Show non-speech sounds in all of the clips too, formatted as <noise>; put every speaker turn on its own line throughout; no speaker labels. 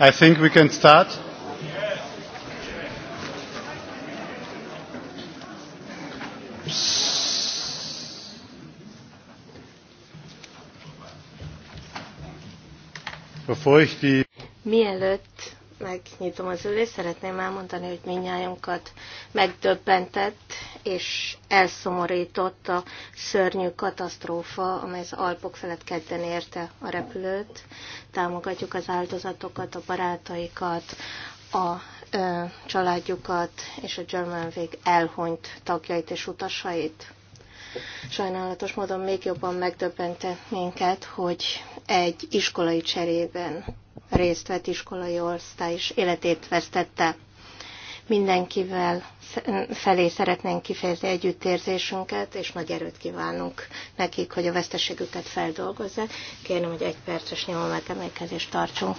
I think we can start.
Mielőtt megnyitom az ülést, szeretném elmondani, hogy minnyájunkat megdöbbentett és elszomorított a szörnyű katasztrófa, amely az Alpok felett kedden érte a repülőt. Támogatjuk az áldozatokat, a barátaikat, a ö, családjukat és a Vég elhunyt tagjait és utasait. Sajnálatos módon még jobban megdöbbente minket, hogy egy iskolai cserében részt vett iskolai osztály is életét vesztette mindenkivel felé szeretnénk kifejezni együttérzésünket, és nagy erőt kívánunk nekik, hogy a veszteségüket feldolgozzák. Kérném, hogy egy perces nyomometemelkezést tartsunk.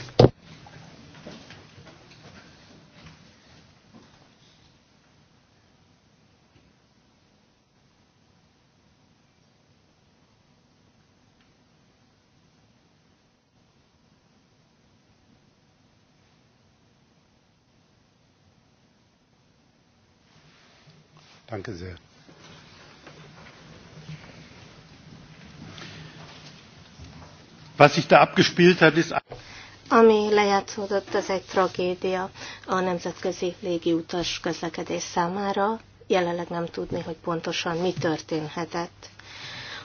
Danke sehr. Was sich da abgespielt hat, ist...
Ami lejátszódott, az egy tragédia a nemzetközi légiutas közlekedés számára. Jelenleg nem tudni, hogy pontosan mi történhetett.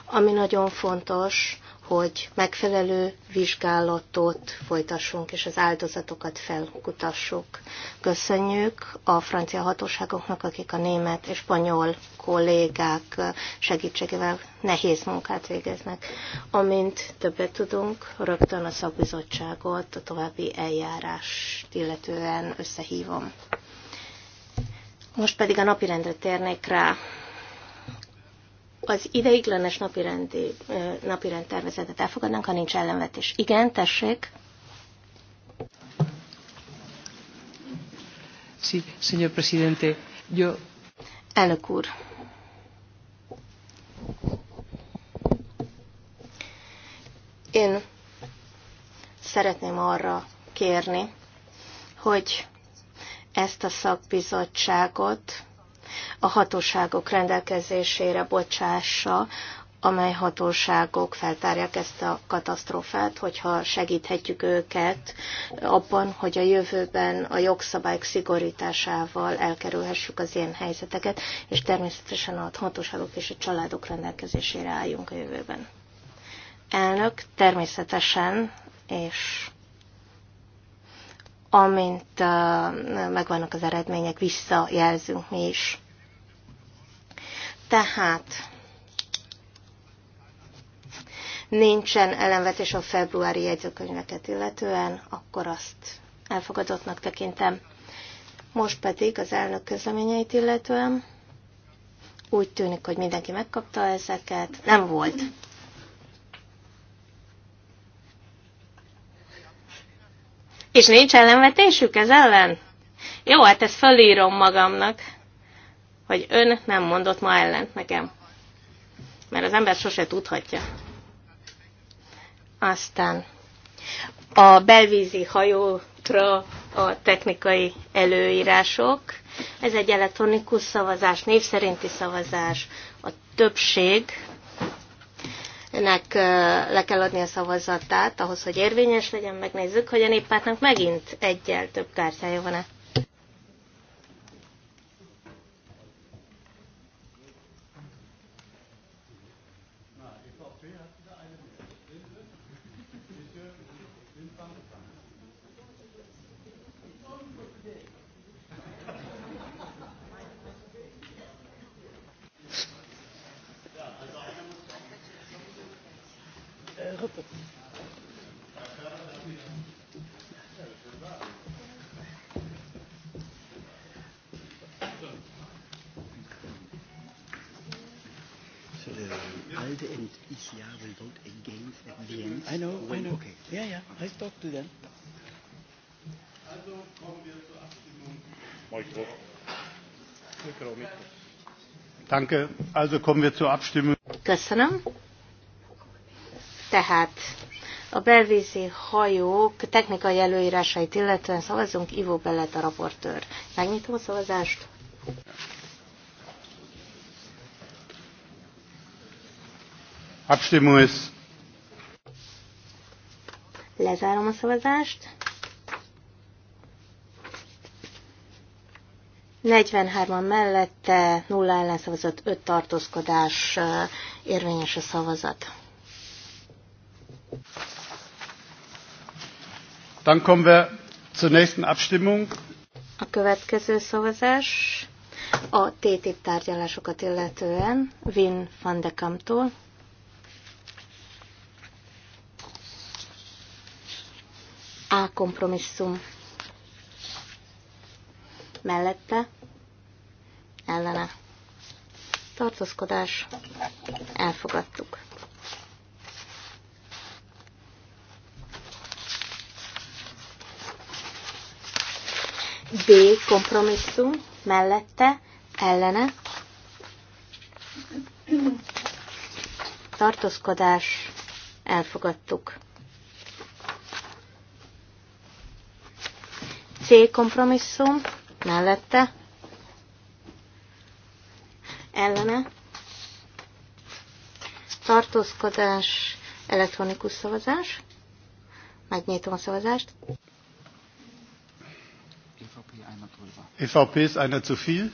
Ami nagyon fontos, hogy megfelelő vizsgálatot folytassunk, és az áldozatokat felkutassuk. Köszönjük a francia hatóságoknak, akik a német és spanyol kollégák segítségével nehéz munkát végeznek. Amint többet tudunk, rögtön a szakbizottságot a további eljárást illetően összehívom. Most pedig a napirendre térnék rá az ideiglenes napirendi, napirend tervezetet elfogadnánk, ha nincs ellenvetés. Igen, tessék. Sí, señor presidente, yo... Elnök úr. Én szeretném arra kérni, hogy ezt a szakbizottságot a hatóságok rendelkezésére bocsássa, amely hatóságok feltárják ezt a katasztrófát, hogyha segíthetjük őket abban, hogy a jövőben a jogszabályok szigorításával elkerülhessük az ilyen helyzeteket, és természetesen a hatóságok és a családok rendelkezésére álljunk a jövőben. Elnök, természetesen, és amint megvannak az eredmények, visszajelzünk mi is. Tehát nincsen ellenvetés a februári jegyzőkönyveket illetően, akkor azt elfogadottnak tekintem. Most pedig az elnök közleményeit illetően úgy tűnik, hogy mindenki megkapta ezeket. Nem volt És nincs ellenvetésük ez ellen? Jó, hát ezt fölírom magamnak, hogy ön nem mondott ma ellent nekem. Mert az ember sose tudhatja. Aztán a belvízi hajótra a technikai előírások. Ez egy elektronikus szavazás, név szerinti szavazás. A többség nek le kell adni a szavazatát ahhoz, hogy érvényes legyen. Megnézzük, hogy a néppártnak megint egyel több kártyája van-e.
I know, I know. Okay. Yeah, yeah, I talked to them.
Danke. Also kommen wir zur Abstimmung. Köszönöm.
Tehát a belvízi hajók technikai előírásait illetően szavazunk, Ivo Bellet a raportőr. Megnyitom a szavazást.
Abstimmung ist
Lezárom a szavazást. 43-an mellette, 0 ellenszavazat, 5 tartózkodás, érvényes a szavazat.
Dann kommen wir zur nächsten Abstimmung.
A következő szavazás a TTIP tárgyalásokat illetően Win van de Kamptól. A kompromisszum mellette ellene tartózkodás elfogadtuk. B kompromisszum mellette ellene tartózkodás elfogadtuk. C kompromisszum mellette ellene tartózkodás, elektronikus szavazás. Megnyitom a szavazást.
EVP e ist einer zu viel.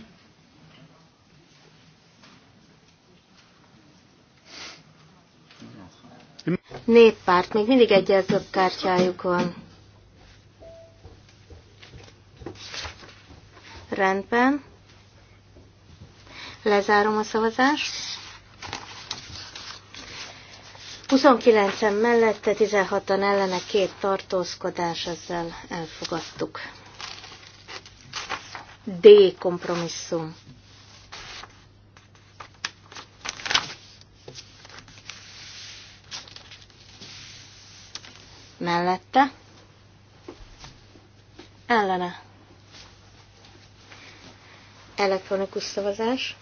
Néppárt, még mindig egyel kártyájuk van. Rendben. Lezárom a szavazást. 29-en mellette, 16-an ellene két tartózkodás, ezzel elfogadtuk. D kompromisszum. Mellette. Ellene Elektronikus szavazás.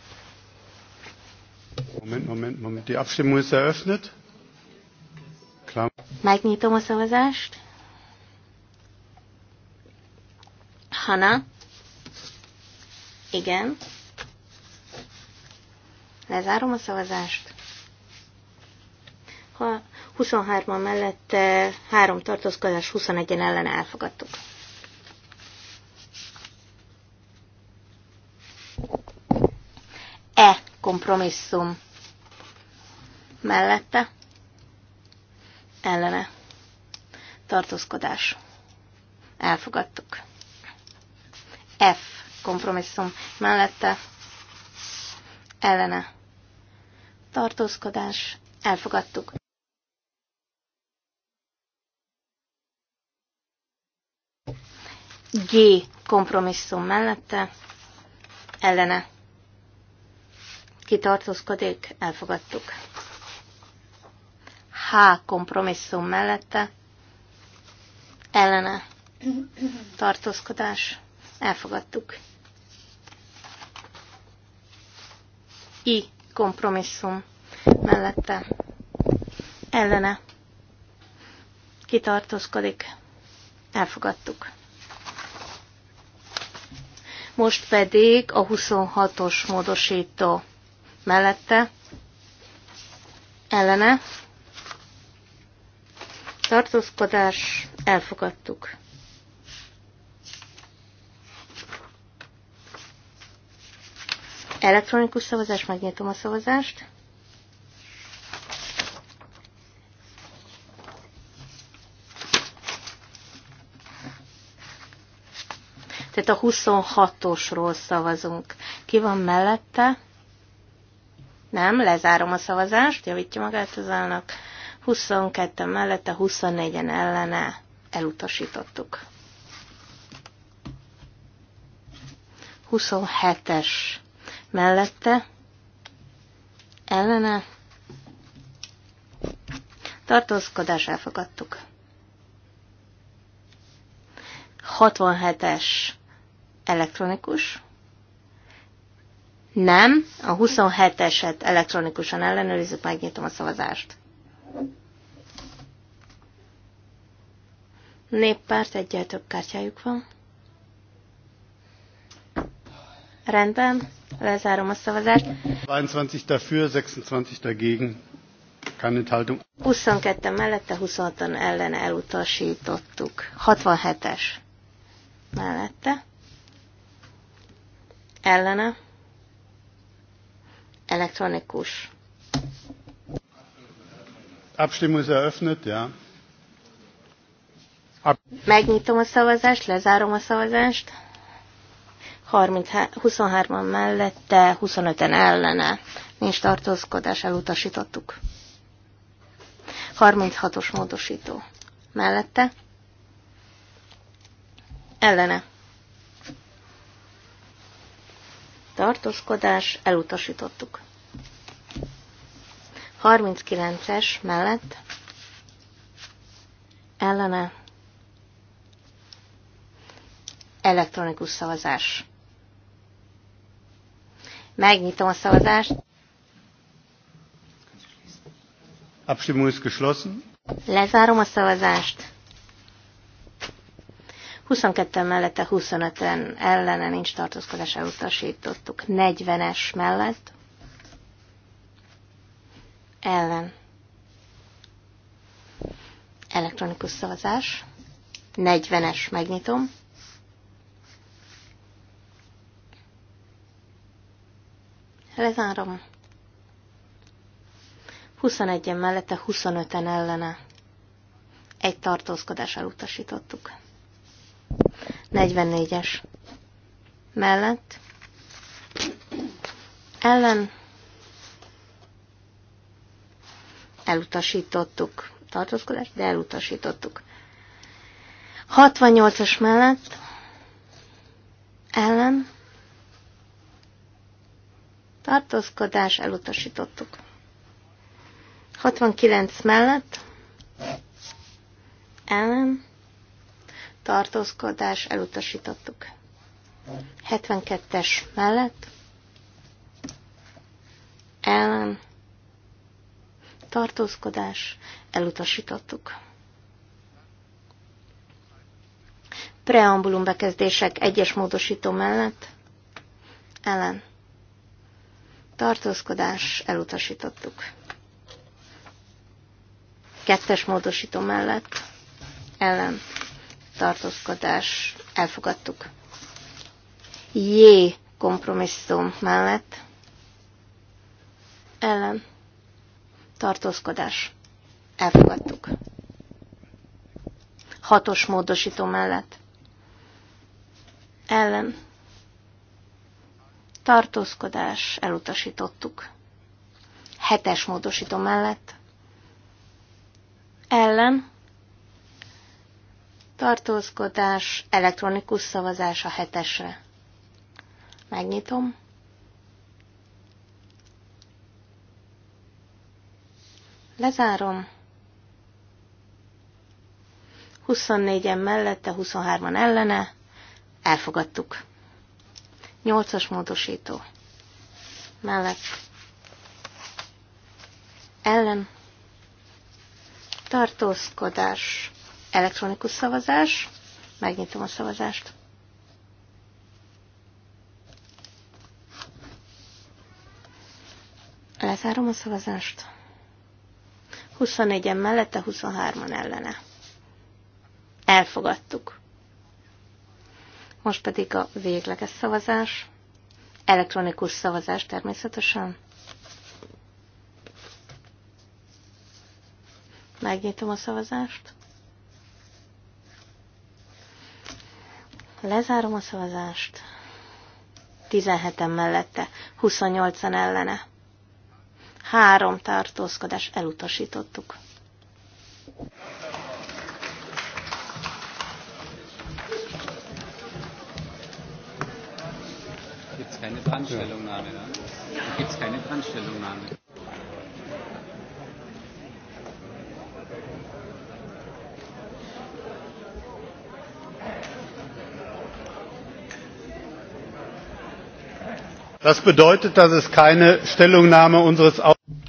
Moment, moment, moment. Die Abstimmung ist eröffnet. Klar.
Megnyitom a szavazást. Hana. Igen. Lezárom a szavazást. Ha 23-an mellett 3 tartózkodás, 21-en ellen elfogadtuk. kompromisszum mellette ellene tartózkodás. Elfogadtuk. F kompromisszum mellette ellene tartózkodás. Elfogadtuk. G kompromisszum mellette ellene kitartózkodik, elfogadtuk. H kompromisszum mellette, ellene tartózkodás, elfogadtuk. I kompromisszum mellette, ellene kitartózkodik, elfogadtuk. Most pedig a 26-os módosító mellette, ellene, tartózkodás, elfogadtuk. Elektronikus szavazás, megnyitom a szavazást. Tehát a 26-osról szavazunk. Ki van mellette? Nem, lezárom a szavazást, javítja magát az állnak. 22 mellette, 24-en ellene elutasítottuk. 27-es mellette, ellene, tartózkodás elfogadtuk. 67-es elektronikus, nem, a 27-eset elektronikusan ellenőrizzük, megnyitom a szavazást. Néppárt egyel több kártyájuk van. Rendben, lezárom a szavazást.
22 dafür, 26 dagegen. Keine Enthaltung.
22 mellette, 26-an ellen elutasítottuk. 67-es mellette. Ellene elektronikus.
Abstimmung ist eröffnet, ja.
Megnyitom a szavazást, lezárom a szavazást. 23-an mellette, 25-en ellene. Nincs tartózkodás, elutasítottuk. 36-os módosító. Mellette. Ellene. tartózkodás, elutasítottuk. 39-es mellett ellene elektronikus szavazás. Megnyitom a szavazást.
Abstimmung ist geschlossen.
Lezárom a szavazást. 22 mellette, 25-en ellene nincs tartózkodás, elutasítottuk. 40-es mellett ellen. Elektronikus szavazás. 40-es megnyitom. Lezárom. 21-en mellette, 25-en ellene. Egy tartózkodás elutasítottuk. 44-es mellett ellen elutasítottuk Tartózkodás, de elutasítottuk. 68-as mellett ellen tartózkodás elutasítottuk. 69 mellett ellen tartózkodás elutasítottuk. 72-es mellett ellen tartózkodás elutasítottuk. Preambulum bekezdések egyes módosító mellett ellen tartózkodás elutasítottuk. Kettes módosító mellett ellen tartózkodás elfogadtuk. J kompromisszum mellett ellen tartózkodás elfogadtuk. Hatos módosító mellett ellen tartózkodás elutasítottuk. Hetes módosító mellett ellen tartózkodás, elektronikus szavazás a hetesre. Megnyitom. Lezárom. 24-en mellette, 23-an ellene. Elfogadtuk. 8-as módosító. Mellett. Ellen. Tartózkodás Elektronikus szavazás. Megnyitom a szavazást. Lezárom a szavazást. 24-en mellette, 23-an ellene. Elfogadtuk. Most pedig a végleges szavazás. Elektronikus szavazás természetesen. Megnyitom a szavazást. Lezárom a szavazást. 17-en mellette, 28-an ellene. Három tartózkodás elutasítottuk.
Gibt keine Brandstellungnahme? keine Brandstellungnahme? Das bedeutet, dass es keine Stellungnahme unseres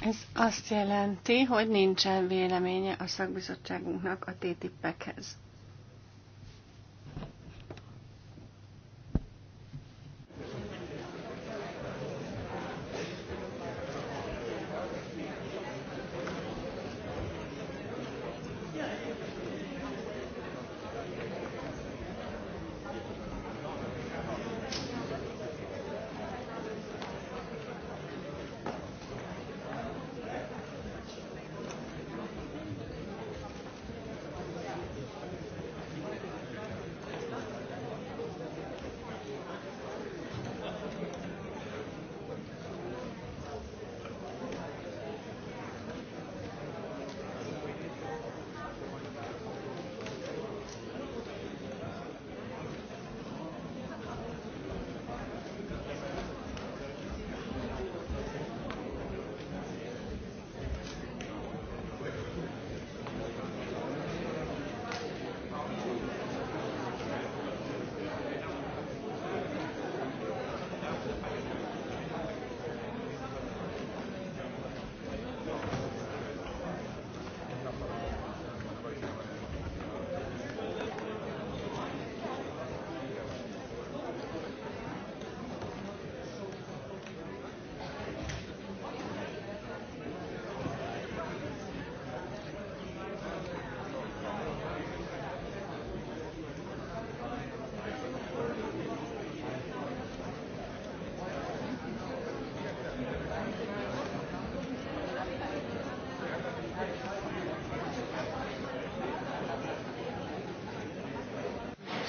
Ez azt jelenti, hogy nincsen véleménye a szakbizottságunknak a TTIP-ekhez.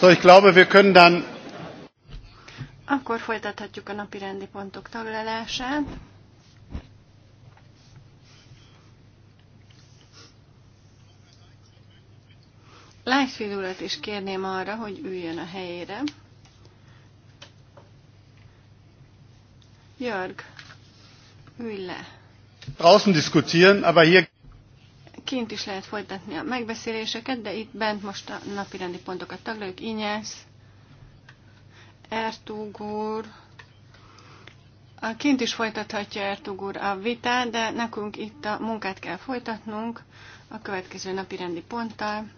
So, ich glaube, wir können dann
akkor folytathatjuk a napi rendi pontok taglalását. Lightfield urat is kérném arra, hogy üljön a helyére. Jörg, ülj le.
Draußen diskutieren, aber hier
kint is lehet folytatni a megbeszéléseket, de itt bent most a napirendi pontokat taglaljuk. Inyesz, Ertugur. a kint is folytathatja Ertugur a vitát, de nekünk itt a munkát kell folytatnunk a következő napirendi ponttal.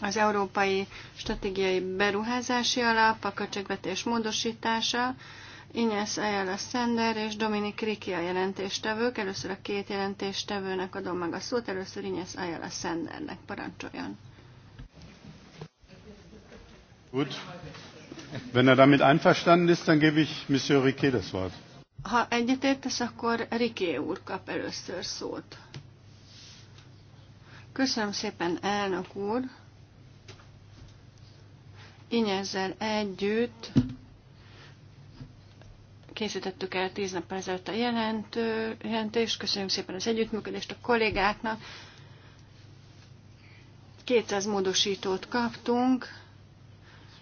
Az Európai Stratégiai Beruházási Alap, a költségvetés módosítása, Ines Ayala Sender és Dominik Riki a jelentéstevők. Először a két jelentéstevőnek adom meg a szót, először Ines Ayala Sendernek parancsoljon.
Gut. Wenn er damit einverstanden ist, dann gebe ich Monsieur Riquet das Wort.
Ha egyetértesz, akkor Riké úr kap először szót. Köszönöm szépen, elnök úr. Inyezzel együtt készítettük el tíz nap ezelőtt a jelentő, jelentést. Köszönjük szépen az együttműködést a kollégáknak. 200 módosítót kaptunk,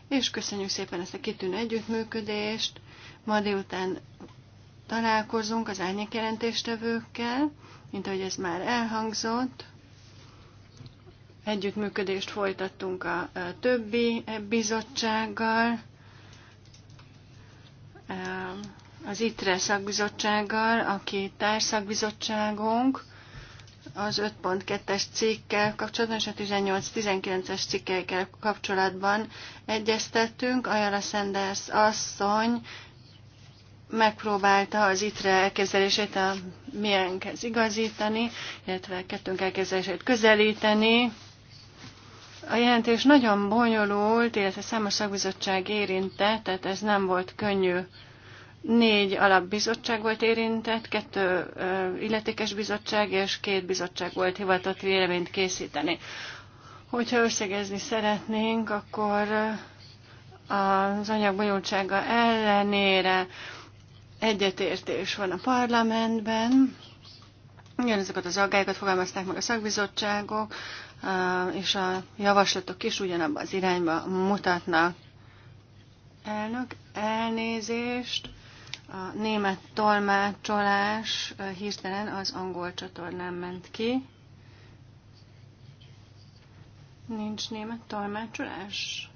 és köszönjük szépen ezt a kitűnő együttműködést. Ma délután találkozunk az jelentéstevőkkel, mint ahogy ez már elhangzott. Együttműködést folytattunk a többi bizottsággal az ITRE szakbizottsággal, aki társszakbizottságunk, az 5.2-es cikkkel kapcsolatban és a 18-19-es cikkeikkel kapcsolatban egyeztettünk. Ajala Sanders asszony megpróbálta az ITRE elkezelését a miénkhez igazítani, illetve kettőnk elkezelését közelíteni. A jelentés nagyon bonyolult, illetve számos szakbizottság érintett, tehát ez nem volt könnyű. Négy alapbizottság volt érintett, kettő illetékes bizottság és két bizottság volt hivatott véleményt készíteni. Hogyha összegezni szeretnénk, akkor az anyag ellenére egyetértés van a parlamentben. Ugyanezeket az aggályokat fogalmazták meg a szakbizottságok, és a javaslatok is ugyanabban az irányba mutatnak. Elnök, elnézést. A német tolmácsolás hirtelen az angol csatornán ment ki. Nincs német tolmácsolás?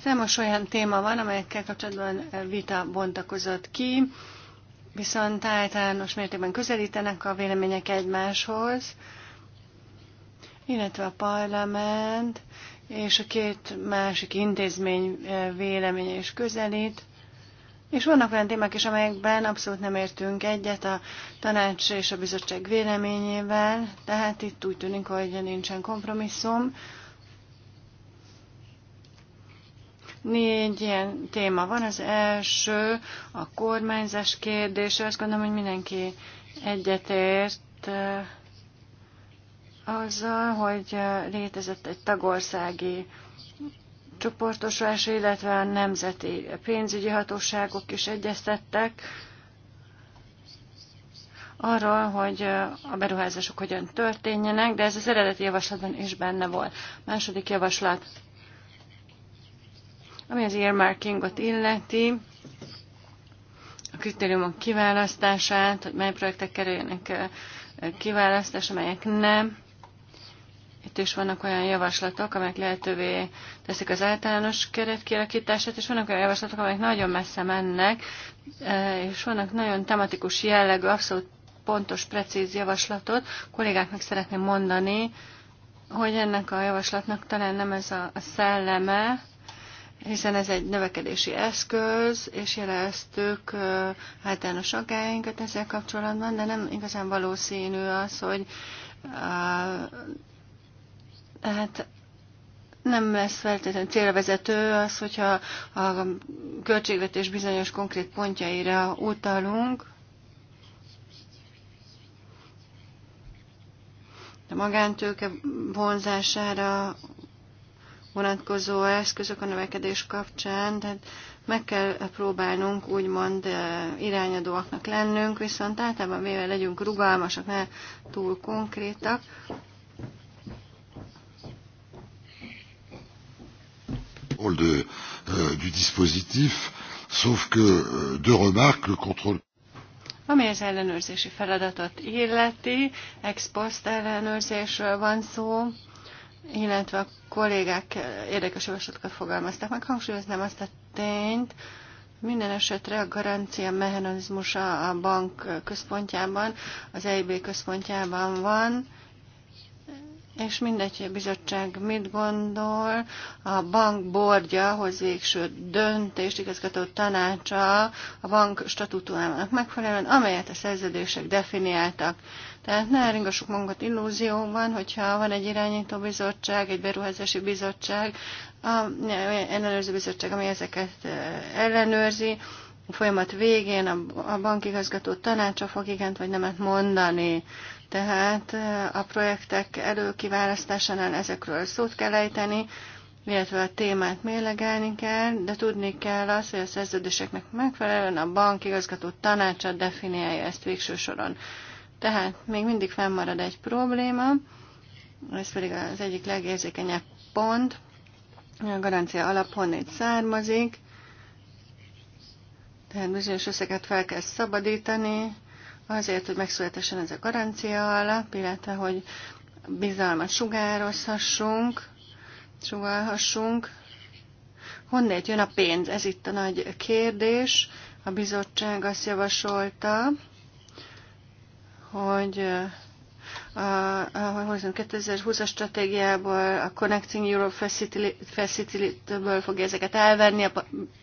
Számos olyan téma van, amelyekkel kapcsolatban vita bontakozott ki viszont általános mértékben közelítenek a vélemények egymáshoz, illetve a parlament és a két másik intézmény eh, véleménye is közelít. És vannak olyan témák is, amelyekben abszolút nem értünk egyet a tanács és a bizottság véleményével, tehát itt úgy tűnik, hogy nincsen kompromisszum. Négy ilyen téma van. Az első a kormányzás kérdése. Azt gondolom, hogy mindenki egyetért eh, azzal, hogy eh, létezett egy tagországi csoportosulás, illetve a nemzeti pénzügyi hatóságok is egyeztettek arról, hogy eh, a beruházások hogyan történjenek, de ez az eredeti javaslatban is benne volt. Második javaslat. Ami az earmarkingot illeti, a kritériumok kiválasztását, hogy mely projektek kerüljenek eh, kiválasztás, amelyek nem. Itt is vannak olyan javaslatok, amelyek lehetővé teszik az általános keret kialakítását, és vannak olyan javaslatok, amelyek nagyon messze mennek, eh, és vannak nagyon tematikus jellegű, abszolút pontos, precíz javaslatot. A kollégáknak szeretném mondani, hogy ennek a javaslatnak talán nem ez a szelleme, hiszen ez egy növekedési eszköz, és jeleztük általános aggájainkat ezzel kapcsolatban, de nem igazán valószínű az, hogy hát nem lesz feltétlenül célvezető az, hogyha a költségvetés bizonyos konkrét pontjaira utalunk, a magántőke vonzására vonatkozó eszközök a növekedés kapcsán, tehát meg kell próbálnunk úgymond eh, irányadóaknak lennünk, viszont általában véve legyünk rugalmasak, ne túl konkrétak.
De, euh, du dispositif, sauf que euh, deux remarques, le contrôle
ami az ellenőrzési feladatot illeti, ex post ellenőrzésről van szó, illetve a kollégák érdekes javaslatokat fogalmazták meg. Hangsúlyoznám azt a tényt, minden esetre a garancia mechanizmusa a bank központjában, az EIB központjában van, és mindegy, hogy a bizottság mit gondol, a bank bordja hoz végső döntést, igazgató tanácsa a bank statútumának megfelelően, amelyet a szerződések definiáltak. Tehát ne ringassuk magunkat illúzióban, hogyha van egy irányító bizottság, egy beruházási bizottság, a ellenőrző bizottság, ami ezeket e, ellenőrzi, a folyamat végén a, a bankigazgató tanácsa fog igent vagy nemet mondani. Tehát e, a projektek előkiválasztásánál ezekről szót kell ejteni, illetve a témát mélegelni kell, de tudni kell azt, hogy a szerződéseknek megfelelően a bankigazgató tanácsa definiálja ezt végső soron. Tehát még mindig fennmarad egy probléma, ez pedig az egyik legérzékenyebb pont, a garancia alap honnét származik, tehát bizonyos összeget fel kell szabadítani, azért, hogy megszületesen ez a garancia alap, illetve, hogy bizalmat sugározhassunk, sugalhassunk. Honnét jön a pénz? Ez itt a nagy kérdés. A bizottság azt javasolta, hogy a a 2020-as stratégiából, a Connecting Europe Facility-ből fogja ezeket elvenni, a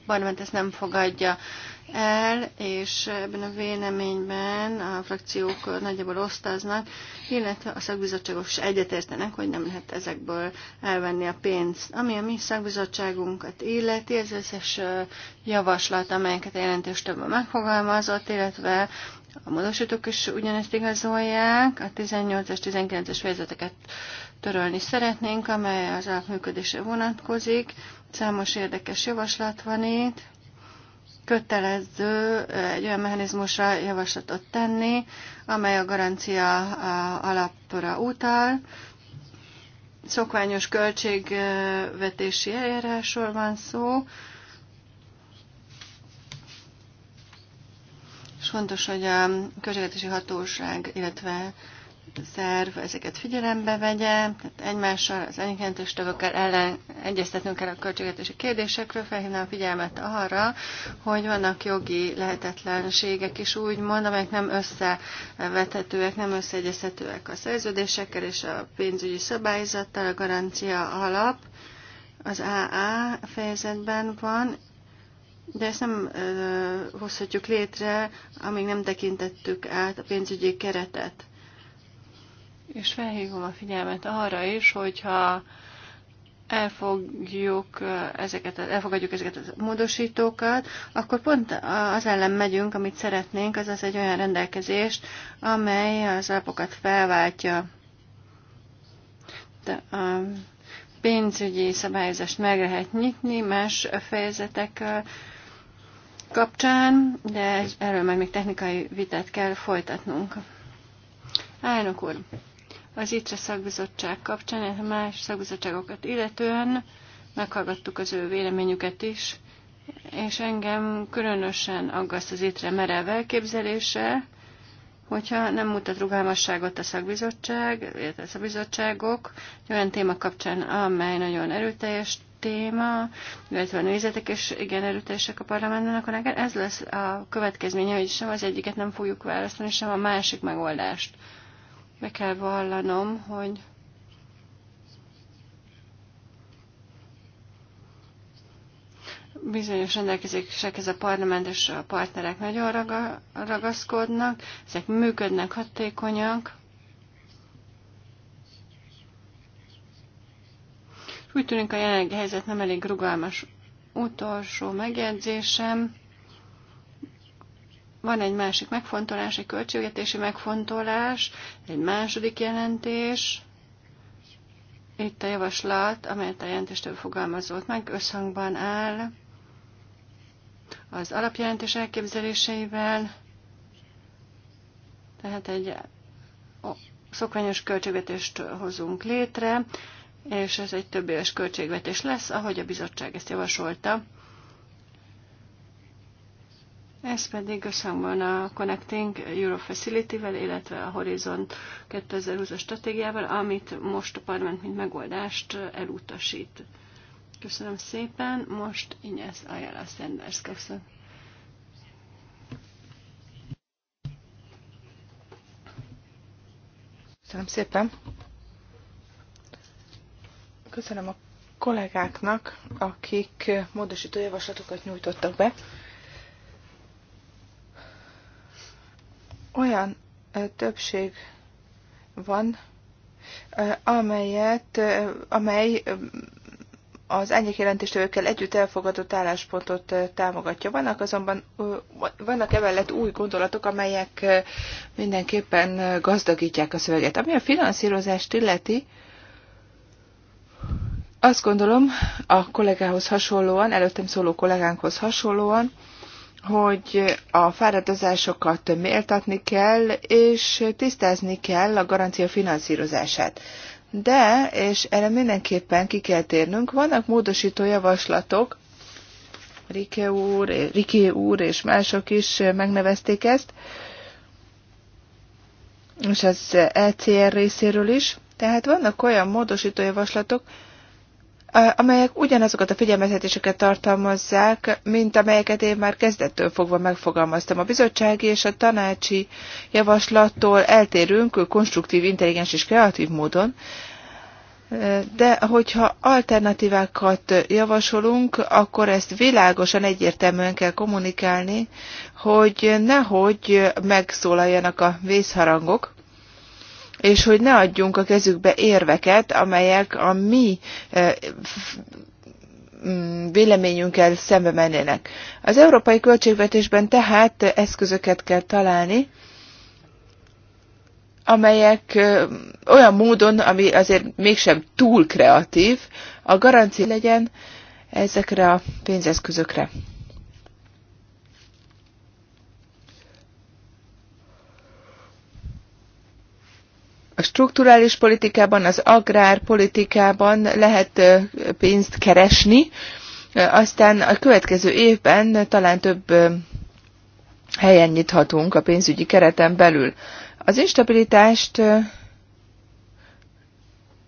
parlament ezt nem fogadja el, és ebben a véleményben a frakciók nagyjából osztáznak, illetve a szakbizottságok is egyetértenek, hogy nem lehet ezekből elvenni a pénzt. Ami a mi szakbizottságunkat illeti, ez összes javaslat, amelyeket a jelentős többen megfogalmazott, illetve a módosítók is ugyanezt igazolják, a 18 es 19-es fejezeteket törölni szeretnénk, amely az alapműködésre vonatkozik. Számos érdekes javaslat van itt, kötelező egy olyan mechanizmusra javaslatot tenni, amely a garancia alapra utal. Szokványos költségvetési eljárásról van szó, és fontos, hogy a közlekedési hatóság, illetve szerv ezeket figyelembe vegye, tehát egymással az enyhentős tagokkal ellen egyeztetnünk kell a költségvetési kérdésekről, felhívna a figyelmet arra, hogy vannak jogi lehetetlenségek is úgy, mond, amelyek nem összevethetőek, nem összeegyeztetőek a szerződésekkel és a pénzügyi szabályzattal, a garancia alap az AA fejezetben van, de ezt nem ö, hozhatjuk létre, amíg nem tekintettük át a pénzügyi keretet és felhívom a figyelmet arra is, hogyha elfogjuk ezeket, elfogadjuk ezeket a módosítókat, akkor pont az ellen megyünk, amit szeretnénk, azaz egy olyan rendelkezést, amely az alapokat felváltja. De a pénzügyi szabályozást meg lehet nyitni más fejezetek kapcsán, de erről már még technikai vitát kell folytatnunk. Elnök úr! az ITRE szakbizottság kapcsán, illetve más szakbizottságokat illetően meghallgattuk az ő véleményüket is, és engem különösen aggaszt az ITRE merev elképzelése, hogyha nem mutat rugalmasságot a szakbizottság, illetve a szakbizottságok, olyan téma kapcsán, amely nagyon erőteljes téma, illetve a nézetek és igen erőteljesek a parlamentben, akkor ez lesz a következménye, hogy sem az egyiket nem fogjuk választani, sem a másik megoldást. Be kell vallanom, hogy bizonyos rendelkezések, ez a parlamentes partnerek nagyon raga, ragaszkodnak, ezek működnek, hatékonyak. Úgy tűnik a jelenlegi helyzet nem elég rugalmas. Utolsó megjegyzésem. Van egy másik megfontolás, egy költségvetési megfontolás, egy második jelentés. Itt a javaslat, amelyet a jelentéstől fogalmazott meg, összhangban áll az alapjelentés elképzeléseivel, tehát egy szokványos költségvetést hozunk létre, és ez egy több éves költségvetés lesz, ahogy a bizottság ezt javasolta. Ez pedig összhangban a Connecting Euro Facility-vel, illetve a Horizont 2020-as stratégiával, amit most a parlament mint megoldást elutasít. Köszönöm szépen, most Ines Ayala Sanders, köszönöm.
Köszönöm szépen. Köszönöm a kollégáknak, akik módosító javaslatokat nyújtottak be. olyan többség van, amelyet, amely az egyik jelentéstevőkkel együtt elfogadott álláspontot támogatja. Vannak azonban, vannak emellett új gondolatok, amelyek mindenképpen gazdagítják a szöveget. Ami a finanszírozást illeti, azt gondolom, a kollégához hasonlóan, előttem szóló kollégánkhoz hasonlóan, hogy a fáradozásokat méltatni kell, és tisztázni kell a garancia finanszírozását. De, és erre mindenképpen ki kell térnünk, vannak módosító javaslatok, Rike úr, Riké úr és mások is megnevezték ezt, és az ECR részéről is. Tehát vannak olyan módosító javaslatok, amelyek ugyanazokat a figyelmeztetéseket tartalmazzák, mint amelyeket én már kezdettől fogva megfogalmaztam. A bizottsági és a tanácsi javaslattól eltérünk konstruktív, intelligens és kreatív módon, de hogyha alternatívákat javasolunk, akkor ezt világosan, egyértelműen kell kommunikálni, hogy nehogy megszólaljanak a vészharangok, és hogy ne adjunk a kezükbe érveket, amelyek a mi eh, mm, véleményünkkel szembe mennének. Az európai költségvetésben tehát eszközöket kell találni, amelyek eh, olyan módon, ami azért mégsem túl kreatív, a garancia legyen ezekre a pénzeszközökre. A strukturális politikában, az agrárpolitikában lehet pénzt keresni, aztán a következő évben talán több helyen nyithatunk a pénzügyi kereten belül. Az instabilitást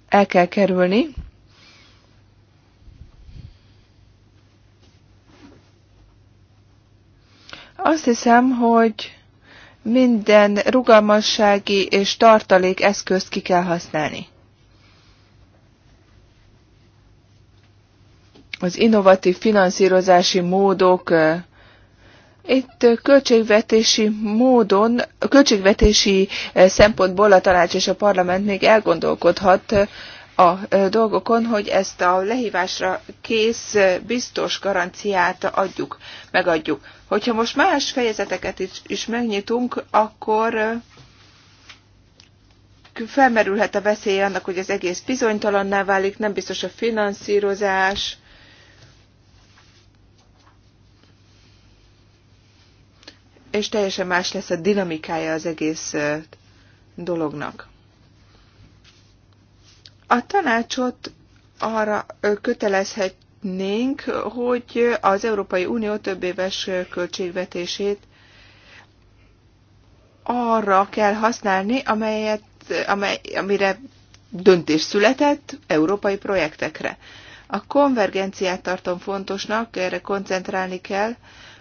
el kell kerülni. Azt hiszem, hogy minden rugalmassági és tartalék eszközt ki kell használni. Az innovatív finanszírozási módok itt költségvetési módon, költségvetési szempontból a tanács és a parlament még elgondolkodhat a dolgokon, hogy ezt a lehívásra kész biztos garanciát adjuk, megadjuk. Hogyha most más fejezeteket is, is megnyitunk, akkor felmerülhet a veszély annak, hogy az egész bizonytalanná válik, nem biztos a finanszírozás, és teljesen más lesz a dinamikája az egész dolognak. A tanácsot arra kötelezhetnénk, hogy az Európai Unió több éves költségvetését arra kell használni, amelyet, amely, amire döntés született európai projektekre. A konvergenciát tartom fontosnak, erre koncentrálni kell,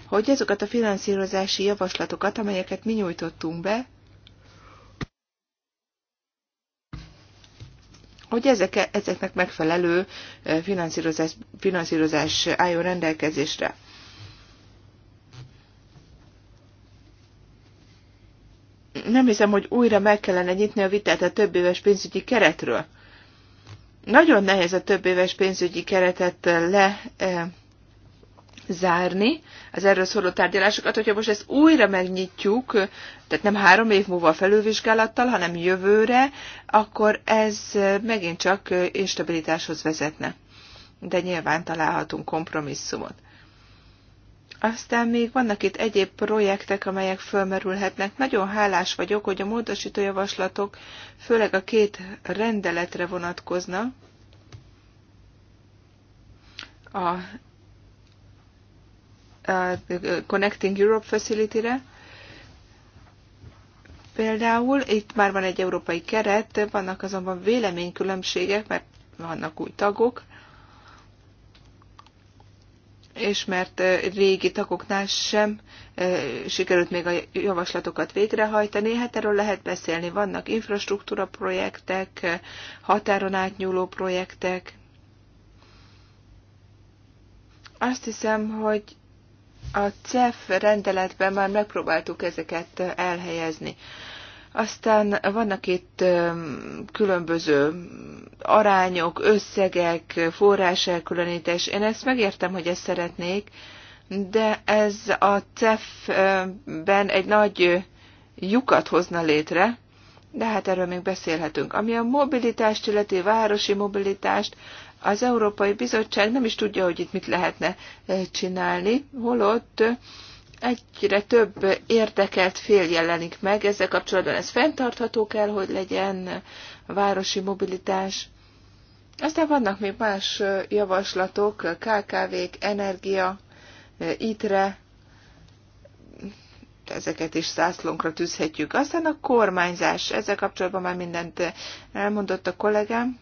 hogy azokat a finanszírozási javaslatokat, amelyeket mi nyújtottunk be, hogy ezek, ezeknek megfelelő eh, finanszírozás, finanszírozás álljon rendelkezésre. Nem hiszem, hogy újra meg kellene nyitni a vitát a több éves pénzügyi keretről. Nagyon nehéz a több éves pénzügyi keretet le eh, zárni az erről szóló tárgyalásokat, hogyha most ezt újra megnyitjuk, tehát nem három év múlva a felülvizsgálattal, hanem jövőre, akkor ez megint csak instabilitáshoz vezetne. De nyilván találhatunk kompromisszumot. Aztán még vannak itt egyéb projektek, amelyek fölmerülhetnek. Nagyon hálás vagyok, hogy a módosító javaslatok főleg a két rendeletre vonatkoznak. A Connecting Europe Facility-re. Például itt már van egy európai keret, vannak azonban véleménykülönbségek, mert vannak új tagok, és mert régi tagoknál sem sikerült még a javaslatokat végrehajtani. Hát erről lehet beszélni. Vannak infrastruktúra projektek, határon átnyúló projektek. Azt hiszem, hogy a CEF rendeletben már megpróbáltuk ezeket elhelyezni. Aztán vannak itt különböző arányok, összegek, forrás elkülönítés. Én ezt megértem, hogy ezt szeretnék, de ez a CEF-ben egy nagy lyukat hozna létre, de hát erről még beszélhetünk. Ami a mobilitást illeti, városi mobilitást, az Európai Bizottság nem is tudja, hogy itt mit lehetne eh, csinálni, holott eh, egyre több érdekelt fél jelenik meg ezzel kapcsolatban. Ez fenntartható kell, hogy legyen eh, városi mobilitás. Aztán vannak még más javaslatok, KKV-k, energia, ITRE, ezeket is zászlónkra tűzhetjük. Aztán a kormányzás, ezzel kapcsolatban már mindent elmondott a kollégám.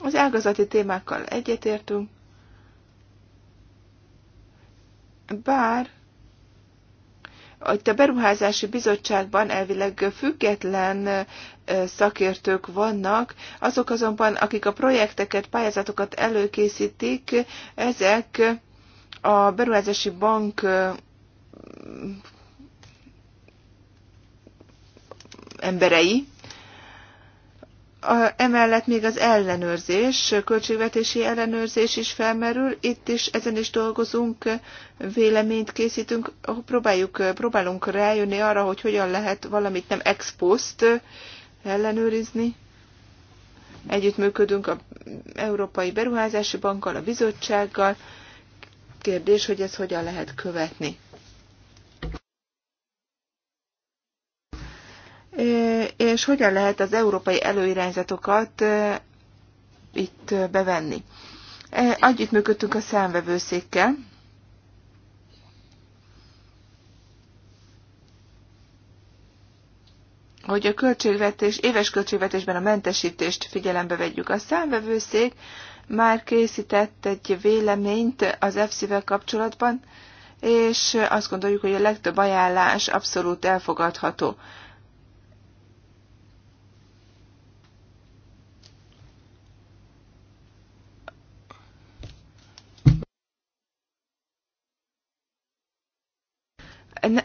Az ágazati témákkal egyetértünk, bár hogy a beruházási bizottságban elvileg független szakértők vannak, azok azonban, akik a projekteket, pályázatokat előkészítik, ezek a beruházási bank emberei, a, emellett még az ellenőrzés, költségvetési ellenőrzés is felmerül, itt is ezen is dolgozunk, véleményt készítünk, próbáljuk, próbálunk rájönni arra, hogy hogyan lehet valamit nem ex post ellenőrizni. Együttműködünk a Európai Beruházási Bankkal, a bizottsággal. Kérdés, hogy ez hogyan lehet követni. és hogyan lehet az európai előirányzatokat itt bevenni. működtünk a számvevőszékkel, hogy a költségvetés, éves költségvetésben a mentesítést figyelembe vegyük. A számvevőszék már készített egy véleményt az EFSZ-vel kapcsolatban, és azt gondoljuk, hogy a legtöbb ajánlás abszolút elfogadható.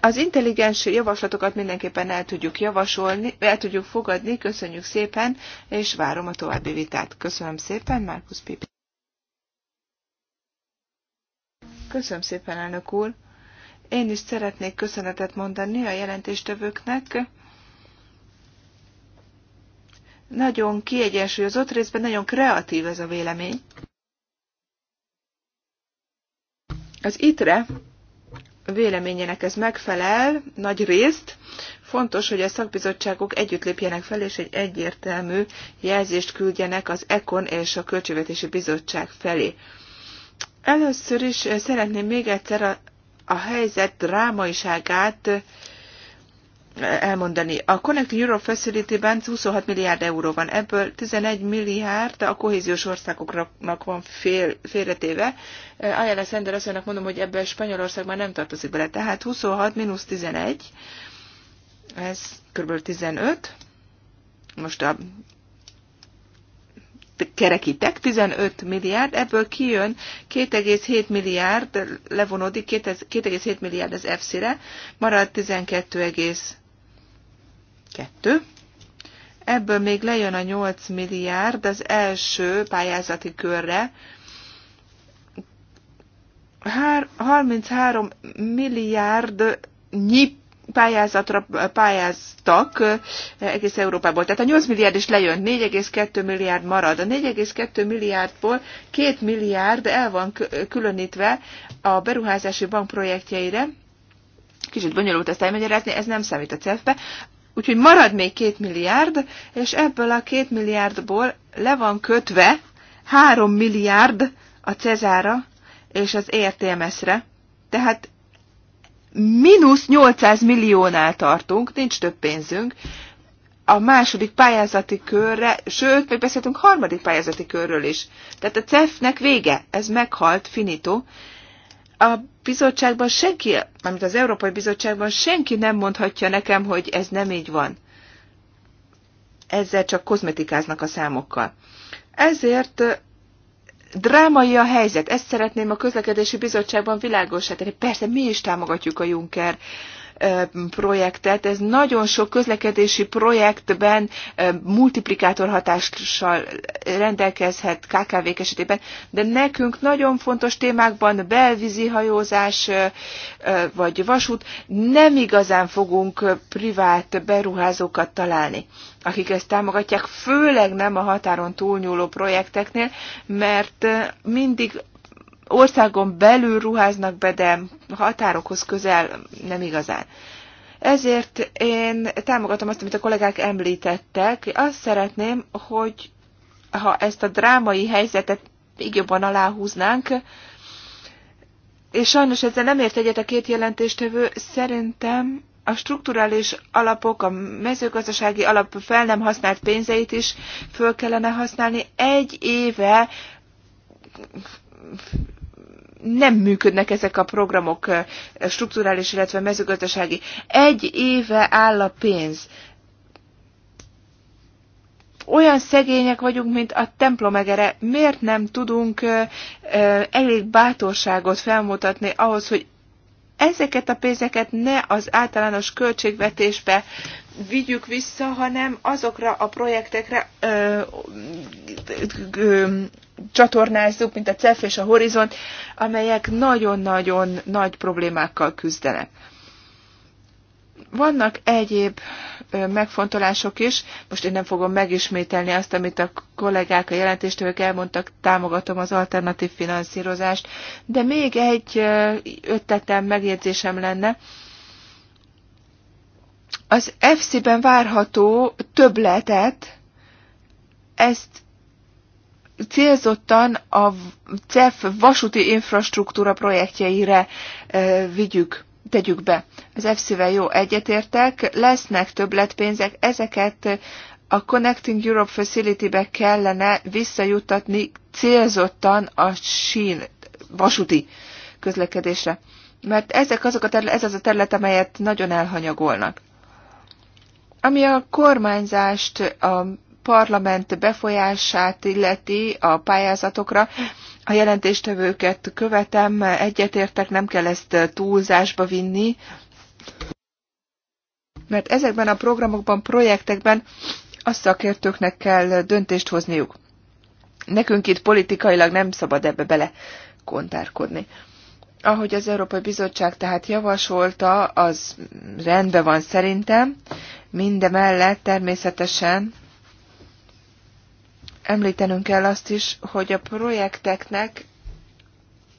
Az intelligens javaslatokat mindenképpen el tudjuk javasolni, el tudjuk fogadni, köszönjük szépen, és várom a további vitát. Köszönöm szépen, Márkusz Pipi. Köszönöm szépen, elnök úr. Én is szeretnék köszönetet mondani a jelentéstevőknek. Nagyon kiegyensúlyozott, részben nagyon kreatív ez a vélemény. Az ITRE véleményének ez megfelel, nagy részt. Fontos, hogy a szakbizottságok együtt lépjenek fel, és egy egyértelmű jelzést küldjenek az ECON és a Költségvetési Bizottság felé. Először is eh, szeretném még egyszer a, a helyzet drámaiságát elmondani. A Connecting Europe Facility-ben 26 milliárd euró van, ebből 11 milliárd a kohéziós országoknak van fél, félretéve. Ayala Sender azt mondom, hogy ebbe Spanyolország már nem tartozik bele. Tehát 26 mínusz 11, ez kb. 15. Most a kerekítek, 15 milliárd, ebből kijön 2,7 milliárd, levonódik 2,7 milliárd az EFSZ-re, marad 12, kettő. Ebből még lejön a 8 milliárd az első pályázati körre. 33 milliárd nyi pályázatra pályáztak eh, egész Európából. Tehát a 8 milliárd is lejön, 4,2 milliárd marad. A 4,2 milliárdból 2 milliárd el van különítve a beruházási bank projektjeire, kicsit bonyolult ezt elmagyarázni, ez nem számít a CEF-be. Úgyhogy marad még két milliárd, és ebből a két milliárdból le van kötve három milliárd a Cezára és az ERTMS-re. Tehát mínusz 800 milliónál tartunk, nincs több pénzünk a második pályázati körre, sőt, még beszéltünk harmadik pályázati körről is. Tehát a CEF-nek vége, ez meghalt, finito. A bizottságban senki, amit az Európai Bizottságban senki nem mondhatja nekem, hogy ez nem így van. Ezzel csak kozmetikáznak a számokkal. Ezért drámai a helyzet. Ezt szeretném a közlekedési bizottságban világosítani. Persze mi is támogatjuk a Juncker projektet. Ez nagyon sok közlekedési projektben multiplikátor hatással rendelkezhet KKV-k esetében, de nekünk nagyon fontos témákban belvízi hajózás vagy vasút nem igazán fogunk privát beruházókat találni akik ezt támogatják, főleg nem a határon túlnyúló projekteknél, mert mindig országon belül ruháznak be, de határokhoz közel nem igazán. Ezért én támogatom azt, amit a kollégák említettek. Azt szeretném, hogy ha ezt a drámai helyzetet még jobban aláhúznánk, és sajnos ezzel nem ért egyet a két jelentéstevő, szerintem a strukturális alapok, a mezőgazdasági alap fel nem használt pénzeit is föl kellene használni. Egy éve nem működnek ezek a programok strukturális, illetve mezőgazdasági. Egy éve áll a pénz. Olyan szegények vagyunk, mint a templomegere. Miért nem tudunk elég bátorságot felmutatni ahhoz, hogy ezeket a pénzeket ne az általános költségvetésbe vigyük vissza, hanem azokra a projektekre ö, ö, csatornázzuk, mint a CEF és a Horizont, amelyek nagyon-nagyon nagy problémákkal küzdenek. Vannak egyéb megfontolások is. Most én nem fogom megismételni azt, amit a kollégák, a jelentéstők elmondtak, támogatom az alternatív finanszírozást, de még egy ötletem, megjegyzésem lenne. Az FC-ben várható többletet, ezt célzottan a CEF vasúti infrastruktúra projektjeire vigyük tegyük be. Az EFSZ-vel jó egyetértek, lesznek többletpénzek, ezeket a Connecting Europe Facility-be kellene visszajuttatni célzottan a sín vasúti közlekedésre. Mert ezek azok a terület, ez az a terület, amelyet nagyon elhanyagolnak. Ami a kormányzást, a parlament befolyását illeti a pályázatokra, a jelentéstevőket követem, egyetértek, nem kell ezt túlzásba vinni, mert ezekben a programokban, projektekben a szakértőknek kell döntést hozniuk. Nekünk itt politikailag nem szabad ebbe bele kontárkodni. Ahogy az Európai Bizottság tehát javasolta, az rendben van szerintem, mindemellett természetesen Említenünk kell azt is, hogy a projekteknek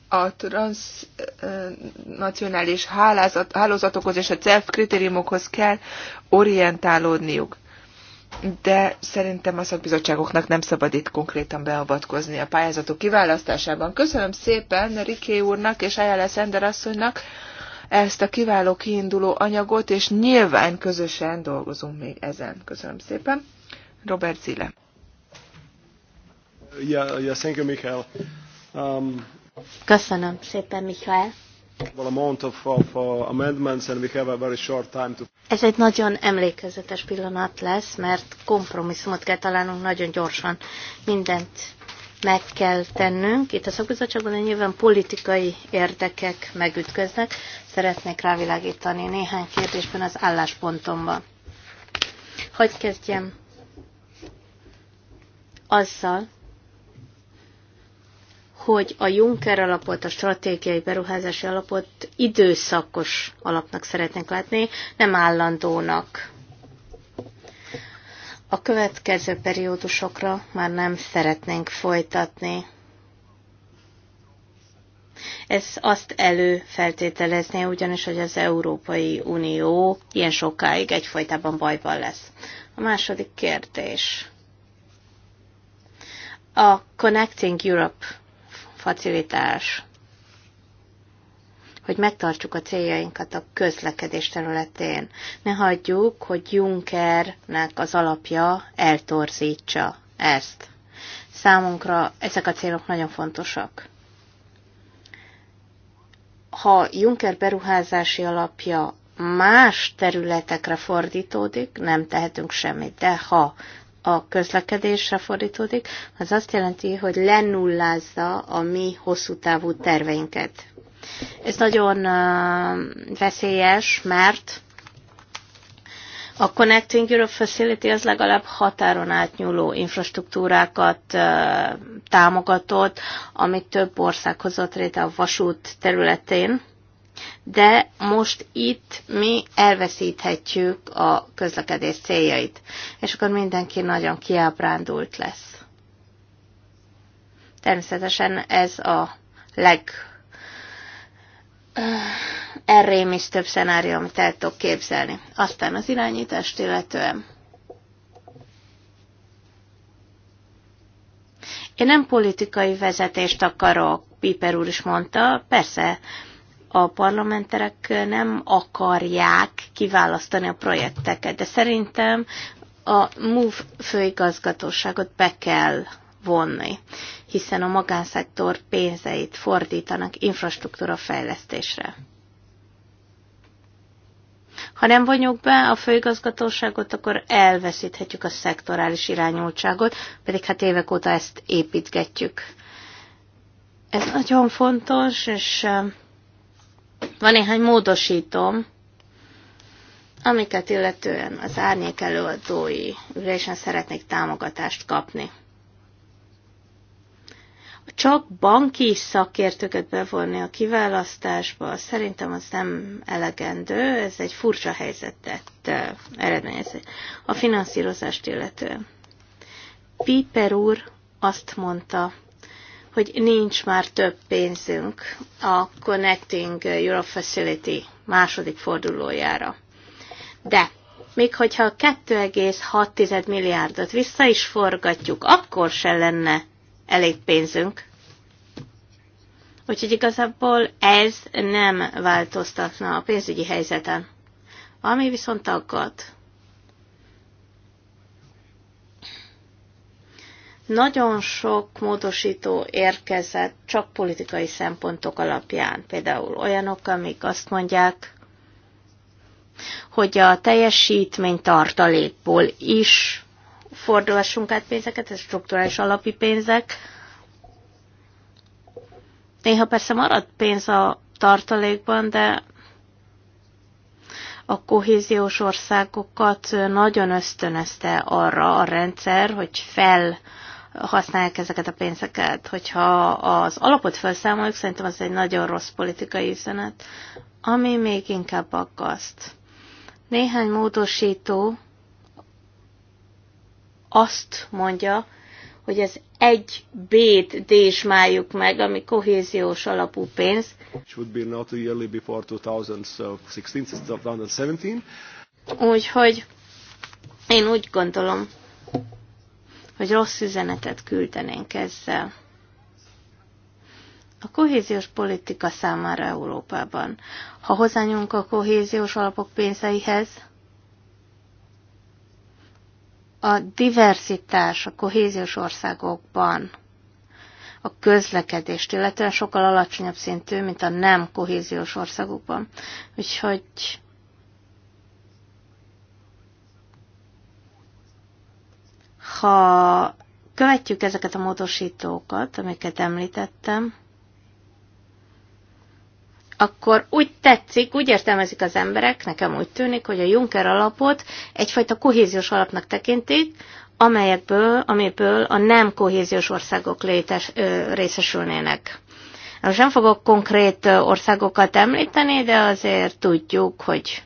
a transnacionális hálózatokhoz és a CEF kritériumokhoz kell orientálódniuk. De szerintem a szakbizottságoknak nem szabad itt konkrétan beavatkozni a pályázatok kiválasztásában. Köszönöm szépen Riké úrnak és Ayala Szender asszonynak ezt a kiváló kiinduló anyagot, és nyilván közösen dolgozunk még ezen. Köszönöm szépen. Robert Zile.
Yeah, yeah, thank you, Michael. Um,
Köszönöm szépen, Michael. Uh, Ez egy nagyon emlékezetes pillanat lesz, mert kompromisszumot kell találnunk nagyon gyorsan. Mindent meg kell tennünk. Itt a szakbizottságban nyilván politikai érdekek megütköznek. Szeretnék rávilágítani néhány kérdésben az álláspontomban. Hogy kezdjem azzal, hogy a Juncker alapot, a stratégiai beruházási alapot időszakos alapnak szeretnék látni, nem állandónak. A következő periódusokra már nem szeretnénk folytatni. Ez azt előfeltételezné, ugyanis, hogy az Európai Unió ilyen sokáig egyfajtában bajban lesz. A második kérdés. A Connecting Europe facilitás, hogy megtartsuk a céljainkat a közlekedés területén. Ne hagyjuk, hogy Junckernek az alapja eltorzítsa ezt. Számunkra ezek a célok nagyon fontosak. Ha Juncker beruházási alapja más területekre fordítódik, nem tehetünk semmit. De ha a közlekedésre fordítódik, az azt jelenti, hogy lenullázza a mi hosszú távú terveinket. Ez nagyon veszélyes, mert a Connecting Europe Facility az legalább határon átnyúló infrastruktúrákat támogatott, amit több ország hozott létre a vasút területén de most itt mi elveszíthetjük a közlekedés céljait, és akkor mindenki nagyon kiábrándult lesz. Természetesen ez a leg eh, is több szenárium, amit el tudok képzelni. Aztán az irányítást illetően. Én nem politikai vezetést akarok, Piper úr is mondta, persze, a parlamenterek nem akarják kiválasztani a projekteket, de szerintem a MOVE főigazgatóságot be kell vonni, hiszen a magánszektor pénzeit fordítanak infrastruktúra fejlesztésre. Ha nem vonjuk be a főigazgatóságot, akkor elveszíthetjük a szektorális irányultságot, pedig hát évek óta ezt építgetjük. Ez nagyon fontos, és van néhány módosítom, amiket illetően az árnyék előadói ülésen szeretnék támogatást kapni. Csak banki szakértőket bevonni a kiválasztásba szerintem az nem elegendő, ez egy furcsa helyzetet eh, eredményez a finanszírozást illetően. Piper úr azt mondta, hogy nincs már több pénzünk a Connecting Europe Facility második fordulójára. De még hogyha 2,6 milliárdot vissza is forgatjuk, akkor se lenne elég pénzünk. Úgyhogy igazából ez nem változtatna a pénzügyi helyzeten. Ami viszont aggat, Nagyon sok módosító érkezett csak politikai szempontok alapján, például olyanok, amik azt mondják, hogy a teljesítmény tartalékból is fordulhassunk át pénzeket, ez strukturális alapi pénzek. Néha persze marad pénz a tartalékban, de a kohéziós országokat nagyon ösztönözte arra a rendszer, hogy fel használják ezeket a pénzeket. Hogyha az alapot felszámoljuk, szerintem az egy nagyon rossz politikai üzenet, ami még inkább aggaszt. Néhány módosító azt mondja, hogy ez egy bét désmáljuk meg, ami kohéziós alapú pénz. Úgyhogy én úgy gondolom, hogy rossz üzenetet küldenénk ezzel. A kohéziós politika számára Európában. Ha hozzányunk a kohéziós alapok pénzeihez, a diversitás a kohéziós országokban a közlekedést, illetve sokkal alacsonyabb szintű, mint a nem kohéziós országokban. Úgyhogy Ha követjük ezeket a módosítókat, amiket említettem, akkor úgy tetszik, úgy értelmezik az emberek, nekem úgy tűnik, hogy a Juncker alapot egyfajta kohéziós alapnak tekintik, amelyekből, amiből a nem kohéziós országok létes, ö, részesülnének. Most nem fogok konkrét országokat említeni, de azért tudjuk, hogy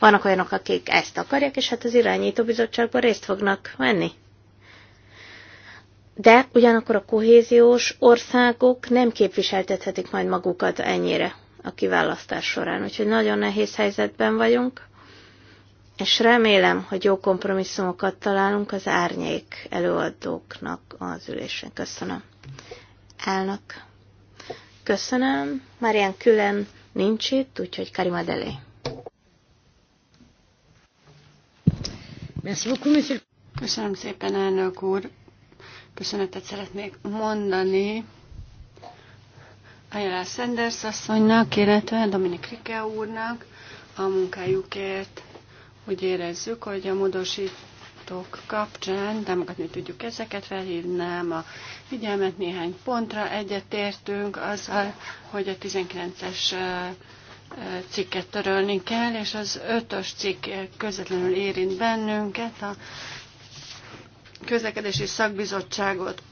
vannak olyanok, akik ezt akarják, és hát az irányító bizottságban részt fognak venni. De ugyanakkor a kohéziós országok nem képviseltethetik majd magukat ennyire a kiválasztás során. Úgyhogy nagyon nehéz helyzetben vagyunk, és remélem, hogy jó kompromisszumokat találunk az árnyék előadóknak az ülésen. Köszönöm. Elnök. Köszönöm. Marian külön nincs itt, úgyhogy Karima Delé. Köszönöm szépen,
elnök úr. Köszönetet szeretnék mondani Ayala Sanders asszonynak, illetve Dominik Rike úrnak a munkájukért. Úgy érezzük, hogy a módosítók kapcsán támogatni tudjuk ezeket, felhívnám a figyelmet néhány pontra. Egyetértünk azzal, hogy a 19-es cikket törölni kell, és az ötös cikk közvetlenül érint bennünket, a közlekedési szakbizottságot.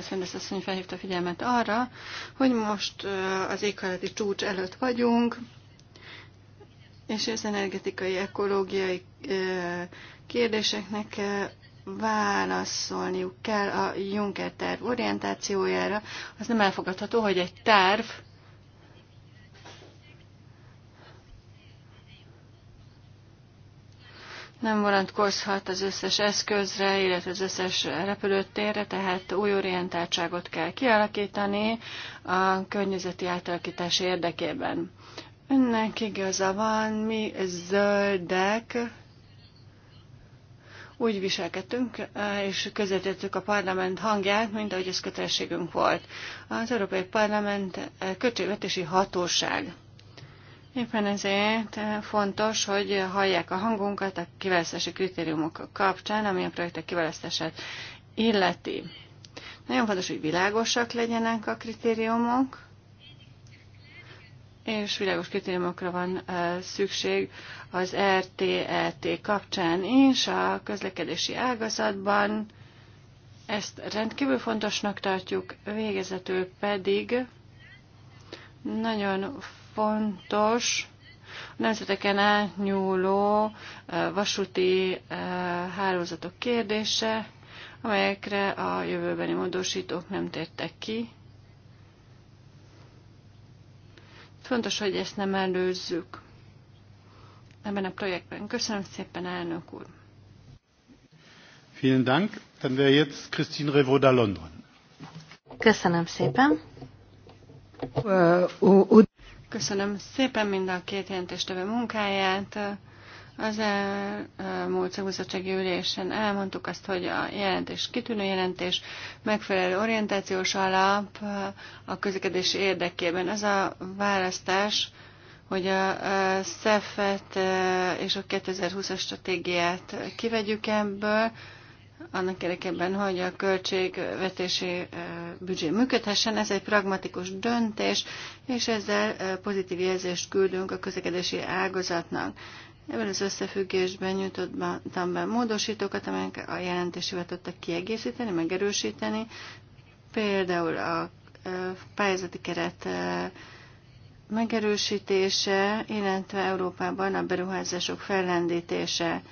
Szendesz asszony felhívta figyelmet arra, hogy most az éghajlati csúcs előtt vagyunk, és az energetikai, ekológiai kérdéseknek válaszolniuk kell a Juncker terv orientációjára. Az nem elfogadható, hogy egy terv nem vonatkozhat az összes eszközre, illetve az összes repülőtérre, tehát új orientáltságot kell kialakítani a környezeti átalakítás érdekében. Önnek igaza van, mi zöldek úgy viselkedtünk, és közvetettük a parlament hangját, mint ahogy ez kötelességünk volt. Az Európai Parlament költségvetési hatóság. Éppen ezért fontos, hogy hallják a hangunkat a kiválasztási kritériumok kapcsán, ami a projektek kiválasztását illeti. Nagyon fontos, hogy világosak legyenek a kritériumok, és világos kritériumokra van szükség az RTLT e kapcsán és a közlekedési ágazatban. Ezt rendkívül fontosnak tartjuk, végezetül pedig nagyon fontos a nemzeteken átnyúló vasúti hálózatok kérdése, amelyekre a jövőbeni módosítók nem tértek ki Fontos, hogy ezt nem előzzük ebben a projektben. Köszönöm szépen, elnök úr!
Vielen Dank. Dann wäre jetzt Christine London.
Köszönöm szépen. Köszönöm szépen mind a két jelentéstevő munkáját. Az elmúlt szakbizottsági ülésen elmondtuk azt, hogy a jelentés kitűnő jelentés, megfelelő orientációs alap a közlekedés érdekében. Az a választás, hogy a SZEF-et e, és a 2020-as stratégiát kivegyük ebből, annak érdekében, hogy a költségvetési e, büdzsé működhessen. Ez egy pragmatikus döntés, és ezzel e, pozitív jelzést küldünk a közlekedési ágazatnak. Ebben az összefüggésben nyújtottam be módosítókat, amelyek a jelentésével tudtak kiegészíteni, megerősíteni, például a pályázati keret megerősítése, illetve Európában a beruházások fellendítése.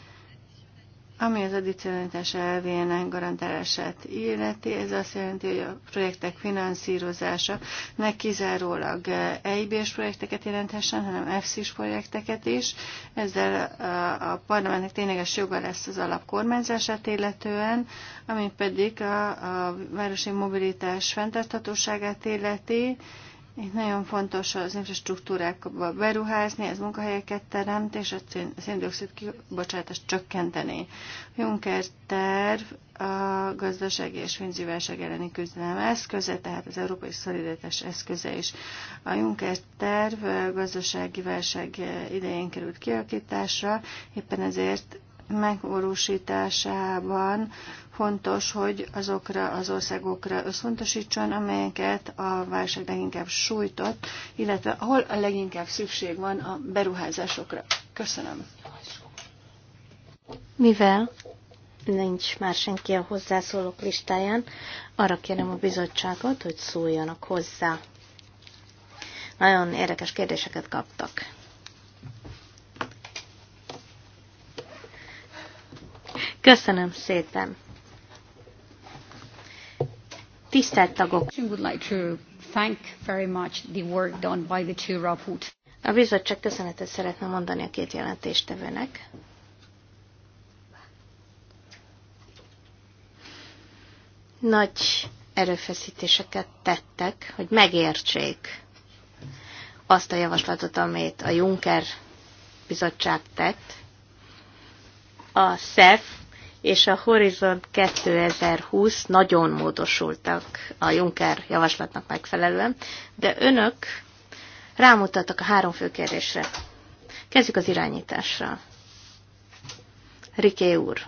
Ami az addicionalitás elvének garantálását illeti, ez azt jelenti, hogy a projektek finanszírozása ne kizárólag EIB-s projekteket jelenthessen, hanem EFSZ-s projekteket is. Ezzel a parlamentnek tényleges joga lesz az alapkormányzását illetően, ami pedig a, a városi mobilitás fenntarthatóságát illeti, itt nagyon fontos az infrastruktúrákba beruházni, ez munkahelyeket teremt, és a széndiokszid kibocsátást csökkenteni. A Juncker terv a gazdasági és pénzügyi válság elleni küzdelem eszköze, tehát az európai szolidaritás eszköze is. A Juncker terv a gazdasági válság idején került kialakításra, éppen ezért megvalósításában fontos, hogy azokra az országokra összpontosítson, amelyeket a válság leginkább sújtott, illetve ahol a leginkább szükség van a beruházásokra. Köszönöm.
Mivel nincs már senki a hozzászólók listáján, arra kérem a bizottságot, hogy szóljanak hozzá. Nagyon érdekes kérdéseket kaptak. Köszönöm szépen! Tisztelt tagok! A bizottság köszönetet szeretne mondani a két jelentéstevőnek. Nagy erőfeszítéseket tettek, hogy megértsék azt a javaslatot, amit a Juncker bizottság tett, a SZEF és a Horizont 2020 nagyon módosultak a Juncker javaslatnak megfelelően, de önök rámutattak a három fő kérdésre. Kezdjük az irányítással. Riké úr,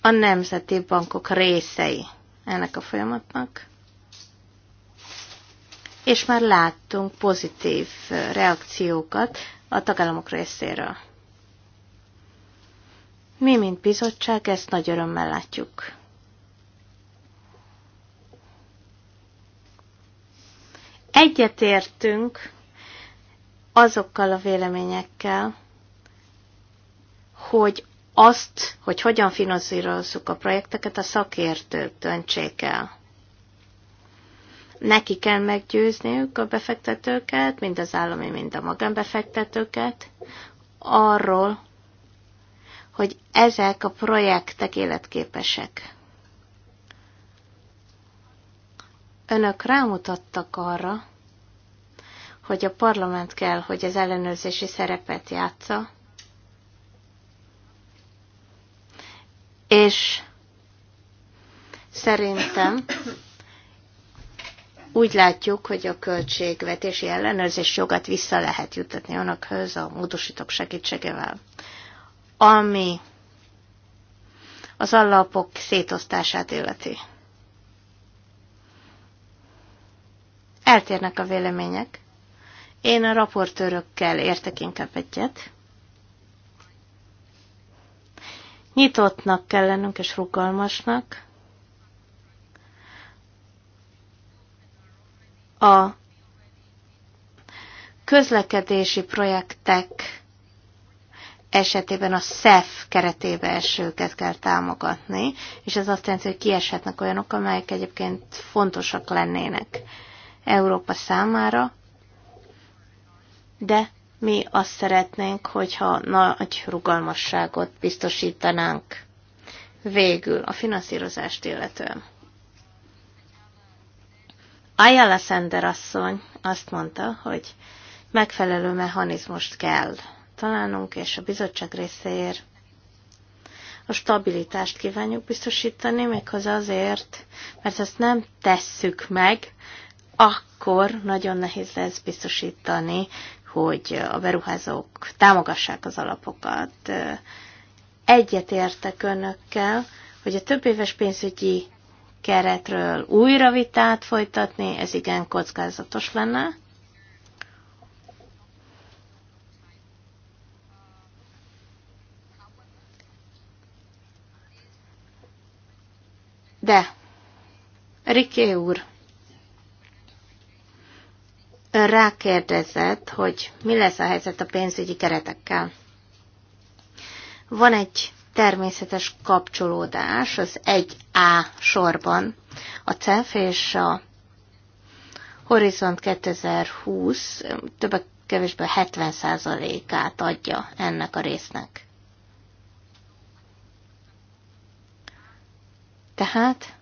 a nemzeti bankok részei ennek a folyamatnak, és már láttunk pozitív reakciókat a tagállamok részéről. Mi, mint bizottság, ezt nagy örömmel látjuk. Egyetértünk azokkal a véleményekkel, hogy azt, hogy hogyan finanszírozzuk a projekteket, a szakértők döntsék el. Neki kell meggyőzniük a befektetőket, mind az állami, mind a magánbefektetőket, arról, hogy ezek a projektek életképesek. Önök rámutattak arra, hogy a parlament kell, hogy az ellenőrzési szerepet játsza, és szerintem úgy látjuk, hogy a költségvetési ellenőrzés jogát vissza lehet jutatni önökhöz a módosítók segítségével ami az alapok szétosztását illeti. Eltérnek a vélemények. Én a raportőrökkel értek inkább egyet. Nyitottnak kell lennünk és rugalmasnak. A közlekedési projektek esetében a SZEF keretébe esőket kell támogatni, és ez azt jelenti, hogy kieshetnek olyanok, amelyek egyébként fontosak lennének Európa számára, de mi azt szeretnénk, hogyha nagy rugalmasságot biztosítanánk végül a finanszírozást illetően. Ayala Sender asszony azt mondta, hogy megfelelő mechanizmust kell találnunk, és a bizottság részéért a stabilitást kívánjuk biztosítani, méghozzá azért, mert ezt nem tesszük meg, akkor nagyon nehéz lesz biztosítani, hogy a beruházók támogassák az alapokat. értek önökkel, hogy a több éves pénzügyi keretről újra vitát folytatni, ez igen kockázatos lenne, be. Riké úr, ön rákérdezett, hogy mi lesz a helyzet a pénzügyi keretekkel. Van egy természetes kapcsolódás az 1A sorban. A CEF és a Horizont 2020 többek kevésbé 70%-át adja ennek a résznek. Tehát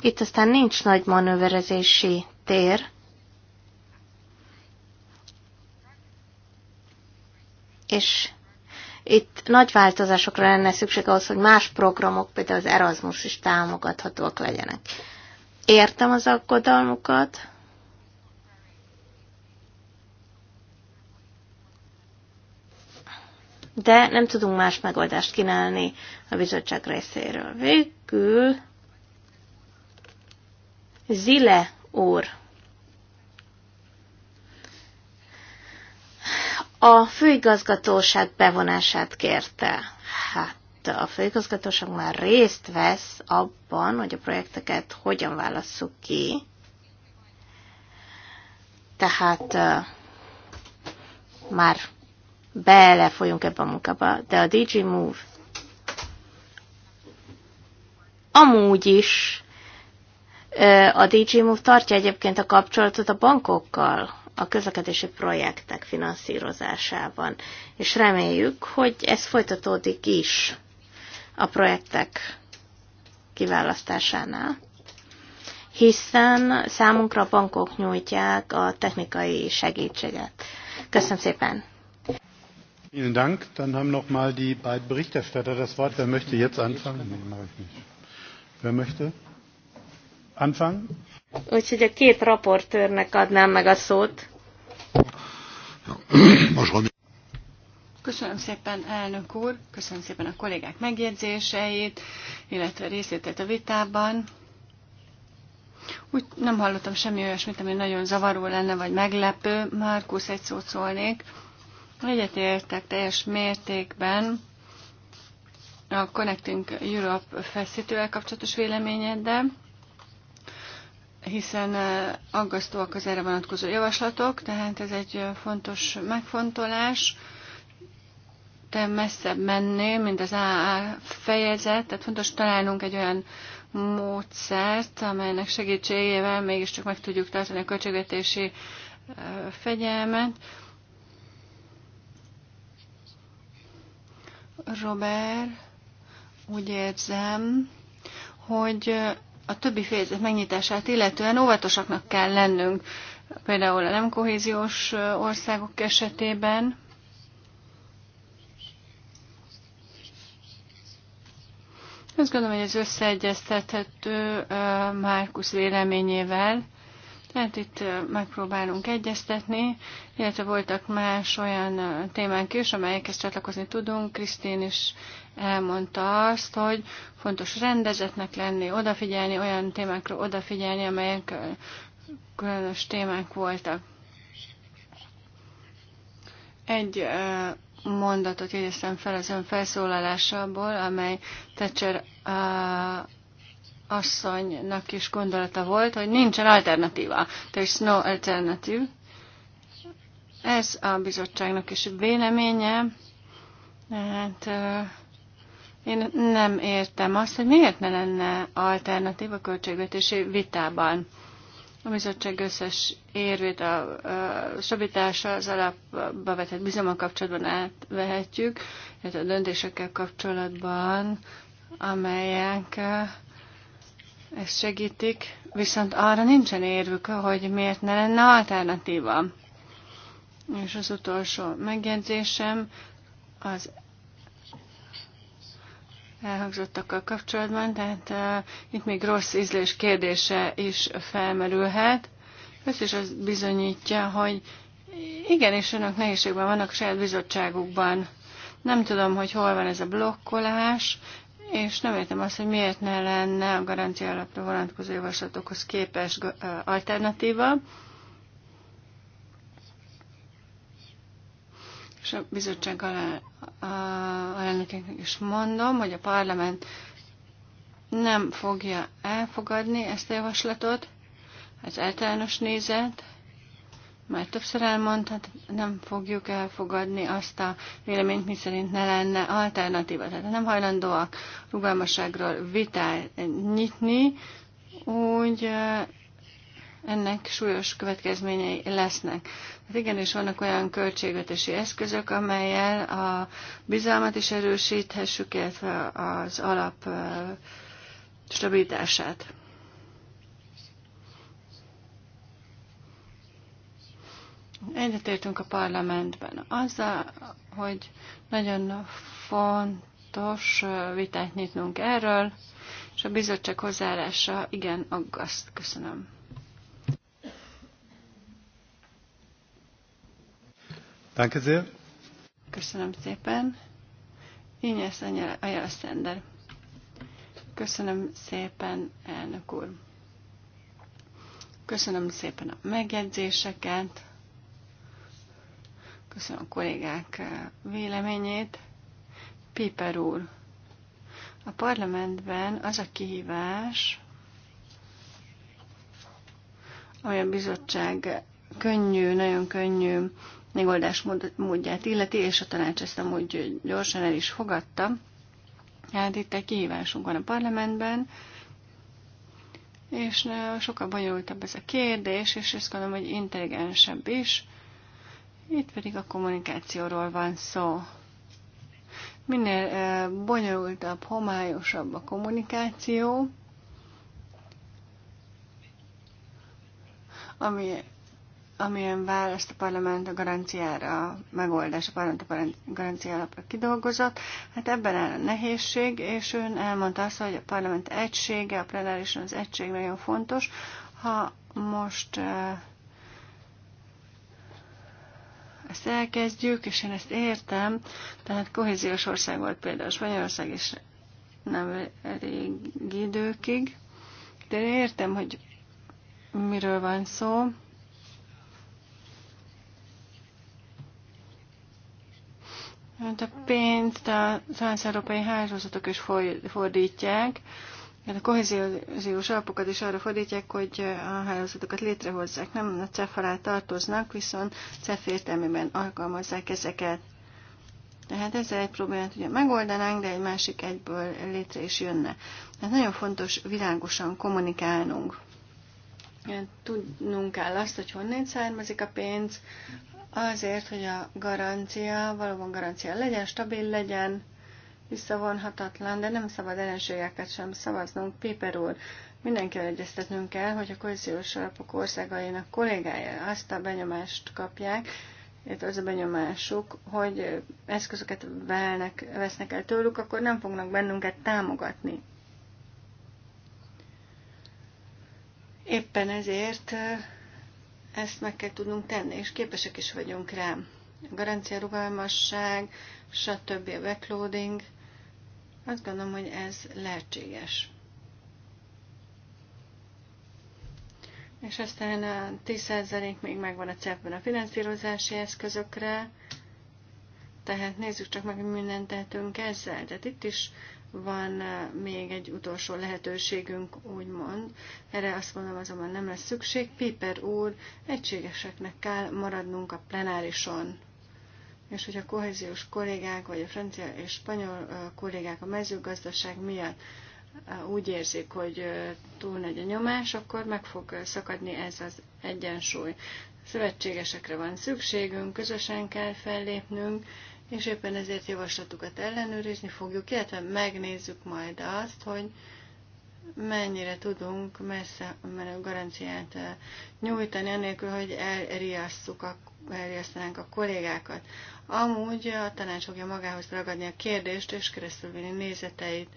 itt aztán nincs nagy manőverezési tér, és itt nagy változásokra lenne szükség ahhoz, hogy más programok, például az Erasmus is támogathatóak legyenek. Értem az aggodalmukat, de nem tudunk más megoldást kínálni a bizottság részéről. Végül Zile úr. A főigazgatóság bevonását kérte. Hát a főigazgatóság már részt vesz abban, hogy a projekteket hogyan válasszuk ki. Tehát már belefolyunk ebbe a munkába, de a DJ Move amúgy is a DJ Move tartja egyébként a kapcsolatot a bankokkal a közlekedési projektek finanszírozásában, és reméljük, hogy ez folytatódik is a projektek kiválasztásánál, hiszen számunkra a bankok nyújtják a technikai segítséget. Köszönöm szépen!
Vielen Dank. Dann haben noch mal die beiden Berichterstatter das Wort. Wer möchte jetzt anfangen? Nein, mache ich nicht. Wer möchte? Anfangen?
Úgyhogy a két raportőrnek adnám meg a szót.
Köszönöm szépen, elnök úr, köszönöm szépen a kollégák megjegyzéseit, illetve részétet a vitában. Úgy nem hallottam semmi olyasmit, ami nagyon zavaró lenne, vagy meglepő. Márkusz, egy szót szólnék. Egyetértek teljes mértékben a Connecting Europe feszítővel kapcsolatos véleményeddel, hiszen aggasztóak az erre vonatkozó javaslatok, tehát ez egy fontos megfontolás. Te messzebb mennél, mint az AA fejezet, tehát fontos találnunk egy olyan módszert, amelynek segítségével mégiscsak meg tudjuk tartani a költségvetési fegyelmet. Robert, úgy érzem, hogy a többi fejezet megnyitását illetően óvatosaknak kell lennünk, például a nem kohéziós országok esetében. Azt gondolom, hogy ez összeegyeztethető Márkusz véleményével, Hát itt megpróbálunk egyeztetni, illetve voltak más olyan témánk is, amelyekhez csatlakozni tudunk. Krisztin is elmondta azt, hogy fontos rendezetnek lenni, odafigyelni, olyan témákra odafigyelni, amelyek különös témák voltak. Egy mondatot jegyeztem fel az ön felszólalásából, amely Thatcher asszonynak is gondolata volt, hogy nincsen alternatíva. is no alternative. Ez a bizottságnak is véleménye. Hát, én nem értem azt, hogy miért ne lenne alternatív a költségvetési vitában. A bizottság összes érvét a, a szabítása az alapba vetett bizalma kapcsolatban átvehetjük, illetve a döntésekkel kapcsolatban, amelyek ezt segítik, viszont arra nincsen érvük, hogy miért ne lenne alternatíva. És az utolsó megjegyzésem az elhangzottakkal kapcsolatban, tehát uh, itt még rossz ízlés kérdése is felmerülhet. Ez is az bizonyítja, hogy igenis önök nehézségben vannak a saját bizottságukban. Nem tudom, hogy hol van ez a blokkolás, és nem értem azt, hogy miért ne lenne a garancia alapra vonatkozó javaslatokhoz képes alternatíva. És a bizottság alelnökének is mondom, hogy a parlament nem fogja elfogadni ezt a javaslatot, az általános nézet, már többször elmondhat, nem fogjuk elfogadni azt a véleményt, mi szerint ne lenne alternatíva. Tehát nem hajlandóak rugalmasságról vitál nyitni, úgy ennek súlyos következményei lesznek. Hát igenis vannak olyan költségvetési eszközök, amelyel a bizalmat is erősíthessük, illetve az alap stabilitását. Egyetértünk a parlamentben azzal, hogy nagyon fontos vitát nyitnunk erről, és a bizottság hozzáállása igen aggaszt. Köszönöm. Danke sehr. Köszönöm szépen. Ines Ajala Szender. Köszönöm szépen, elnök úr. Köszönöm szépen a megjegyzéseket. Köszönöm a kollégák eh, véleményét. Piper úr, a parlamentben az a kihívás, ami a bizottság könnyű, nagyon könnyű megoldás módját illeti, és a tanács ezt amúgy gyorsan el is fogadta. Hát itt egy kihívásunk van a parlamentben, és eh, sokkal bonyolultabb ez a kérdés, és ezt gondolom, hogy intelligensebb is. Itt pedig a kommunikációról van szó. Minél bonyolultabb, homályosabb a kommunikáció, ami, amilyen választ a parlament a garanciára, a megoldás a parlament a garanciára kidolgozott, hát ebben áll a nehézség, és ön elmondta azt, hogy a parlament egysége, a plenárison az egység nagyon fontos. Ha most uh, ezt elkezdjük, és én ezt értem, tehát kohéziós ország volt például Spanyolország is nem elég időkig, de értem, hogy miről van szó. Mert hát a pénzt a transzeurópai hálózatok is fordítják, igen, a kohéziós alapokat is arra fordítják, hogy a hálózatokat létrehozzák. Nem a CEF alá tartoznak, viszont CEF értelmében alkalmazzák ezeket. Tehát ezzel egy problémát ugye megoldanánk, de egy másik egyből létre is jönne. Tehát nagyon fontos világosan kommunikálnunk. Tudnunk kell azt, hogy honnan származik a pénz, azért, hogy a garancia valóban garancia legyen, stabil legyen, visszavonhatatlan, de nem szabad ellenségeket sem szavaznunk. Péper úr, mindenkivel egyeztetnünk kell, hogy a kohéziós alapok országainak kollégája azt a benyomást kapják, illetve az a benyomásuk, hogy eszközöket velnek, vesznek el tőlük, akkor nem fognak bennünket támogatni. Éppen ezért eh, ezt meg kell tudnunk tenni, és képesek is vagyunk rá. A garancia rugalmasság, stb. a backloading – azt gondolom, hogy ez lehetséges. És aztán a 10% még megvan a CEP-ben a finanszírozási eszközökre, tehát nézzük csak meg, hogy mindent tehetünk ezzel. Tehát itt is van még egy utolsó lehetőségünk, úgymond. Erre azt mondom azonban nem lesz szükség. Piper úr, egységeseknek kell maradnunk a plenárison és hogy a kohéziós kollégák, vagy a francia és spanyol kollégák a mezőgazdaság miatt úgy érzik, hogy túl nagy a nyomás, akkor meg fog szakadni ez az egyensúly. Szövetségesekre van szükségünk, közösen kell fellépnünk, és éppen ezért javaslatukat ellenőrizni fogjuk, illetve megnézzük majd azt, hogy mennyire tudunk messze menő garanciát nyújtani, anélkül, hogy elriasszuk a, elriasztanánk a kollégákat. Amúgy a tanács fogja magához ragadni a kérdést és keresztülvinni nézeteit.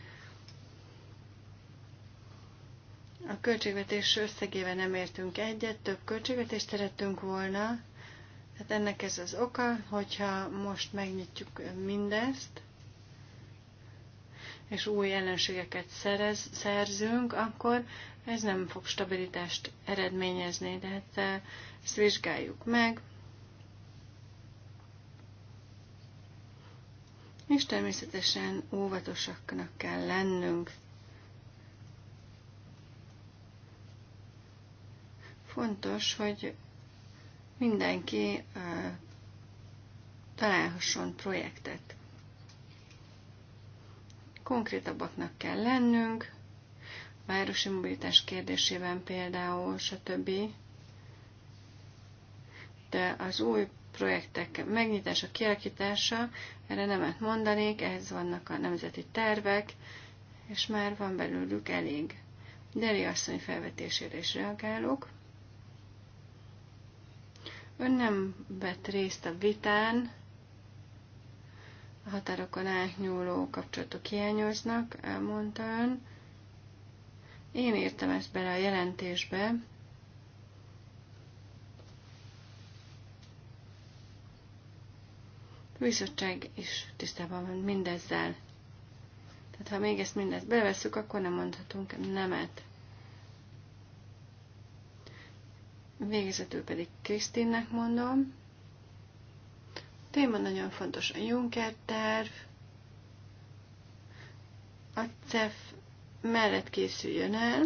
A költségvetés összegével nem értünk egyet, több költségvetést szerettünk volna. Hát ennek ez az oka, hogyha most megnyitjuk mindezt, és új ellenségeket szerez, szerzünk, akkor ez nem fog stabilitást eredményezni. hát eh, ezt vizsgáljuk meg. És természetesen óvatosaknak kell lennünk. Fontos, hogy mindenki eh, találhasson projektet konkrétabbaknak kell lennünk, városi mobilitás kérdésében például, stb. De az új projektek megnyitása, kialakítása, erre nemet mondanék, ehhez vannak a nemzeti tervek, és már van belőlük elég. Deli asszony felvetésére is reagálok. Ön nem vett részt a vitán, a határokon átnyúló kapcsolatok hiányoznak, elmondta ön. Én írtam ezt bele a jelentésbe, A bizottság is tisztában van mindezzel. Tehát ha még ezt mindezt beveszünk, akkor nem mondhatunk nemet. Végezetül pedig Krisztinnek mondom, téma nagyon fontos a Juncker terv, a CEF mellett készüljön el,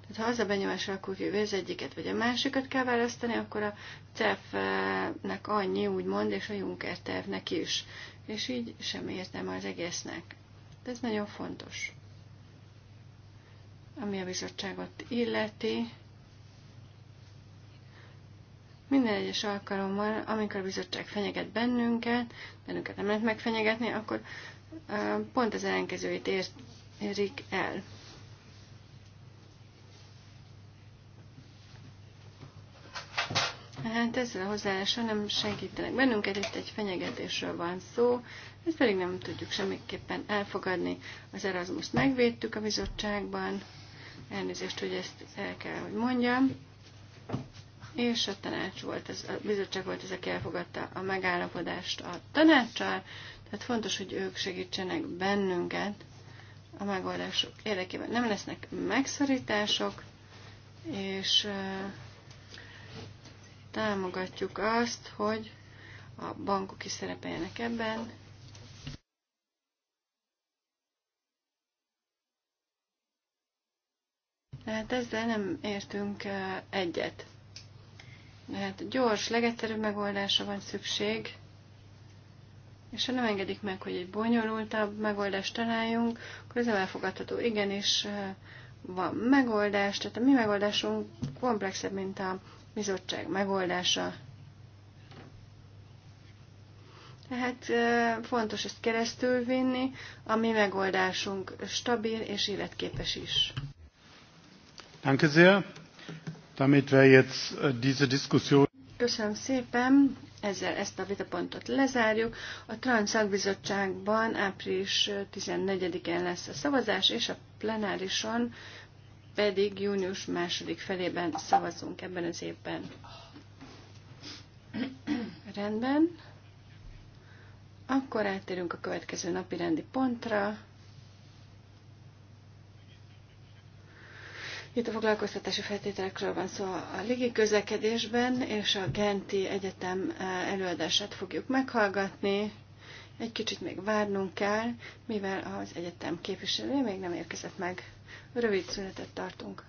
tehát ha az a benyomás alakul ki, hogy az egyiket vagy a másikat kell választani, akkor a CEF-nek annyi, úgymond, és a Juncker tervnek is. És így sem értem az egésznek. De ez nagyon fontos. Ami a bizottságot illeti, minden egyes alkalommal, amikor a bizottság fenyeget bennünket, bennünket nem lehet megfenyegetni, akkor pont az ellenkezőjét érik el. Hát ezzel a hozzáállással nem segítenek bennünket, itt egy fenyegetésről van szó, ezt pedig nem tudjuk semmiképpen elfogadni. Az erasmus megvédtük a bizottságban, elnézést, hogy ezt el kell, hogy mondjam és a tanács volt, ez, a bizottság volt ez, aki elfogadta a megállapodást a tanácssal, tehát fontos, hogy ők segítsenek bennünket a megoldások érdekében. Nem lesznek megszorítások, és támogatjuk azt, hogy a bankok is szerepeljenek ebben, Tehát ezzel nem értünk egyet. Hát gyors, legegyszerűbb megoldásra van szükség, és ha nem engedik meg, hogy egy bonyolultabb megoldást találjunk, akkor ez nem elfogadható. Igenis van megoldás, tehát a mi megoldásunk komplexebb, mint a bizottság megoldása. Tehát fontos ezt keresztül vinni, a mi megoldásunk stabil és életképes is.
Danke sehr. Damit wir jetzt äh, diese Diskussion
Köszönöm szépen, ezzel ezt a vitapontot lezárjuk. A Trans szakbizottságban április 14-én lesz a szavazás, és a plenárison pedig június második felében szavazunk ebben az évben. Rendben. Akkor áttérünk a következő napi rendi pontra. Itt a foglalkoztatási feltételekről van szó a Ligi közlekedésben, és a Genti Egyetem eh, előadását fogjuk meghallgatni. Egy kicsit még várnunk kell, mivel az egyetem képviselője még nem érkezett meg. Rövid szünetet tartunk.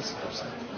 Köszönöm szépen.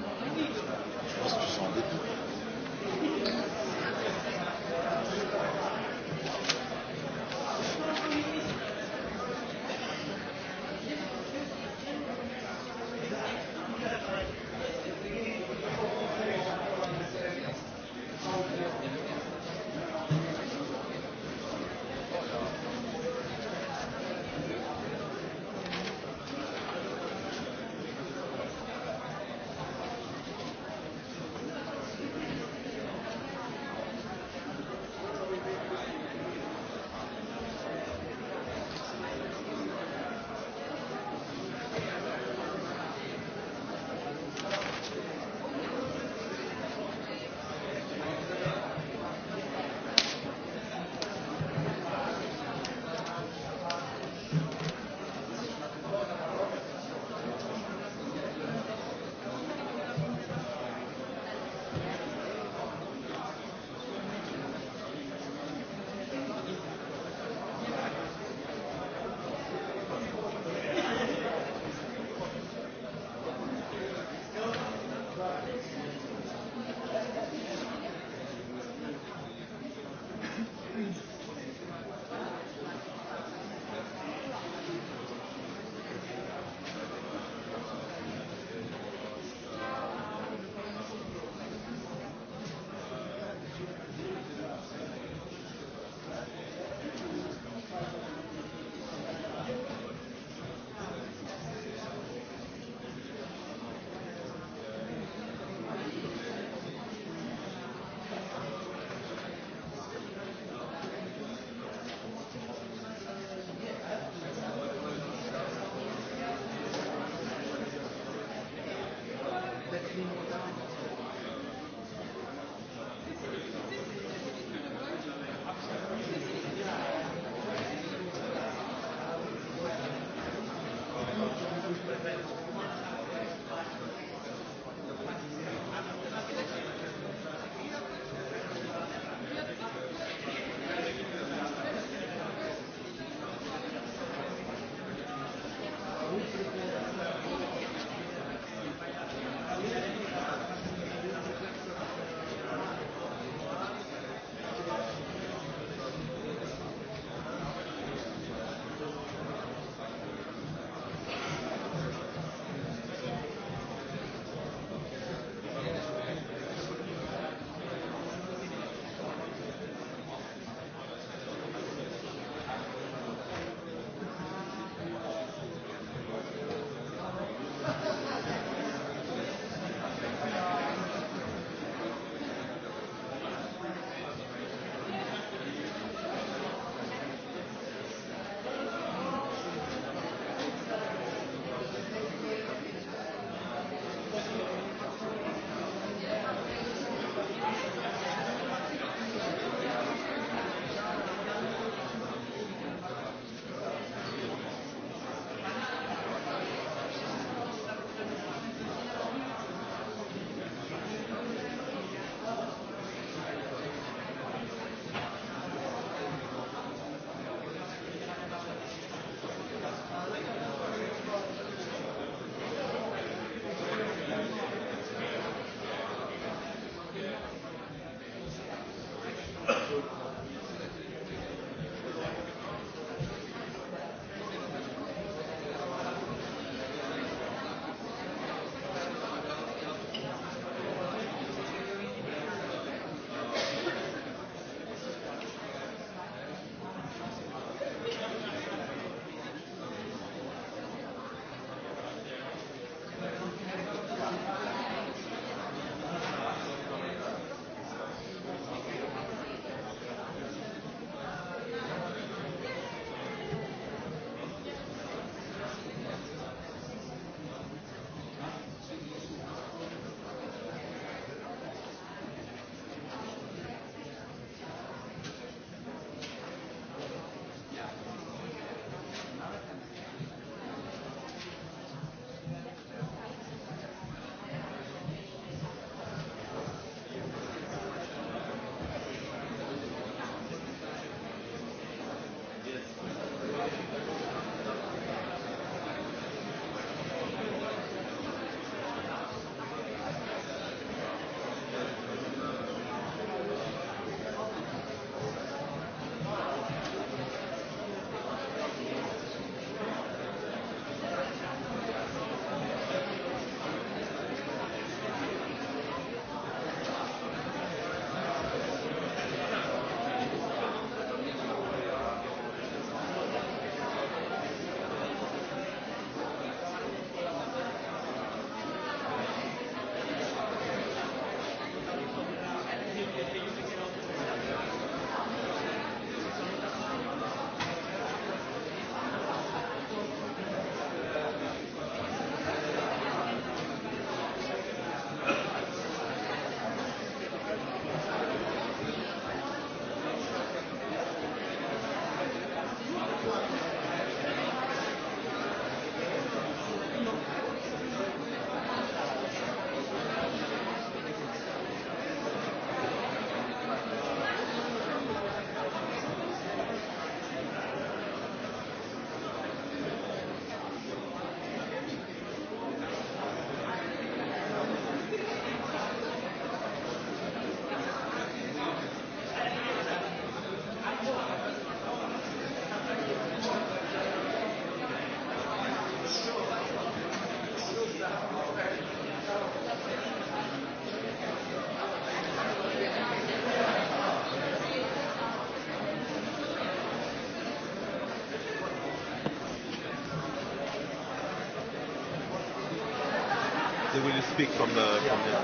when you speak from the from the.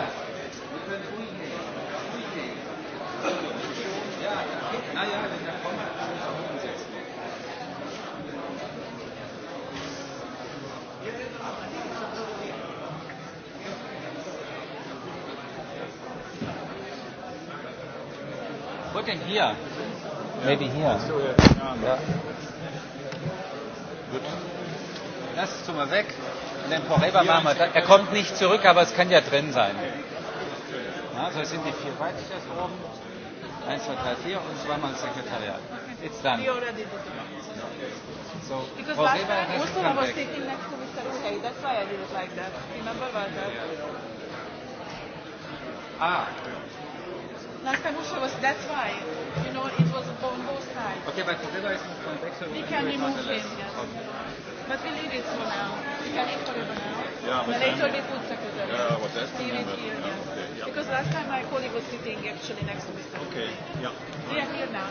From the
Put him here. Maybe here. Yeah.
yeah. Gut.
Lass es mal weg. Nein, Forever machen wir dann. Er kommt nicht zurück, aber es kann ja drin sein.
Na, so sind die vier
Weibchens oben. Eins, zwei, drei, vier und zweimal Sekretariat. It's done.
So, Because Frau last time Ursula was sitting next to Mr. Hey, that's why I did it like that. Remember what? Yeah. Ah.
Last time Ursula was, that's why. You know, it was on both sides.
Okay, but Forever is convex.
We can remove him, yes. Okay.
But we leave it for now. We can eat forever now.
Yeah, but later then, we put secretary. Yeah, what else? Here and here, yeah. yeah. Okay, yeah. Because last time my colleague was sitting
actually next to Mr. Okay, yeah. We
are here now.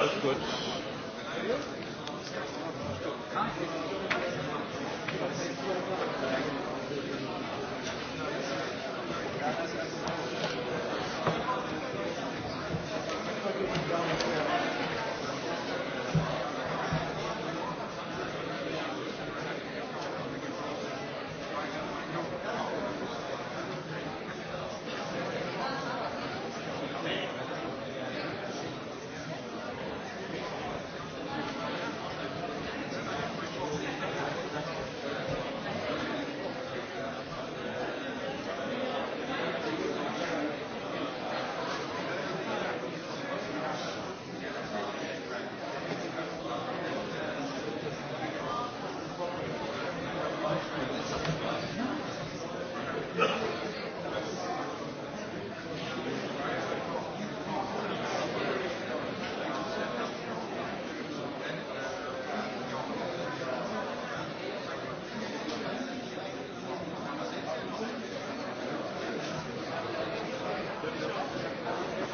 That's good. Thank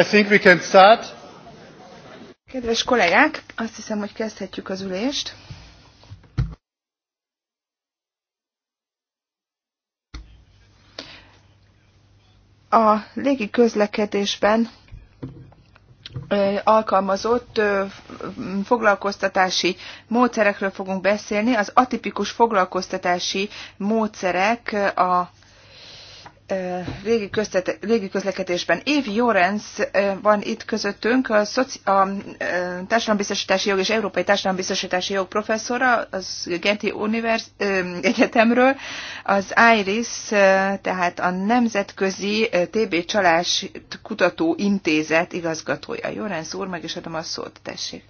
I think we can start.
Kedves kollégák, azt hiszem, hogy kezdhetjük az ülést. A légi közlekedésben alkalmazott foglalkoztatási módszerekről fogunk beszélni. Az atipikus foglalkoztatási módszerek a régi, régi közlekedésben. Év Jorenz van itt közöttünk, a, szoci, a társadalombiztosítási jog és európai társadalombiztosítási jog professzora az Genti Univers, Egyetemről, az IRIS, tehát a Nemzetközi TB Csalás Kutató Intézet igazgatója. Jorenz úr, meg is adom a szót, tessék.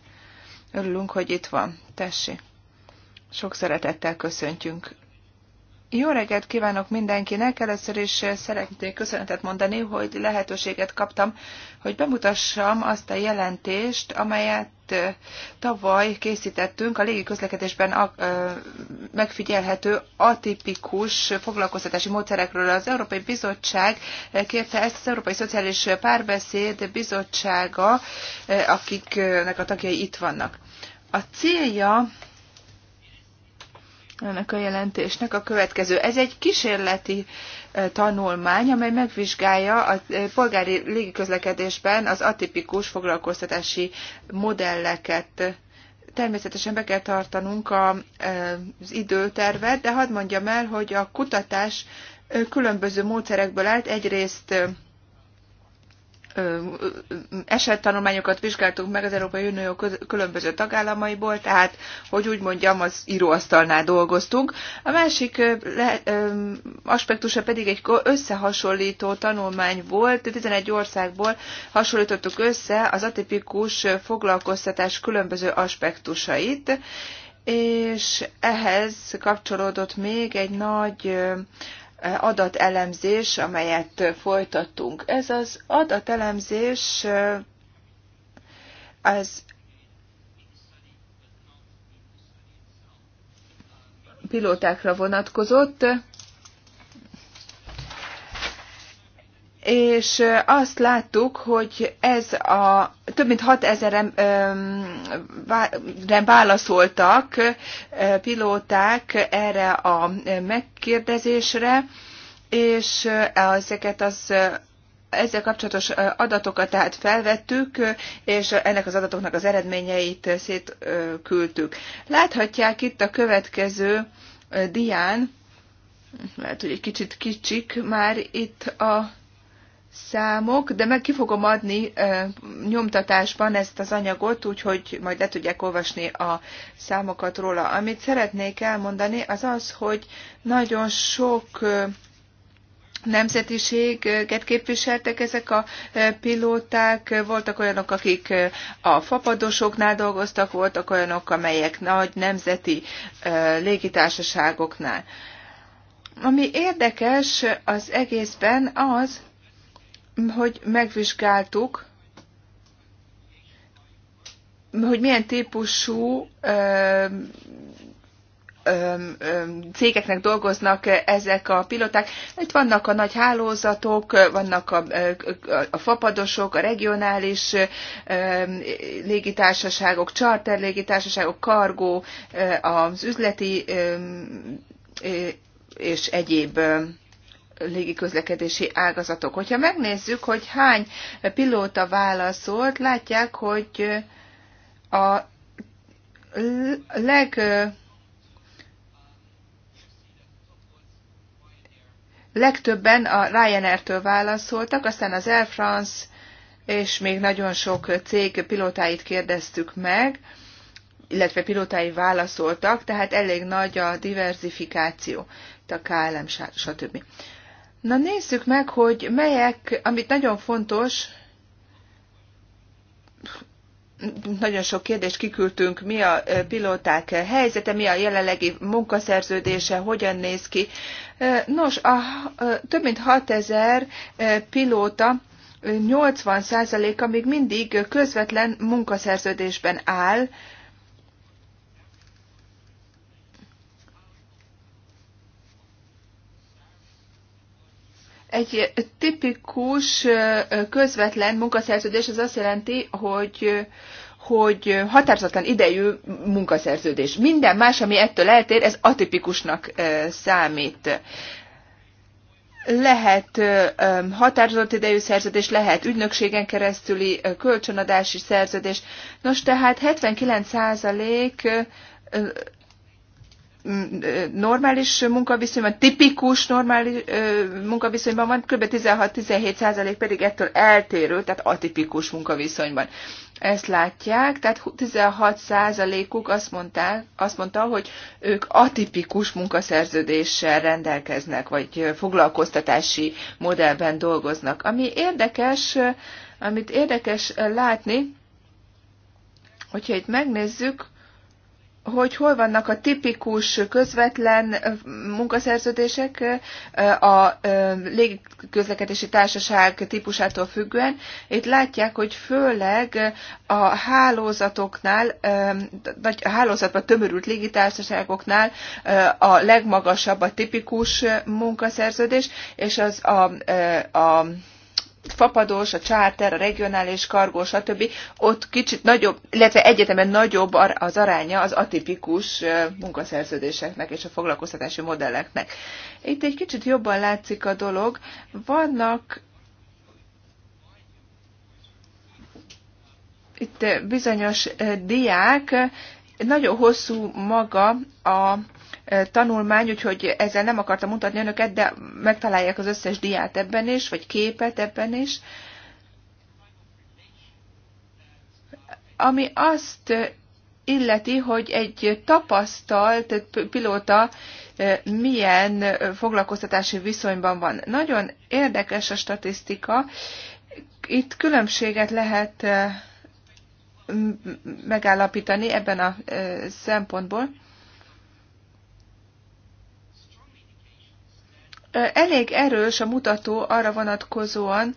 Örülünk, hogy itt van. Tessék. Sok szeretettel köszöntjük jó reggelt kívánok mindenkinek! Először is eh, szeretnék köszönetet mondani, hogy lehetőséget kaptam, hogy bemutassam azt a jelentést, amelyet eh, tavaly készítettünk a a, eh, megfigyelhető atipikus foglalkoztatási módszerekről. Az Európai Bizottság kérte ezt az Európai Szociális Párbeszéd Bizottsága, akiknek a tagjai itt vannak. A célja ennek a jelentésnek a következő. Ez egy kísérleti tanulmány, amely megvizsgálja a polgári légiközlekedésben az atipikus foglalkoztatási modelleket. Természetesen be kell tartanunk az időtervet, de hadd mondjam el, hogy a kutatás különböző módszerekből állt. Egyrészt esettanulmányokat vizsgáltunk meg az Európai Unió különböző tagállamaiból, tehát, hogy úgy mondjam, az íróasztalnál dolgoztunk. A másik aspektusa pedig egy összehasonlító tanulmány volt, 11 országból hasonlítottuk össze az atipikus foglalkoztatás különböző aspektusait, és ehhez kapcsolódott még egy nagy adatelemzés, amelyet folytattunk. Ez az adatelemzés az pilótákra vonatkozott, és azt láttuk, hogy ez a több mint 6 ezerre válaszoltak pilóták erre a megkérdezésre, és ezeket az ezzel kapcsolatos adatokat tehát felvettük, és ennek az adatoknak az eredményeit szétküldtük. Láthatják itt a következő dián, lehet, hogy egy kicsit kicsik már itt a számok, de meg ki fogom adni e, nyomtatásban ezt az anyagot, úgyhogy majd le tudják olvasni a számokat róla. Amit szeretnék elmondani, az az, hogy nagyon sok e, nemzetiséget képviseltek ezek a pilóták. Voltak olyanok, akik a fapadosoknál dolgoztak, voltak olyanok, amelyek nagy nemzeti légitársaságoknál. Ami érdekes az egészben az, hogy megvizsgáltuk, hogy milyen típusú ö, ö, ö, cégeknek dolgoznak ezek a piloták. Itt vannak a nagy hálózatok, vannak a, a, a fapadosok, a regionális ö, légitársaságok, charter légitársaságok, kargó, az üzleti ö, és egyéb légiközlekedési ágazatok. Hogyha megnézzük, hogy hány pilóta válaszolt, látják, hogy a leg legtöbben a Ryanair-től válaszoltak, aztán az Air France és még nagyon sok cég pilótáit kérdeztük meg, illetve pilótái válaszoltak, tehát elég nagy a diversifikáció, a KLM, stb. Na nézzük meg, hogy melyek, amit nagyon fontos, nagyon sok kérdést kiküldtünk, mi a pilóták helyzete, mi a jelenlegi munkaszerződése, hogyan néz ki. Nos, a több mint 6000 pilóta 80%-a még mindig közvetlen munkaszerződésben áll, Egy tipikus közvetlen munkaszerződés az azt jelenti, hogy hogy határozatlan idejű munkaszerződés. Minden más, ami ettől eltér, ez atipikusnak számít lehet határozott idejű szerződés, lehet ügynökségen keresztüli kölcsönadási szerződés. Nos, tehát 79% normális munkaviszonyban, tipikus normális munkaviszonyban van, kb. 16-17% pedig ettől eltérő, tehát atipikus munkaviszonyban. Ezt látják, tehát 16%-uk azt, mondták, azt mondta, hogy ők atipikus munkaszerződéssel rendelkeznek, vagy foglalkoztatási modellben dolgoznak. Ami érdekes, amit érdekes látni, hogyha itt megnézzük, hogy hol vannak a tipikus közvetlen munkaszerződések a légiközlekedési társaság típusától függően. Itt látják, hogy főleg a hálózatoknál, vagy a hálózatban tömörült légitársaságoknál a legmagasabb a tipikus munkaszerződés, és az a, a fapadós, a charter, a regionális kargó, stb. Ott kicsit nagyobb, illetve egyetemen nagyobb az aránya az atipikus munkaszerződéseknek és a foglalkoztatási modelleknek. Itt egy kicsit jobban látszik a dolog. Vannak itt bizonyos diák, nagyon hosszú maga a tanulmány, úgyhogy ezzel nem akartam mutatni önöket, de megtalálják az összes diát ebben is, vagy képet ebben is. Ami azt illeti, hogy egy tapasztalt pilóta milyen foglalkoztatási viszonyban van. Nagyon érdekes a statisztika. Itt különbséget lehet megállapítani ebben a szempontból. elég erős a mutató arra vonatkozóan,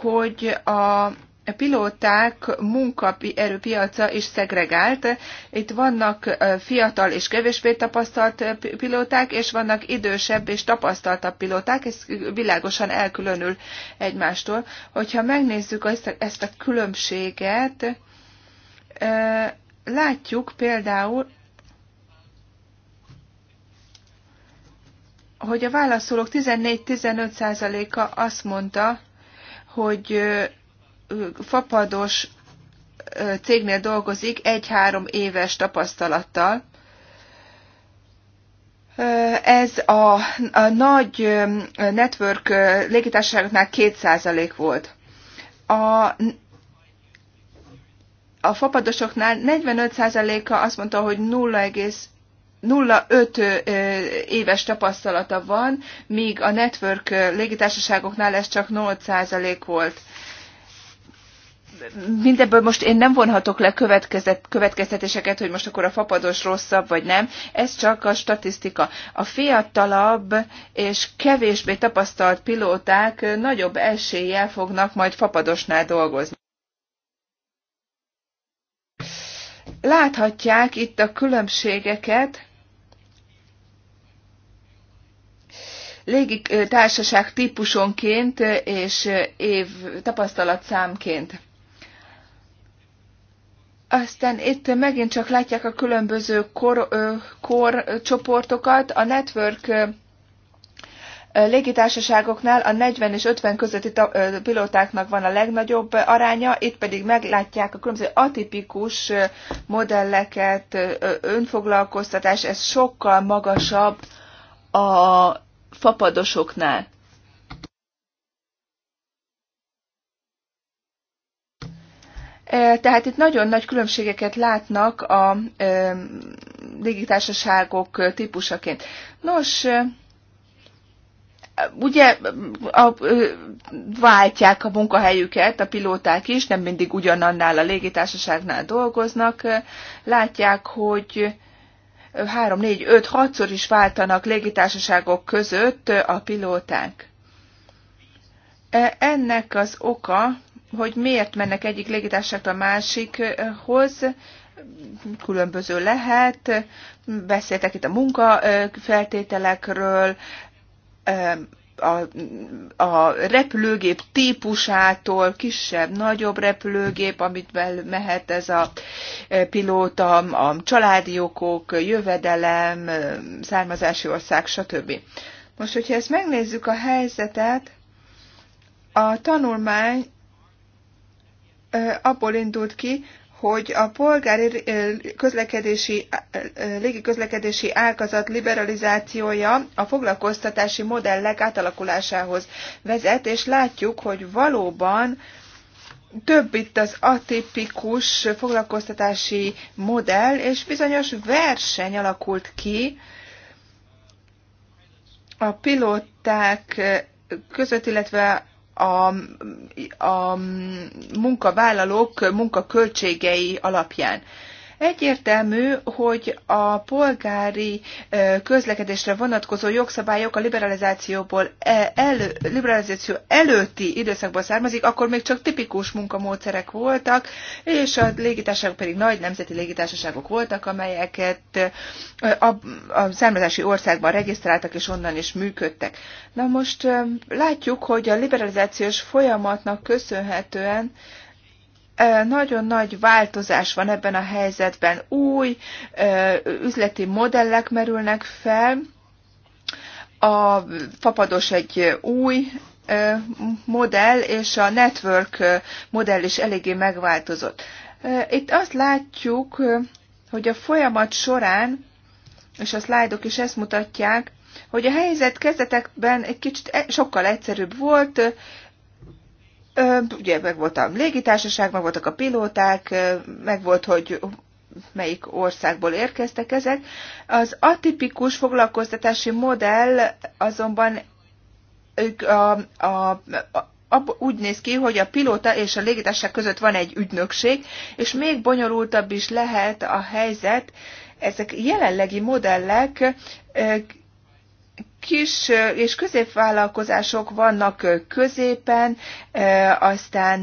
hogy a pilóták munkaerőpiaca is szegregált. Itt vannak fiatal és kevésbé tapasztalt pilóták, és vannak idősebb és tapasztaltabb pilóták, ez világosan elkülönül egymástól. Hogyha megnézzük ezt a, ezt a különbséget, látjuk például, hogy a válaszolók 14-15%-a azt mondta, hogy fapados cégnél dolgozik egy-három éves tapasztalattal. Ez a, a nagy network légitársaságoknál 2% volt. A a fapadosoknál 45%-a azt mondta, hogy 0,5 éves tapasztalata van, míg a network légitársaságoknál ez csak 0% volt. Mindebből most én nem vonhatok le következtetéseket, hogy most akkor a fapados rosszabb vagy nem, ez csak a statisztika. A fiatalabb és kevésbé tapasztalt pilóták nagyobb eséllyel fognak majd fapadosnál dolgozni. Láthatják itt a különbségeket légitársaság típusonként és év tapasztalatszámként. Aztán itt megint csak látják a különböző kor, kor csoportokat. A network légitársaságoknál a 40 és 50 közötti pilótáknak van a legnagyobb aránya, itt pedig meglátják a különböző atipikus modelleket, önfoglalkoztatás, ez sokkal magasabb a fapadosoknál. E, tehát itt nagyon nagy különbségeket látnak a e, légitársaságok típusaként. Nos, e, ugye a, váltják a munkahelyüket a pilóták is, nem mindig ugyanannál a légitársaságnál dolgoznak, látják, hogy három négy öt hatszor szor is váltanak légitársaságok között a pilóták. E, ennek az oka, hogy miért mennek egyik légitársaságtól másikhoz, különböző lehet. Beszéltek itt a munkafeltételekről, a, a repülőgép típusától, kisebb, nagyobb repülőgép, amit mehet ez a e, pilóta, a családi okok, jövedelem, e, származási ország, stb. Most, hogyha ezt megnézzük a helyzetet, a tanulmány e, abból indult ki, hogy a polgári eh, közlekedési, eh, eh, légi közlekedési ágazat liberalizációja a foglalkoztatási modellek átalakulásához vezet, és látjuk, hogy valóban több itt az atipikus foglalkoztatási modell, és bizonyos verseny alakult ki a pilóták között, illetve a, a munkavállalók munkaköltségei alapján. Egyértelmű, hogy a polgári közlekedésre vonatkozó jogszabályok a liberalizációból e, elő, liberalizáció előtti időszakból származik, akkor még csak tipikus munkamódszerek voltak, és a légitársaságok pedig nagy nemzeti légitársaságok voltak, amelyeket a, a származási országban regisztráltak, és onnan is működtek. Na most látjuk, hogy a liberalizációs folyamatnak köszönhetően nagyon nagy változás van ebben a helyzetben. Új üzleti modellek merülnek fel, a fapados egy új modell, és a network modell is eléggé megváltozott. Itt azt látjuk, hogy a folyamat során, és a szlájdok is ezt mutatják, hogy a helyzet kezdetekben egy kicsit e- sokkal egyszerűbb volt, ugye meg volt a légitársaság, meg voltak a pilóták, meg volt, hogy melyik országból érkeztek ezek. Az atipikus foglalkoztatási modell azonban ők a, a, a ab, úgy néz ki, hogy a pilóta és a légitársaság között van egy ügynökség, és még bonyolultabb is lehet a helyzet. Ezek jelenlegi modellek kis és középvállalkozások vannak középen, aztán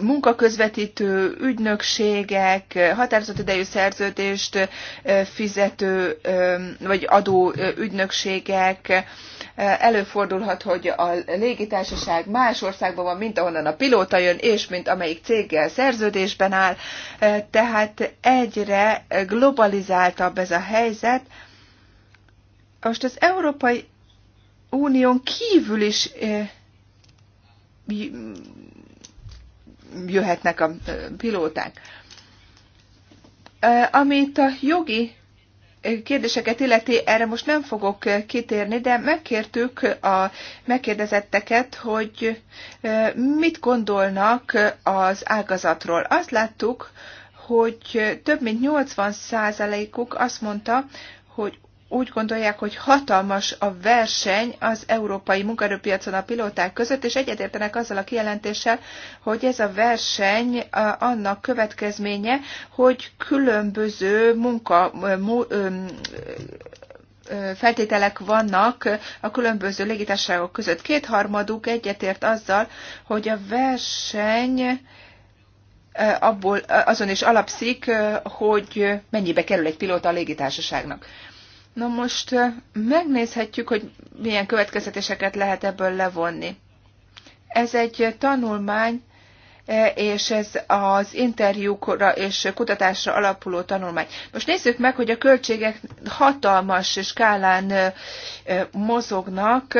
munkaközvetítő ügynökségek, határozott idejű szerződést fizető vagy adó ügynökségek, előfordulhat, hogy a légitársaság más országban van, mint ahonnan a pilóta jön, és mint amelyik céggel szerződésben áll. Tehát egyre globalizáltabb ez a helyzet, most az Európai Unión kívül is jöhetnek a pilóták. Amit a jogi kérdéseket illeti, erre most nem fogok kitérni, de megkértük a megkérdezetteket, hogy mit gondolnak az ágazatról. Azt láttuk, hogy több mint 80%-uk azt mondta, hogy úgy gondolják, hogy hatalmas a verseny az európai munkaerőpiacon a pilóták között, és egyetértenek azzal a kijelentéssel, hogy ez a verseny annak következménye, hogy különböző munka feltételek vannak a különböző légitársaságok között. Kétharmaduk egyetért azzal, hogy a verseny abból azon is alapszik, hogy mennyibe kerül egy pilóta a légitársaságnak. Na most megnézhetjük, hogy milyen következtetéseket lehet ebből levonni. Ez egy tanulmány, és ez az interjúkra és kutatásra alapuló tanulmány. Most nézzük meg, hogy a költségek hatalmas skálán mozognak,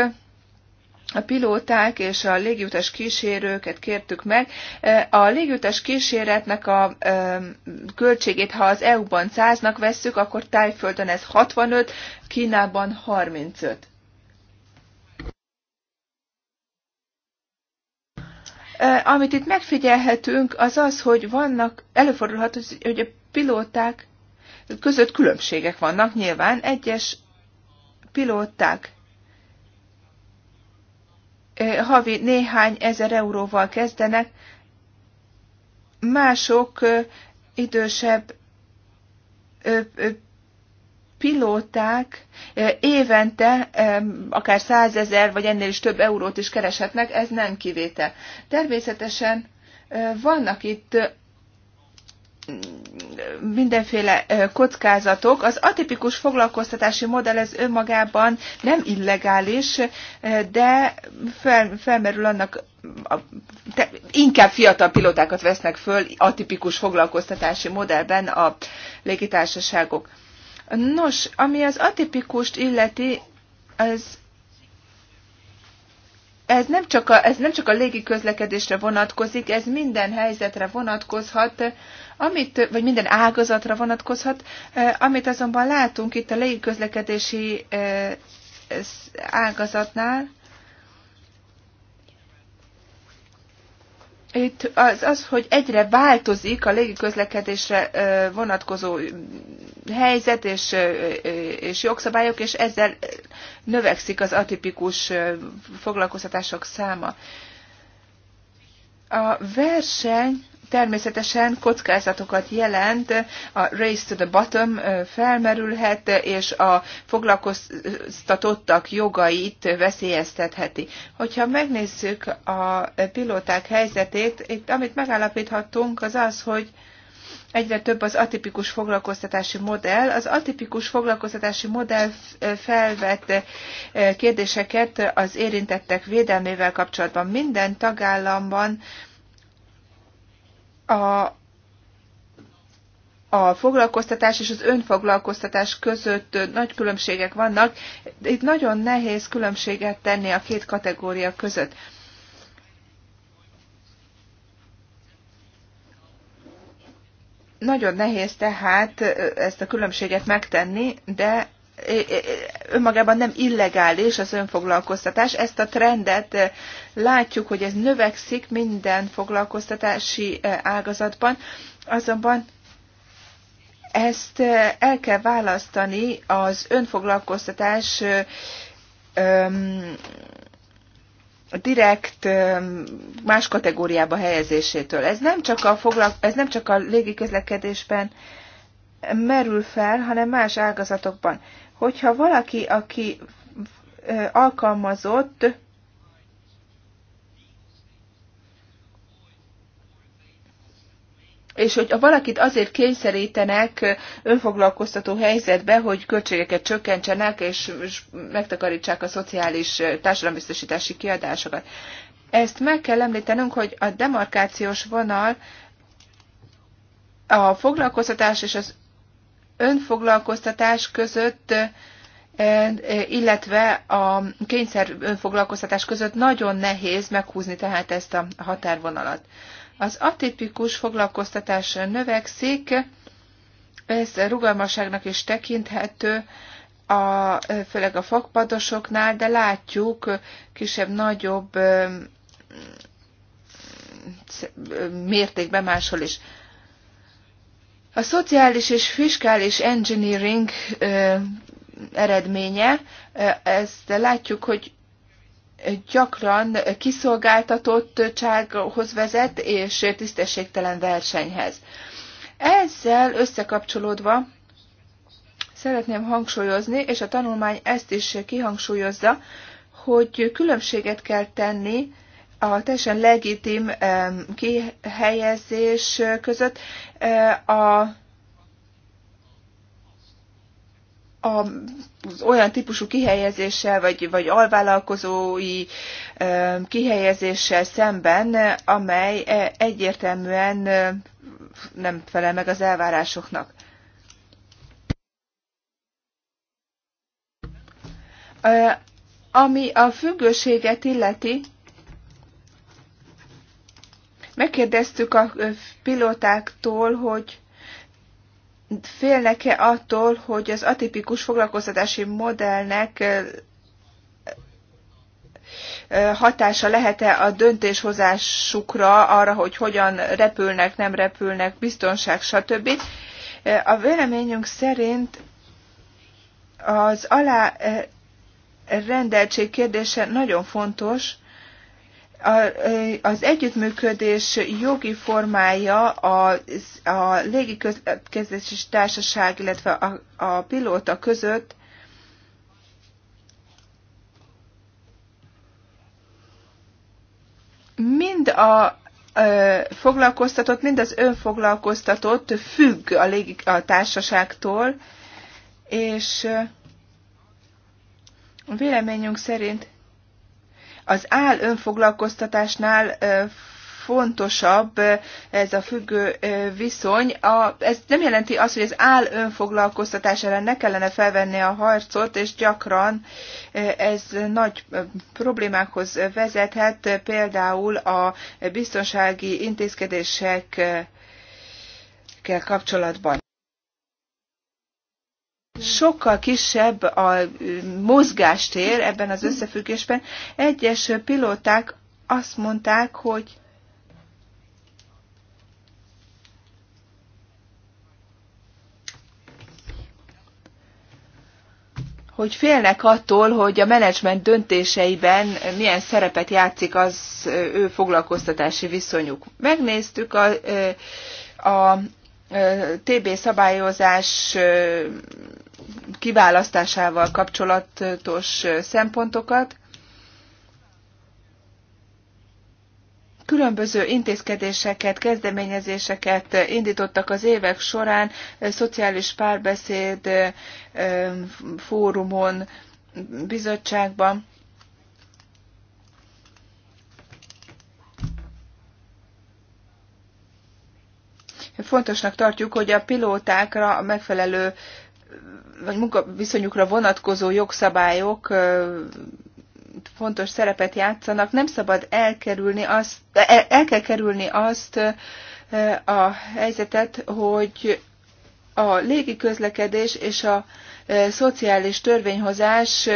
a pilóták és a légiutas kísérőket kértük meg. E, a légiutas kíséretnek a e, költségét, ha az EU-ban 100-nak vesszük, akkor Tájföldön ez 65, Kínában 35. E, amit itt megfigyelhetünk, az az, hogy vannak, előfordulhat, hogy a pilóták között különbségek vannak nyilván. Egyes pilóták havi néhány ezer euróval kezdenek, mások idősebb pilóták évente akár százezer vagy ennél is több eurót is kereshetnek, ez nem kivétel. Természetesen vannak itt mindenféle kockázatok. Az atipikus foglalkoztatási modell ez önmagában nem illegális, de fel, felmerül annak, a, te, inkább fiatal pilotákat vesznek föl atipikus foglalkoztatási modellben a légitársaságok. Nos, ami az atipikust illeti, az ez nem, csak a, ez nem csak a légi közlekedésre vonatkozik, ez minden helyzetre vonatkozhat, amit, vagy minden ágazatra vonatkozhat, amit azonban látunk itt a légiközlekedési ágazatnál, Itt az, az, hogy egyre változik a légiközlekedésre vonatkozó helyzet és, és jogszabályok, és ezzel növekszik az atipikus foglalkoztatások száma. A verseny természetesen kockázatokat jelent, a race to the bottom felmerülhet, és a foglalkoztatottak jogait veszélyeztetheti. Hogyha megnézzük a pilóták helyzetét, itt, amit megállapíthatunk, az az, hogy egyre több az atipikus foglalkoztatási modell. Az atipikus foglalkoztatási modell felvett kérdéseket az érintettek védelmével kapcsolatban. Minden tagállamban a, a foglalkoztatás és az önfoglalkoztatás között nagy különbségek vannak. Itt nagyon nehéz különbséget tenni a két kategória között. Nagyon nehéz tehát ezt a különbséget megtenni, de önmagában nem illegális az önfoglalkoztatás. Ezt a trendet látjuk, hogy ez növekszik minden foglalkoztatási ágazatban, azonban ezt el kell választani az önfoglalkoztatás direkt más kategóriába helyezésétől. Ez nem csak a, foglal, ez nem csak a közlekedésben merül fel, hanem más ágazatokban hogyha valaki, aki alkalmazott, és hogy valakit azért kényszerítenek önfoglalkoztató helyzetbe, hogy költségeket csökkentsenek, és megtakarítsák a szociális társadalombiztosítási kiadásokat. Ezt meg kell említenünk, hogy a demarkációs vonal a foglalkoztatás és az önfoglalkoztatás között e, e, illetve a kényszer önfoglalkoztatás között nagyon nehéz meghúzni tehát ezt a határvonalat. Az atipikus foglalkoztatás növekszik, ez rugalmasságnak is tekinthető, a, főleg a fakpadosoknál, de látjuk kisebb-nagyobb e, mértékben máshol is. A szociális és fiskális engineering ö, eredménye, ezt látjuk, hogy gyakran kiszolgáltatottsághoz vezet és tisztességtelen versenyhez. Ezzel összekapcsolódva szeretném hangsúlyozni, és a tanulmány ezt is kihangsúlyozza, hogy különbséget kell tenni a teljesen legitim kihelyezés között a a, az olyan típusú kihelyezéssel, vagy, vagy alvállalkozói ö, kihelyezéssel szemben, amely e, egyértelműen e, nem felel meg az elvárásoknak. Ami a függőséget illeti, Megkérdeztük a pilotáktól, hogy félnek-e attól, hogy az atipikus foglalkoztatási modellnek hatása lehet-e a döntéshozásukra, arra, hogy hogyan repülnek, nem repülnek, biztonság, stb. A véleményünk szerint az alá rendeltség kérdése nagyon fontos, az együttműködés jogi formája a, a légiközlekedési társaság, illetve a, a pilóta között mind a foglalkoztatott, mind az önfoglalkoztatott függ a, légi, a társaságtól, és véleményünk szerint az áll önfoglalkoztatásnál fontosabb ez a függő viszony. A, ez nem jelenti azt, hogy az áll önfoglalkoztatás ellen ne kellene felvenni a harcot, és gyakran ez nagy problémákhoz vezethet, például a biztonsági intézkedések kell kapcsolatban sokkal kisebb a mozgástér ebben az összefüggésben. Egyes pilóták azt mondták, hogy hogy félnek attól, hogy a menedzsment döntéseiben milyen szerepet játszik az ő foglalkoztatási viszonyuk. Megnéztük a, a TB szabályozás kiválasztásával kapcsolatos szempontokat. Különböző intézkedéseket, kezdeményezéseket indítottak az évek során, szociális párbeszéd fórumon, bizottságban. Fontosnak tartjuk, hogy a pilótákra a megfelelő vagy munkaviszonyukra vonatkozó jogszabályok fontos szerepet játszanak, nem szabad elkerülni azt, e, el kell kerülni azt a helyzetet, hogy a légi közlekedés és a szociális törvényhozás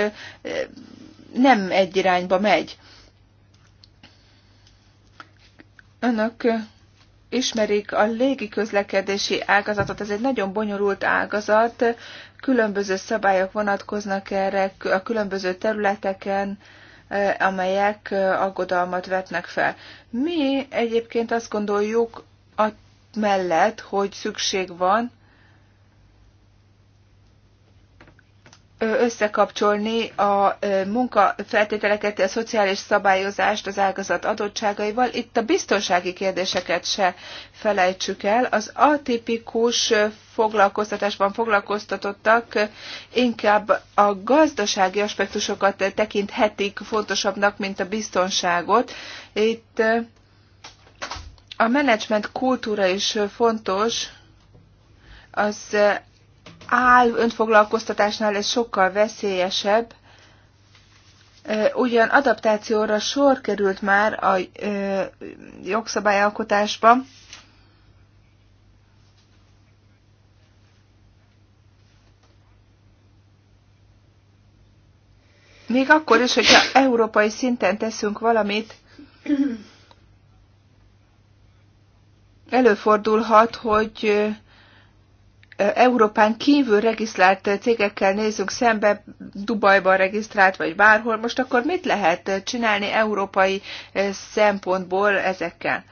nem egy irányba megy. Önök ismerik a légi közlekedési ágazatot, ez egy nagyon bonyolult ágazat, Különböző szabályok vonatkoznak erre a különböző területeken, e, amelyek e, aggodalmat vetnek fel. Mi egyébként azt gondoljuk a mellett, hogy szükség van összekapcsolni a munkafeltételeket, a szociális szabályozást az ágazat adottságaival. Itt a biztonsági kérdéseket se felejtsük el. Az atipikus foglalkoztatásban foglalkoztatottak inkább a gazdasági aspektusokat tekinthetik fontosabbnak, mint a biztonságot. Itt a menedzsment kultúra is fontos, az áll önfoglalkoztatásnál ez sokkal veszélyesebb, Ugyan adaptációra sor került már a jogszabályalkotásba, Még akkor is, hogyha európai szinten teszünk valamit, előfordulhat, hogy Európán kívül regisztrált cégekkel nézzünk szembe, Dubajban regisztrált, vagy bárhol, most akkor mit lehet csinálni európai eh, szempontból ezekkel?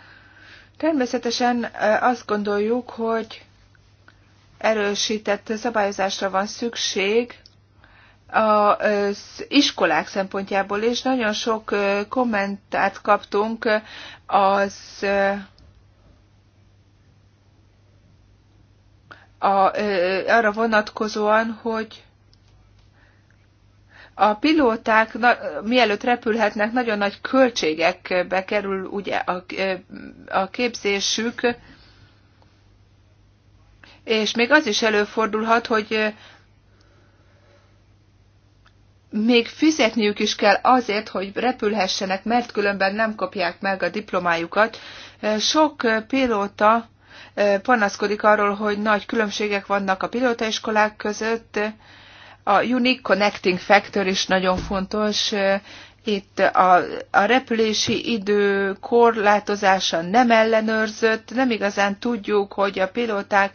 Természetesen eh, azt gondoljuk, hogy erősített szabályozásra van szükség az iskolák szempontjából is. Nagyon sok eh, kommentát kaptunk az a, arra vonatkozóan, hogy a pilóták na, mielőtt repülhetnek, nagyon nagy költségekbe kerül ugye a, a képzésük, és még az is előfordulhat, hogy még fizetniük is kell azért, hogy repülhessenek, mert különben nem kapják meg a diplomájukat. Sok pilóta panaszkodik arról, hogy nagy különbségek vannak a pilótaiskolák között. A Unique Connecting Factor is nagyon fontos. Itt a, a repülési idő korlátozása nem ellenőrzött, nem igazán tudjuk, hogy a pilóták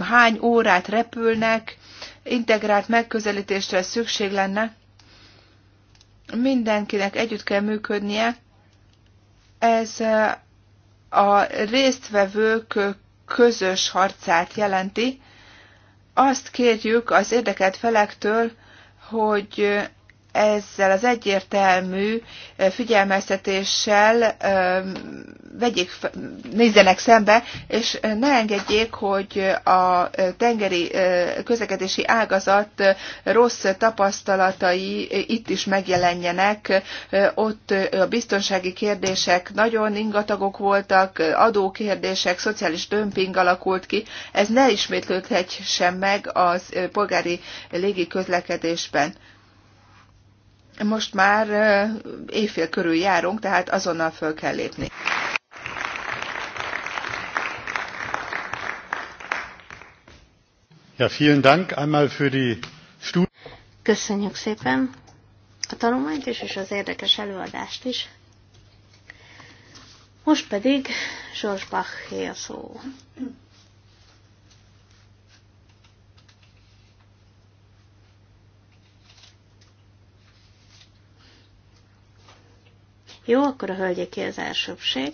hány órát repülnek, integrált megközelítésre szükség lenne. Mindenkinek együtt kell működnie. Ez a résztvevők közös harcát jelenti. Azt kérjük az érdekelt felektől, hogy ezzel az egyértelmű figyelmeztetéssel vegyék, nézzenek szembe, és ne engedjék, hogy a tengeri közlekedési ágazat rossz tapasztalatai itt is megjelenjenek. Ott a biztonsági kérdések nagyon ingatagok voltak, adókérdések, szociális dömping alakult ki. Ez ne ismétlődhet sem meg az polgári légiközlekedésben most már évfél körül járunk, tehát azonnal föl kell lépni.
Ja, vielen Dank einmal für die Studie.
Köszönjük szépen a tanulmányt is, és az érdekes előadást is. Most pedig George Baché a szó. Jó, akkor a hölgyeké az elsőbség.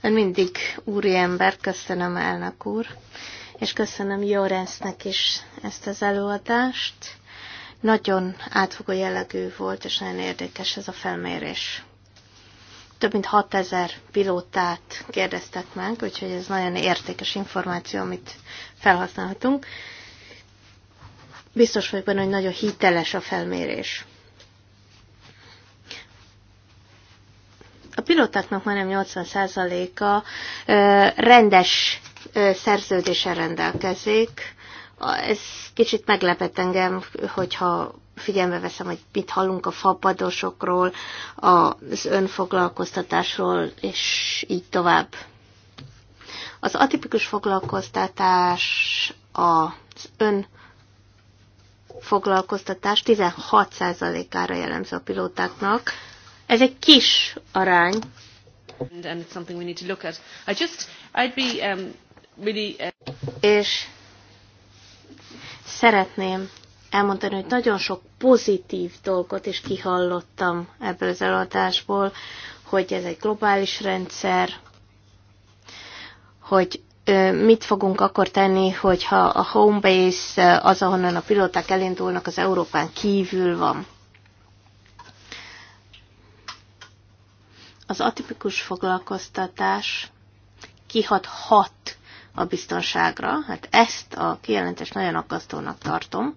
Ön mindig úri ember, köszönöm elnök úr, és köszönöm Jórensznek is ezt az előadást. Nagyon átfogó jellegű volt, és nagyon érdekes ez a felmérés. Több mint 6000 pilótát kérdeztek meg, úgyhogy ez nagyon értékes információ, amit felhasználhatunk. Biztos vagyok benne, hogy nagyon hiteles a felmérés. a pilotáknak majdnem 80%-a rendes szerződéssel rendelkezik. Ez kicsit meglepett engem, hogyha figyelme veszem, hogy mit hallunk a fapadosokról, az önfoglalkoztatásról, és így tovább. Az atipikus foglalkoztatás, az ön foglalkoztatás 16%-ára jellemző a pilótáknak, ez egy kis arány.
And, and it's something we need to look at. I just, I'd be um,
really. Uh... És szeretném elmondani, hogy nagyon sok pozitív dolgot is kihallottam ebből az előadásból, hogy ez egy globális rendszer, hogy mit fogunk akkor tenni, hogyha a home base az, ahonnan a pilóták elindulnak, az Európán kívül van. az atipikus foglalkoztatás kihat hat a biztonságra. Hát ezt a kijelentést nagyon akasztónak tartom.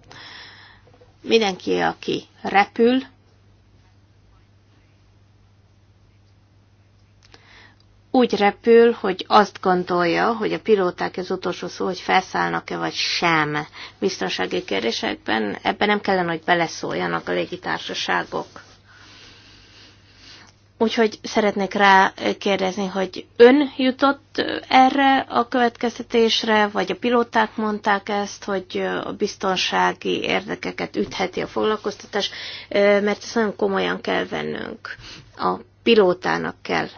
Mindenki, aki repül, úgy repül, hogy azt gondolja, hogy a pilóták az utolsó szó, hogy felszállnak-e vagy sem biztonsági kérdésekben, ebben nem kellene, hogy beleszóljanak a légitársaságok. Úgyhogy szeretnék rá kérdezni, hogy ön jutott erre a következtetésre, vagy a pilóták mondták ezt, hogy a biztonsági érdekeket ütheti a foglalkoztatás, mert ezt nagyon komolyan kell vennünk. A pilótának kell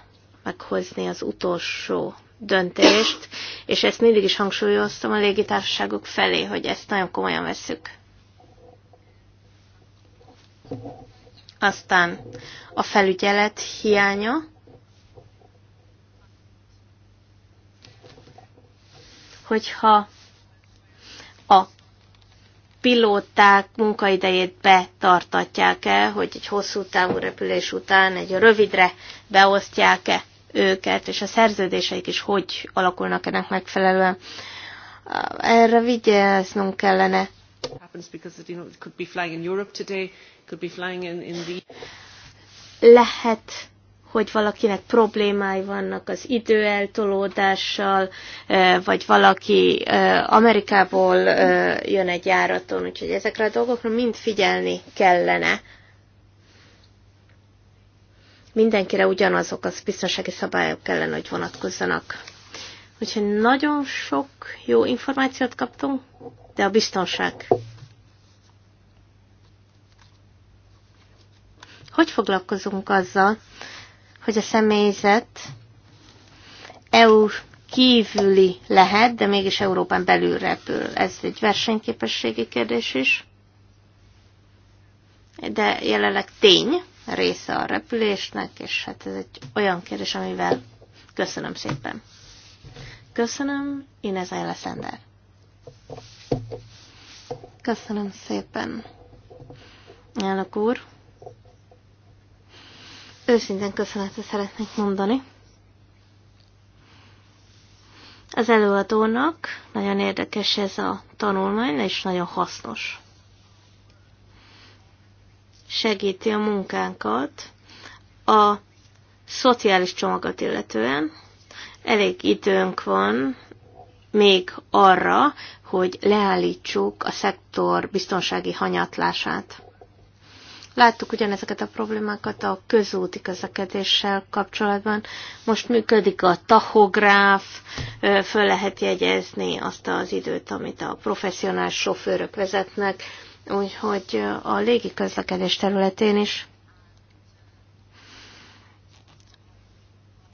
meghozni az utolsó döntést, és ezt mindig is hangsúlyoztam a légitársaságok felé, hogy ezt nagyon komolyan veszük. Aztán a felügyelet hiánya, hogyha a pilóták munkaidejét betartatják-e, hogy egy hosszú távú repülés után egy rövidre beosztják-e őket, és a szerződéseik is hogy alakulnak ennek megfelelően. Erre vigyáznunk kellene. Lehet, hogy valakinek problémái vannak az időeltolódással, vagy valaki Amerikából jön egy járaton, úgyhogy ezekre a dolgokra mind figyelni kellene. Mindenkire ugyanazok az biztonsági szabályok kellene, hogy vonatkozzanak. Úgyhogy nagyon sok jó információt kaptunk, de a biztonság Hogy foglalkozunk azzal, hogy a személyzet EU kívüli lehet, de mégis Európán belül repül. Ez egy versenyképességi kérdés is, de jelenleg tény része a repülésnek, és hát ez egy olyan kérdés, amivel köszönöm szépen. Köszönöm, Inez Eleszender. Köszönöm szépen, elnök úr. Őszintén köszönetet szeretnék mondani. Az előadónak nagyon érdekes ez a tanulmány, és nagyon hasznos. Segíti a munkánkat a szociális csomagot illetően. Elég időnk van még arra, hogy leállítsuk a szektor biztonsági hanyatlását. Láttuk ugyanezeket a problémákat a közúti közlekedéssel kapcsolatban. Most működik a tahográf, föl lehet jegyezni azt az időt, amit a professzionális sofőrök vezetnek, úgyhogy a légi közlekedés területén is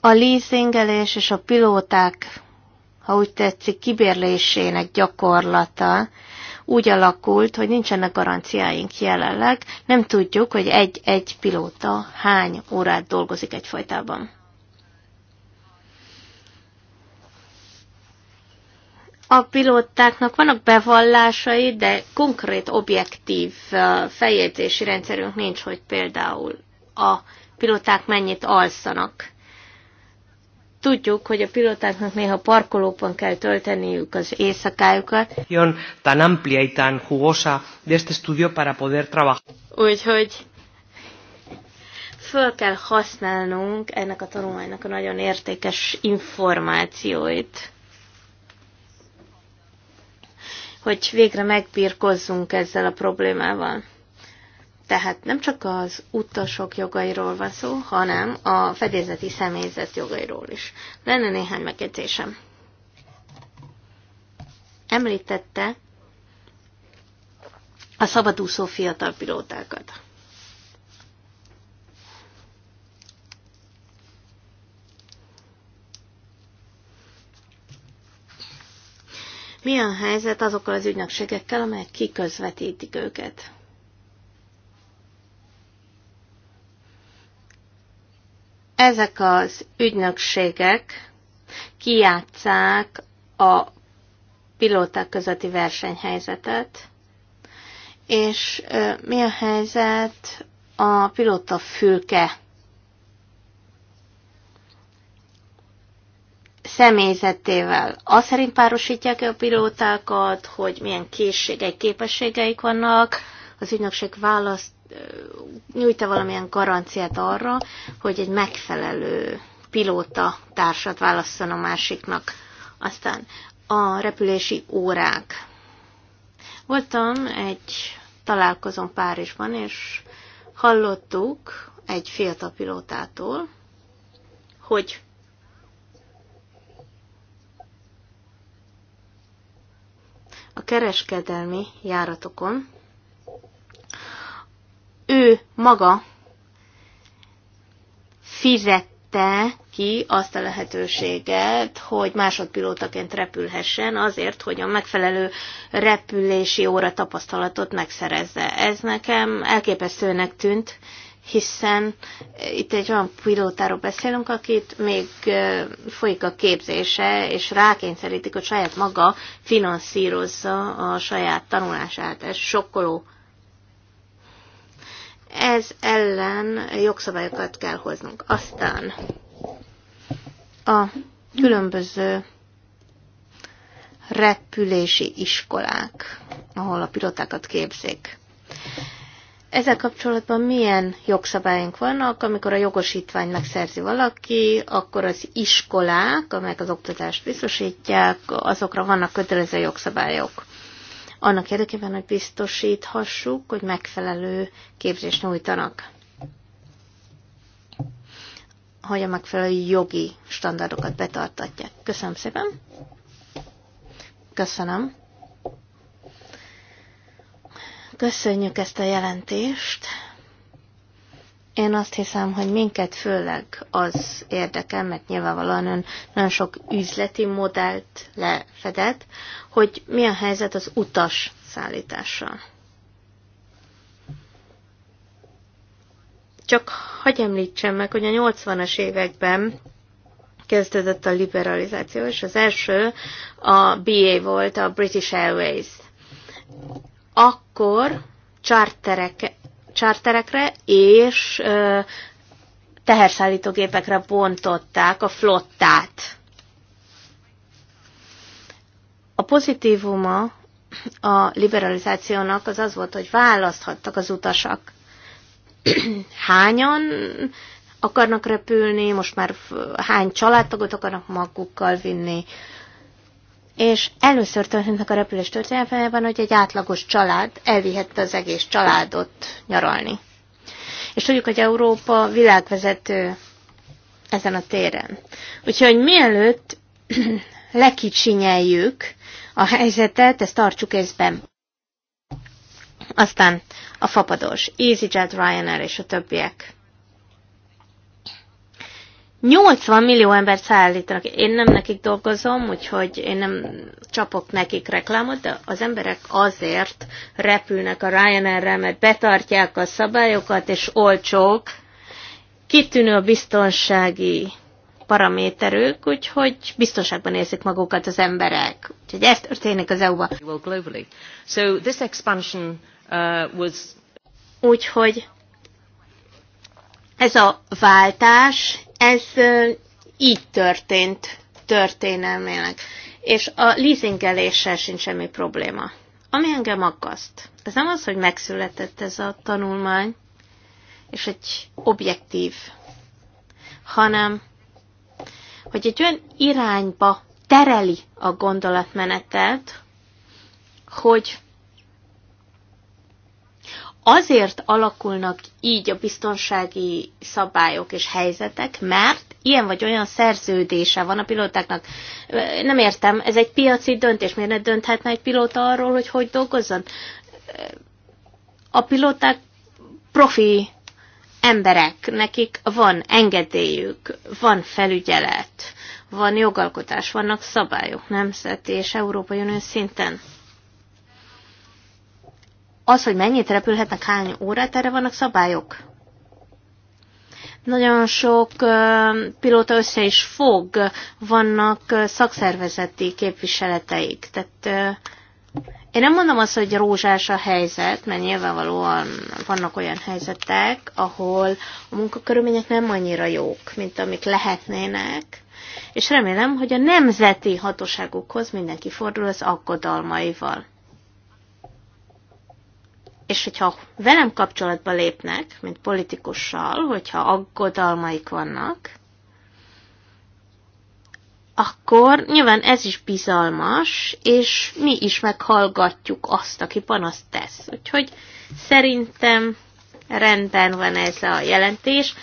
a leasingelés és a pilóták, ha úgy tetszik, kibérlésének gyakorlata úgy alakult, hogy nincsenek garanciáink jelenleg, nem tudjuk, hogy egy-egy pilóta hány órát dolgozik egyfajtában. a pilótáknak vannak bevallásai, de konkrét objektív feljegyzési rendszerünk nincs, hogy például a pilóták mennyit alszanak. Tudjuk, hogy a pilótáknak néha parkolóban kell tölteniük az éjszakájukat.
Tan amplia y tan jugosa de este estudio para poder trabajar.
Úgyhogy föl kell használnunk ennek a tanulmánynak a nagyon értékes információit, hogy végre megbírkozzunk ezzel a problémával. Tehát nem csak az utasok jogairól van szó, hanem a fedélzeti személyzet jogairól is. Lenne néhány megjegyzésem. Említette a szabadúszó fiatal pilótákat. Mi a helyzet azokkal az ügynökségekkel, amelyek kiközvetítik őket? ezek az ügynökségek kijátszák a pilóták közötti versenyhelyzetet, és mi a helyzet a pilóta fülke személyzetével. Azt szerint párosítják -e a pilótákat, hogy milyen készségei, képességeik vannak, az ügynökség választ nyújt-e valamilyen garanciát arra, hogy egy megfelelő pilóta társat válasszon a másiknak. Aztán a repülési órák. Voltam egy találkozón Párizsban, és hallottuk egy fiatal pilótától, hogy a kereskedelmi járatokon ő maga fizette ki azt a lehetőséget, hogy másodpilótaként repülhessen azért, hogy a megfelelő repülési óra tapasztalatot megszerezze. Ez nekem elképesztőnek tűnt, hiszen itt egy olyan pilótáról beszélünk, akit még folyik a képzése, és rákényszerítik, hogy saját maga finanszírozza a saját tanulását. Ez sokkoló ez ellen jogszabályokat kell hoznunk. Aztán a különböző repülési iskolák, ahol a pilotákat képzik. Ezzel kapcsolatban milyen jogszabályunk vannak, amikor a jogosítvány megszerzi valaki, akkor az iskolák, amelyek az oktatást biztosítják, azokra vannak kötelező jogszabályok annak érdekében, hogy biztosíthassuk, hogy megfelelő képzést nyújtanak hogy a megfelelő jogi standardokat betartatják. Köszönöm szépen. Köszönöm. Köszönjük ezt a jelentést. Én azt hiszem, hogy minket főleg az érdekel, mert nyilvánvalóan ön nagyon sok üzleti modellt lefedett, hogy mi a helyzet az utas szállítással. Csak hagyj említsem meg, hogy a 80-as években kezdődött a liberalizáció, és az első a BA volt, a British Airways. Akkor charterek charterekre és teherszállítógépekre bontották a flottát. A pozitívuma a liberalizációnak az az volt, hogy választhattak az utasak. Hányan akarnak repülni, most már hány családtagot akarnak magukkal vinni, és először történt meg a repülés történelmében, hogy egy átlagos család elvihette az egész családot nyaralni. És tudjuk, hogy Európa világvezető ezen a téren. Úgyhogy mielőtt <clears throat> lekicsinyeljük a helyzetet, ezt tartsuk észben. Aztán a fapados, EasyJet, Ryanair és a többiek. 80 millió embert szállítanak. Én nem nekik dolgozom, úgyhogy én nem csapok nekik reklámot, de az emberek azért repülnek a Ryanair-re, mert betartják a szabályokat, és olcsók, kitűnő a biztonsági paraméterük, úgyhogy biztonságban érzik magukat az emberek. Úgyhogy ez történik az EU-ban. So this expansion uh, was... Úgyhogy ez a váltás ez így történt történelmének, És a leasingeléssel sincs semmi probléma. Ami engem aggaszt, ez nem az, hogy megszületett ez a tanulmány, és egy objektív, hanem hogy egy olyan irányba tereli a gondolatmenetet, hogy azért alakulnak így a biztonsági szabályok és helyzetek, mert ilyen vagy olyan szerződése van a pilótáknak. Nem értem, ez egy piaci döntés, miért ne dönthetne egy pilóta arról, hogy hogy dolgozzon? A pilóták profi emberek, nekik van engedélyük, van felügyelet, van jogalkotás, vannak szabályok nemzeti és Európai Unió szinten. Az, hogy mennyit repülhetnek, hány órát, erre vannak szabályok. Nagyon sok pilóta össze is fog, vannak szakszervezeti képviseleteik. Tehát én nem mondom azt, hogy rózsás a helyzet, mert nyilvánvalóan vannak olyan helyzetek, ahol a munkakörülmények nem annyira jók, mint amik lehetnének, és remélem, hogy a nemzeti hatóságokhoz mindenki fordul az aggodalmaival és hogyha velem kapcsolatba lépnek, mint politikussal, hogyha aggodalmaik vannak, akkor nyilván ez is bizalmas, és mi is meghallgatjuk azt, aki panaszt tesz. Úgyhogy szerintem rendben van ez a jelentés,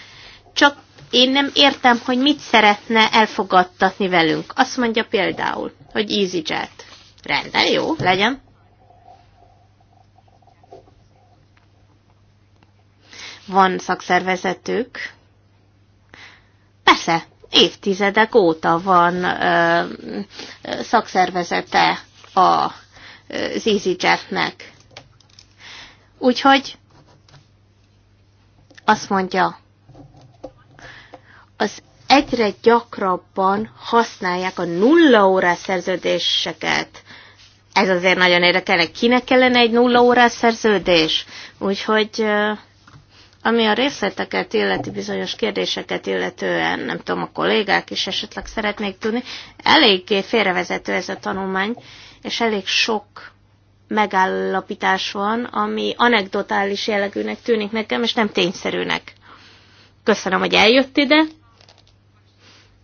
csak én nem értem, hogy mit szeretne elfogadtatni velünk. Azt mondja például, hogy EasyJet. Rendben, jó, legyen. van szakszervezetük. Persze, évtizedek óta van ö, szakszervezete a, az Úgyhogy azt mondja, az egyre gyakrabban használják a nulla órás szerződéseket. Ez azért nagyon érdekel, kinek kellene egy nulla órás szerződés? Úgyhogy ami a részleteket illeti, bizonyos kérdéseket illetően, nem tudom, a kollégák is esetleg szeretnék tudni, eléggé félrevezető ez a tanulmány, és elég sok megállapítás van, ami anekdotális jellegűnek tűnik nekem, és nem tényszerűnek. Köszönöm, hogy eljött ide.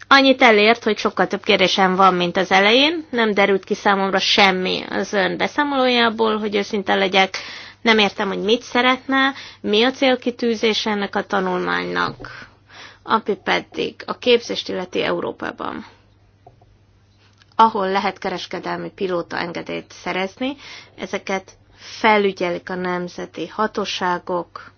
Annyit elért, hogy sokkal több kérdésem van, mint az elején. Nem derült ki számomra semmi az ön beszámolójából, hogy őszinte legyek nem értem, hogy mit szeretne, mi a célkitűzés ennek a tanulmánynak, Api pedig a képzést illeti Európában ahol lehet kereskedelmi pilóta engedélyt szerezni, ezeket felügyelik a nemzeti hatóságok,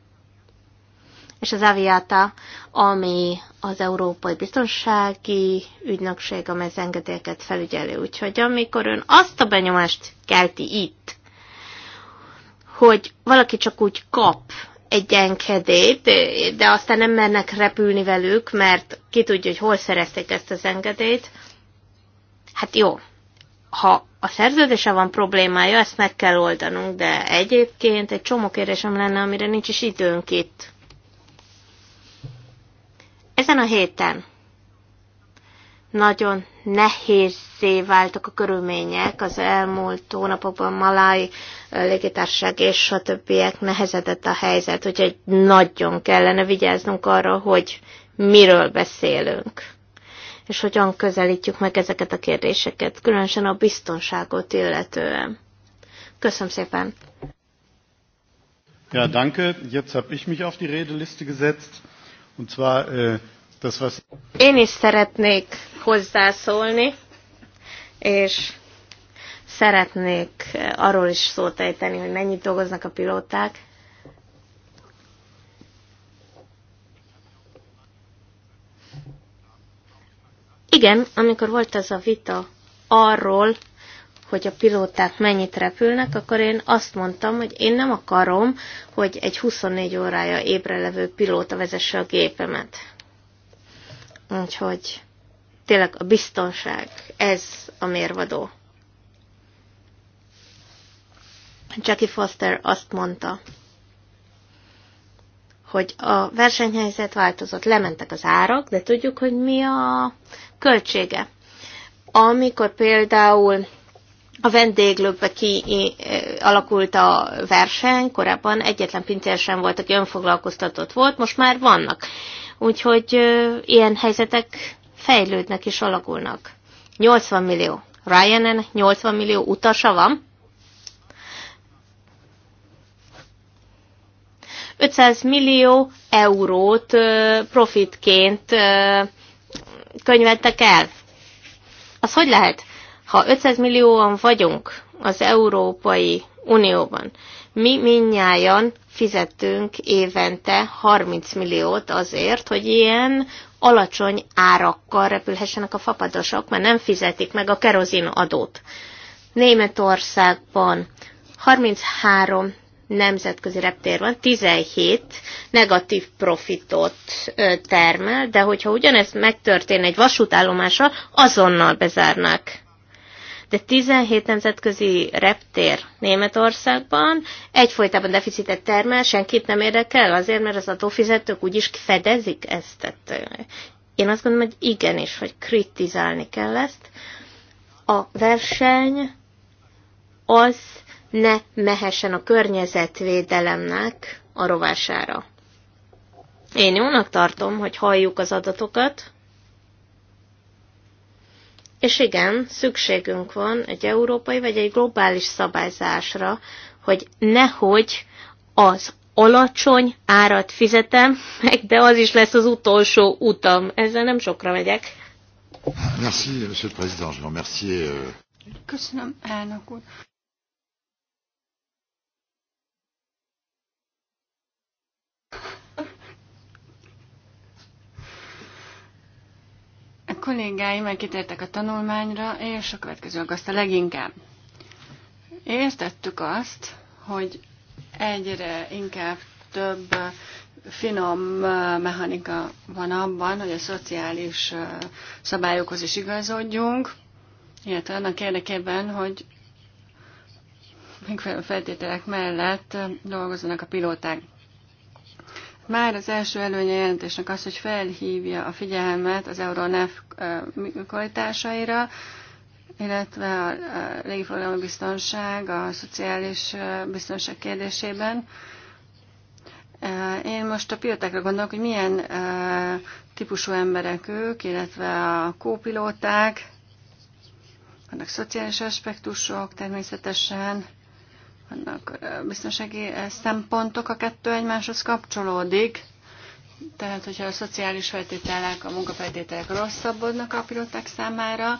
és az Aviata, ami az Európai Biztonsági Ügynökség, amely az engedélyeket felügyeli. Úgyhogy amikor ön azt a benyomást kelti itt, hogy valaki csak úgy kap egy engedélyt, de aztán nem mernek repülni velük, mert ki tudja, hogy hol szerezték ezt az engedélyt. Hát jó, ha a szerződése van problémája, ezt meg kell oldanunk, de egyébként egy csomó kérdésem lenne, amire nincs is időnk itt. Ezen a héten nagyon nehézé váltak a körülmények az elmúlt hónapokban, Maláj légitársaság és a többiek nehezedett a helyzet, úgyhogy nagyon kellene vigyáznunk arra, hogy miről beszélünk, és hogyan közelítjük meg ezeket a kérdéseket, különösen a biztonságot illetően. Köszönöm szépen!
Ja, danke. Jetzt habe ich mich auf die Redeliste gesetzt. Und zwar äh,
én is szeretnék hozzászólni, és szeretnék arról is szót ejteni, hogy mennyit dolgoznak a pilóták. Igen, amikor volt az a vita arról, hogy a pilóták mennyit repülnek, akkor én azt mondtam, hogy én nem akarom, hogy egy 24 órája ébre levő pilóta vezesse a gépemet. Úgyhogy tényleg a biztonság, ez a mérvadó. Jackie Foster azt mondta, hogy a versenyhelyzet változott, lementek az árak, de tudjuk, hogy mi a költsége. Amikor például a vendéglőkbe ki e, alakult a verseny, korábban egyetlen pincér sem volt, aki önfoglalkoztatott volt, most már vannak. Úgyhogy ilyen helyzetek fejlődnek és alakulnak. 80 millió. Ryananen 80 millió utasa van. 500 millió eurót profitként könyveltek el. Az hogy lehet? Ha 500 millióan vagyunk az Európai Unióban, mi minnyáján Fizettünk évente 30 milliót azért, hogy ilyen alacsony árakkal repülhessenek a fapadosok, mert nem fizetik meg a kerozin adót. Németországban 33 nemzetközi reptér van, 17 negatív profitot termel, de hogyha ugyanezt megtörténne egy vasútállomással, azonnal bezárnák de 17 nemzetközi reptér Németországban egyfolytában deficitet termel, senkit nem érdekel, azért, mert az adófizetők úgyis fedezik ezt. Tehát eh, én azt gondolom, hogy igenis, hogy kritizálni kell ezt. A verseny az ne mehessen a környezetvédelemnek a rovására. Én jónak tartom, hogy halljuk az adatokat, és igen, szükségünk van egy európai vagy egy globális szabályzásra, hogy nehogy az alacsony árat fizetem meg, de az is lesz az utolsó utam. Ezzel nem sokra megyek.
Merci, monsieur le président. Je vous remercie. Euh.
Köszönöm, elnök úr.
A kollégáim már kitértek a tanulmányra, és a következő aggaszt a leginkább. Értettük azt, hogy egyre inkább több finom mechanika van abban, hogy a szociális szabályokhoz is igazodjunk, illetve annak érdekében, hogy megfelelő feltételek mellett dolgozzanak a pilóták. Már az első előnye jelentésnek az, hogy felhívja a figyelmet az Euronev kvalitásaira, illetve a légiforgalmi biztonság, a szociális biztonság kérdésében. Én most a pilotákra gondolok, hogy milyen típusú emberek ők, illetve a kópilóták, vannak szociális aspektusok természetesen, vannak biztonsági szempontok, a kettő egymáshoz kapcsolódik. Tehát, hogyha a szociális feltételek, a munkafeltételek rosszabbodnak a pilóták számára,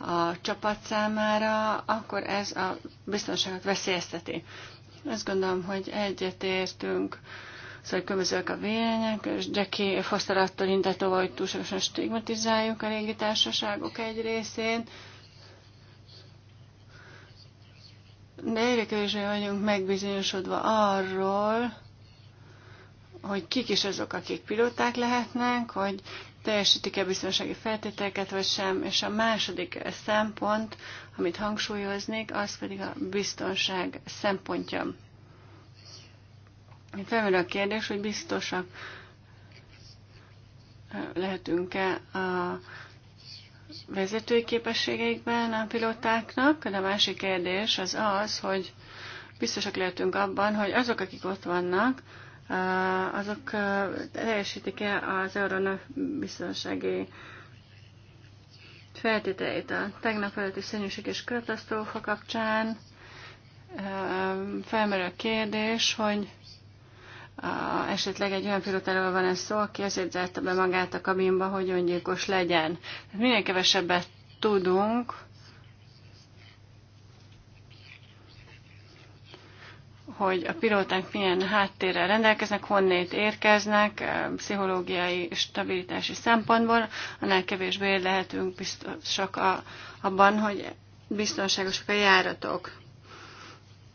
a csapat számára, akkor ez a biztonságot veszélyezteti. Azt gondolom, hogy egyetértünk, szóval különbözőek a vélemények, és Jackie Foster attól indítva, hogy túlságosan stigmatizáljuk a légitársaságok egy részén, de egyre kevésbé vagyunk megbizonyosodva arról, hogy kik is azok, akik pilóták lehetnek, hogy teljesítik-e biztonsági feltételeket, vagy sem. És a második szempont, amit hangsúlyoznék, az pedig a biztonság szempontja. Felmerül a kérdés, hogy biztosak lehetünk-e a vezetői képességeikben a pilotáknak, de a másik kérdés az az, hogy biztosak lehetünk abban, hogy azok, akik ott vannak, azok teljesítik-e az Euronak biztonsági feltételeit a tegnap előtti szennyűség és katasztrófa kapcsán. Felmerül a kérdés, hogy esetleg egy olyan pilotáról van ez szó, aki azért zárta be magát a kabinba, hogy öngyilkos legyen. Minél kevesebbet tudunk, hogy a pilóták milyen háttérrel rendelkeznek, honnét érkeznek, eh, pszichológiai stabilitási szempontból, annál kevésbé lehetünk biztosak a, abban, hogy biztonságosak a járatok.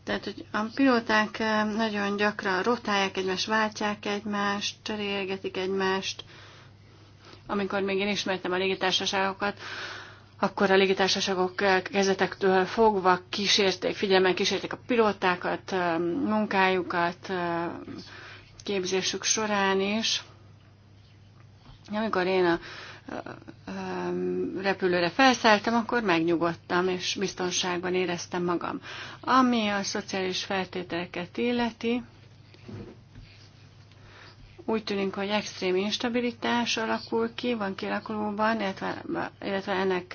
Tehát, hogy a pilóták nagyon gyakran rotálják egymást, váltják egymást, cserélgetik egymást. Amikor még én ismertem a légitársaságokat, akkor a légitársaságok kezdetektől fogva kísérték, figyelmen kísérték a pilótákat, munkájukat, képzésük során is. Amikor én a repülőre felszálltam, akkor megnyugodtam, és biztonságban éreztem magam. Ami a szociális feltételeket illeti, úgy tűnik, hogy extrém instabilitás alakul ki, van kilakulóban, illetve, illetve ennek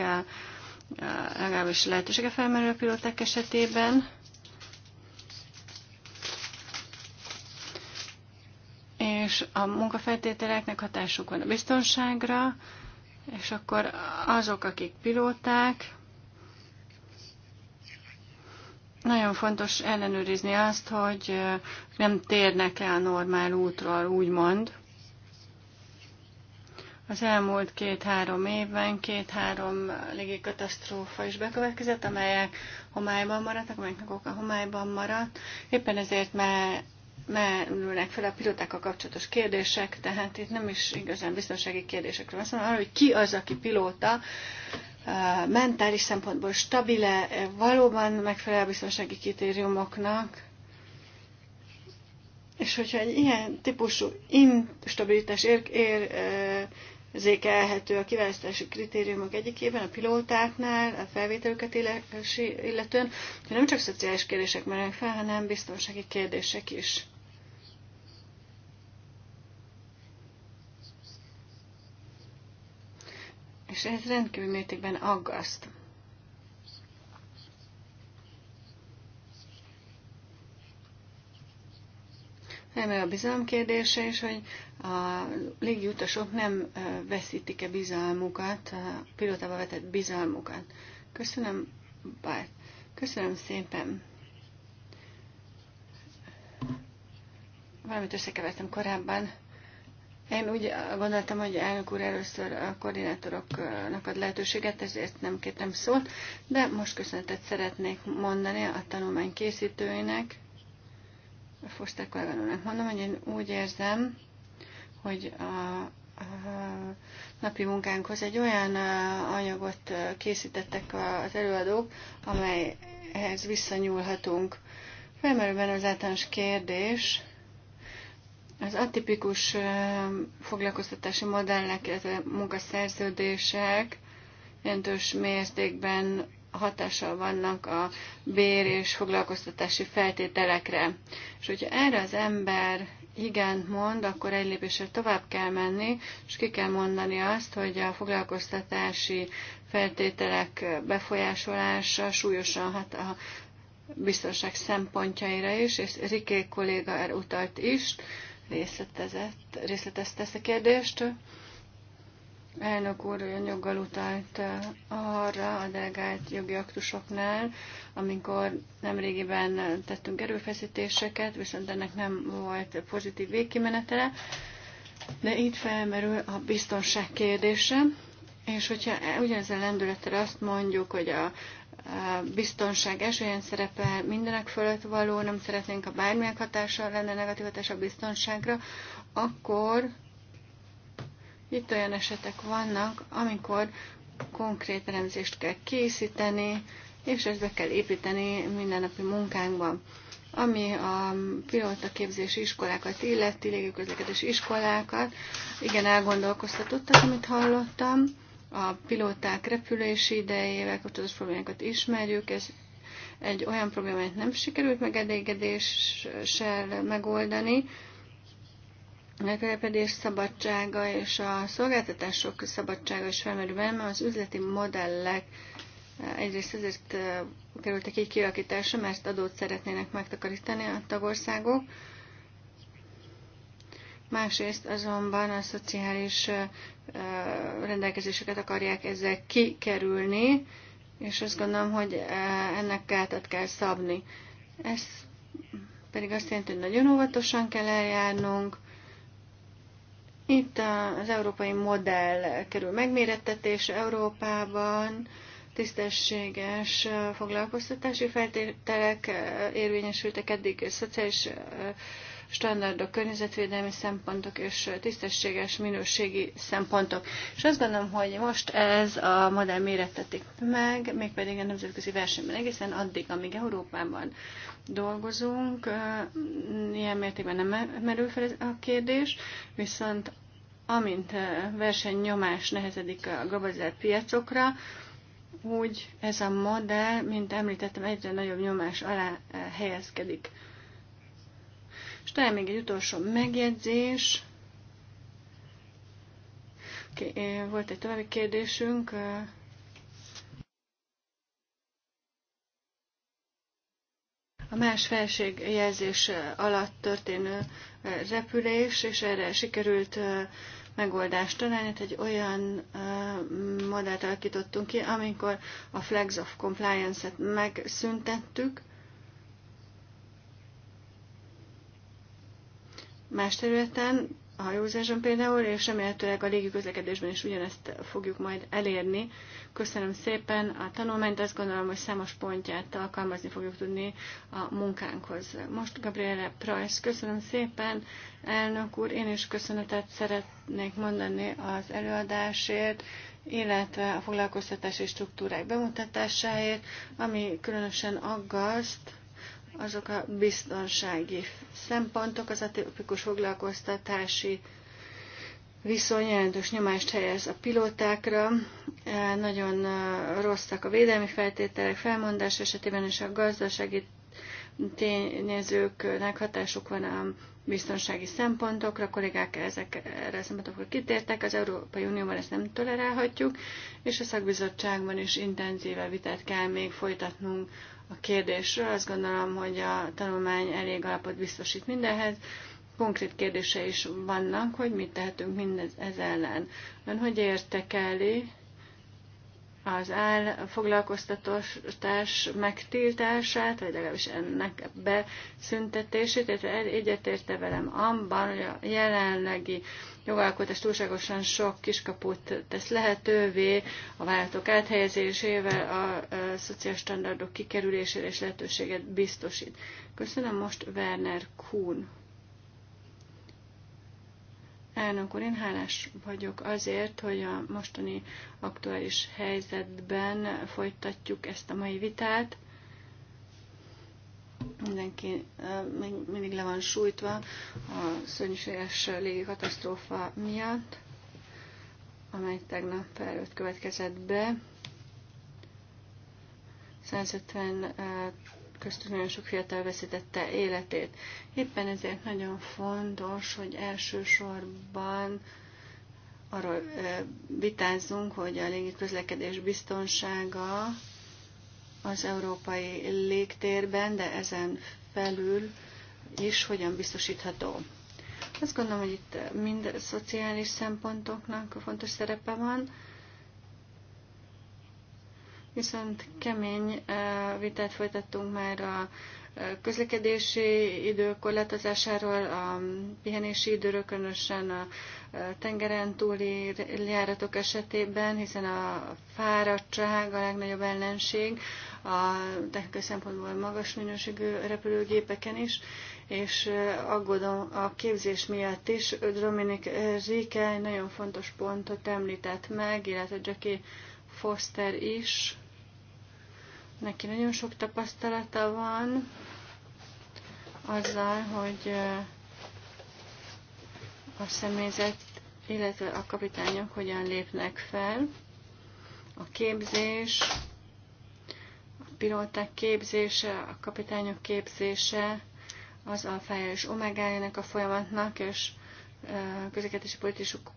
legalábbis lehetősége felmerül a pilóták esetében. és a munkafeltételeknek hatásuk van a biztonságra, és akkor azok, akik pilóták, nagyon fontos ellenőrizni azt, hogy nem térnek el a normál útról, úgymond. Az elmúlt két-három évben két-három légi katasztrófa is bekövetkezett, amelyek homályban maradtak, amelyeknek oka homályban maradt. Éppen ezért már merülnek fel a pilotákkal kapcsolatos kérdések, tehát itt nem is igazán biztonsági kérdésekről van szó, hanem hogy ki az, aki pilóta, uh, mentális szempontból stabile, valóban megfelel biztonsági kritériumoknak, és hogyha egy ilyen típusú instabilitás ér, ér, érzékelhető a kiválasztási kritériumok egyikében, a pilótáknál, a felvételüket illetően, nem csak szociális kérdések merülnek fel, hanem biztonsági kérdések is. és ez rendkívül mértékben aggaszt. Felmerül a bizalom kérdése is, hogy a légiutasok nem veszítik-e bizalmukat, a pilotába vetett bizalmukat. Köszönöm, bár. Köszönöm szépen. Valamit összekevertem korábban. Én úgy gondoltam, hogy elnök úr először a koordinátoroknak ad lehetőséget, ezért nem kértem szót, de most köszönetet szeretnék mondani a tanulmány készítőinek, a Foster kolléganónak mondom, hogy én úgy érzem, hogy a, a napi munkánkhoz egy olyan anyagot készítettek az előadók, amelyhez visszanyúlhatunk. Felmerül az általános kérdés, az atipikus foglalkoztatási modellek, illetve munkaszerződések jelentős mértékben hatással vannak a bér és foglalkoztatási feltételekre. És hogyha erre az ember igen mond, akkor egy lépéssel tovább kell menni, és ki kell mondani azt, hogy a foglalkoztatási feltételek befolyásolása súlyosan hat a biztonság szempontjaira is, és Riké kolléga utalt is, részletezett, részletezte ezt a kérdést. Elnök úr olyan joggal utalt eh, arra a delegált jogi aktusoknál, amikor nemrégiben tettünk erőfeszítéseket, viszont ennek nem volt pozitív végkimenetele, de itt felmerül a biztonság kérdése, és hogyha ugyanezzel lendülettel azt mondjuk, hogy a biztonság esőjén szerepe mindenek fölött való, nem szeretnénk, ha bármilyen hatással lenne negatív hatás a biztonságra, akkor itt olyan esetek vannak, amikor konkrét elemzést kell készíteni, és ezt be kell építeni mindennapi munkánkban. Ami a pilóta képzési iskolákat illeti, légiközlekedési iskolákat, igen, elgondolkoztatottak, amit hallottam a pilóták repülési idejével kapcsolatos problémákat ismerjük, ez egy olyan probléma, amit nem sikerült megelégedéssel megoldani, meglepedés szabadsága és a szolgáltatások szabadsága is felmerül benne, az üzleti modellek eh, egyrészt ezért eh, kerültek így kialakításra, mert adót szeretnének megtakarítani a tagországok, másrészt azonban a szociális rendelkezéseket akarják ezzel kikerülni, és azt gondolom, hogy ennek gátat kell szabni. Ez pedig azt jelenti, hogy nagyon óvatosan kell eljárnunk. Itt az európai modell kerül megmérettetés Európában, tisztességes foglalkoztatási feltételek érvényesültek eddig, szociális standardok, környezetvédelmi szempontok és tisztességes minőségi szempontok. És azt gondolom, hogy most ez a modell mérettetik meg, mégpedig a nemzetközi versenyben egészen addig, amíg Európában dolgozunk, ilyen mértékben nem merül fel a kérdés, viszont amint versenynyomás nehezedik a globalizált piacokra, úgy ez a modell, mint említettem, egyre nagyobb nyomás alá helyezkedik. És talán még egy utolsó megjegyzés. Volt egy további kérdésünk. a más felségjelzés alatt történő repülés, és erre sikerült megoldást találni. Tehát egy olyan modellt alakítottunk ki, amikor a flags of compliance-et megszüntettük, más területen, a hajózáson például, és remélhetőleg a légi közlekedésben is ugyanezt fogjuk majd elérni. Köszönöm szépen a tanulmányt, azt gondolom, hogy számos pontját alkalmazni fogjuk tudni a munkánkhoz. Most Gabriele Price, köszönöm szépen, elnök úr, én is köszönetet szeretnék mondani az előadásért, illetve a foglalkoztatási struktúrák bemutatásáért, ami különösen aggaszt, azok a biztonsági szempontok, az tipikus foglalkoztatási viszony jelentős nyomást helyez a pilótákra, e, nagyon e, rosszak a védelmi feltételek, felmondás esetében és a gazdasági tényezőknek hatásuk van a biztonsági szempontokra, a kollégák ezekre a szempontokra kitértek, az Európai Unióban ezt nem tolerálhatjuk, és a szakbizottságban is intenzíve vitát kell még folytatnunk a kérdésről. Azt gondolom, hogy a tanulmány elég alapot biztosít mindenhez. Konkrét kérdése is vannak, hogy mit tehetünk mindez ez ellen. Ön hogy értekeli az állfoglalkoztatás megtiltását, vagy legalábbis ennek beszüntetését, illetve egyetérte velem amban, hogy a jelenlegi jogalkotás túlságosan sok kiskaput tesz lehetővé, a vállalatok áthelyezésével a, a szociális standardok kikerülésére és lehetőséget biztosít. Köszönöm most Werner Kuhn. Elnök úr, én hálás vagyok azért, hogy a mostani aktuális helyzetben folytatjuk ezt a mai vitát mindenki mindig le van sújtva a szörnyűséges katasztrófa miatt, amely tegnap előtt következett be. 150 köztük nagyon sok fiatal veszítette életét. Éppen ezért nagyon fontos, hogy elsősorban arról vitázzunk, hogy a légi közlekedés biztonsága az európai légtérben, de ezen felül is hogyan biztosítható. Azt gondolom, hogy itt mind szociális szempontoknak fontos szerepe van, viszont kemény eh, vitát folytattunk már a közlekedési idő korlátozásáról, a pihenési időről, különösen a e, tengeren túli járatok esetében, hiszen a fáradtság a legnagyobb ellenség a technikai szempontból magas minőségű repülőgépeken is, és e, aggódom a képzés miatt is. Dominik Rike nagyon fontos pontot említett meg, illetve Jackie Foster is, Neki nagyon sok tapasztalata van azzal, hogy a személyzet, illetve a kapitányok hogyan lépnek fel. A képzés, a pilóták képzése, a kapitányok képzése, az alfája és omegájának a folyamatnak, és közlekedési politikusok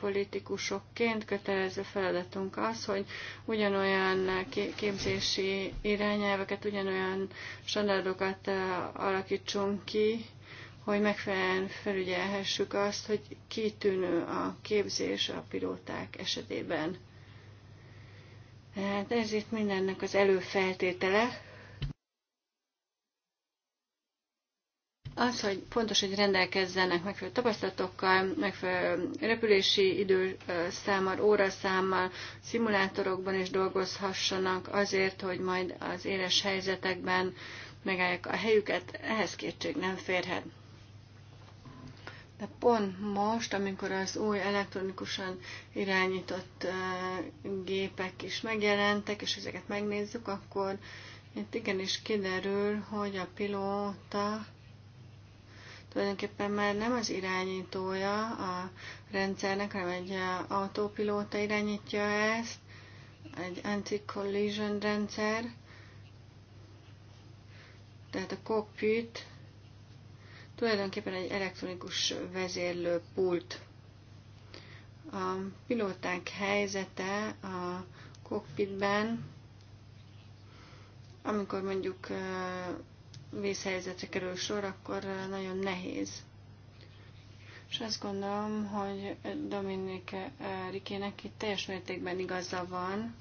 politikusokként kötelező feladatunk az, hogy ugyanolyan képzési irányelveket, ugyanolyan standardokat alakítsunk ki, hogy megfelelően felügyelhessük azt, hogy kitűnő a képzés a pilóták esetében. Tehát ez itt mindennek az előfeltétele, Az, hogy fontos, hogy rendelkezzenek megfelelő tapasztalatokkal, megfelelő repülési időszámmal, óraszámmal, szimulátorokban is dolgozhassanak azért, hogy majd az éles helyzetekben megállják a helyüket, ehhez kétség nem férhet. De pont most, amikor az új elektronikusan irányított eh, gépek is megjelentek, és ezeket megnézzük, akkor itt igenis kiderül, hogy a pilóta tulajdonképpen már nem az irányítója a rendszernek, hanem egy eh, autópilóta irányítja ezt, egy anti-collision rendszer, tehát a cockpit tulajdonképpen egy elektronikus vezérlő pult. A pilóták helyzete a cockpitben, amikor mondjuk eh, vészhelyzetre kerül sor, akkor eh, nagyon nehéz. És azt gondolom, hogy Dominik eh, Rikének itt teljes mértékben igaza van,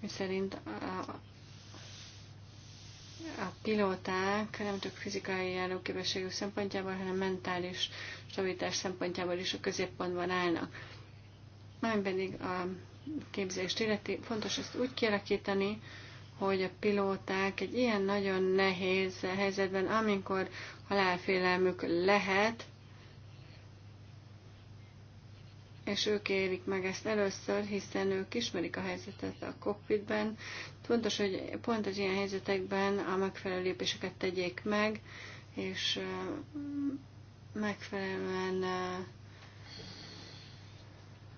miszerint a, a pilóták nem csak fizikai járóképességük szempontjából, hanem mentális stabilitás szempontjából is a középpontban állnak. Már pedig a képzést illeti, fontos ezt úgy kialakítani, hogy a pilóták egy ilyen nagyon nehéz helyzetben, amikor halálfélelmük lehet, és ők érik meg ezt először, hiszen ők ismerik a helyzetet a kokpitben. Fontos, hogy pont az ilyen helyzetekben a megfelelő lépéseket tegyék meg, és megfelelően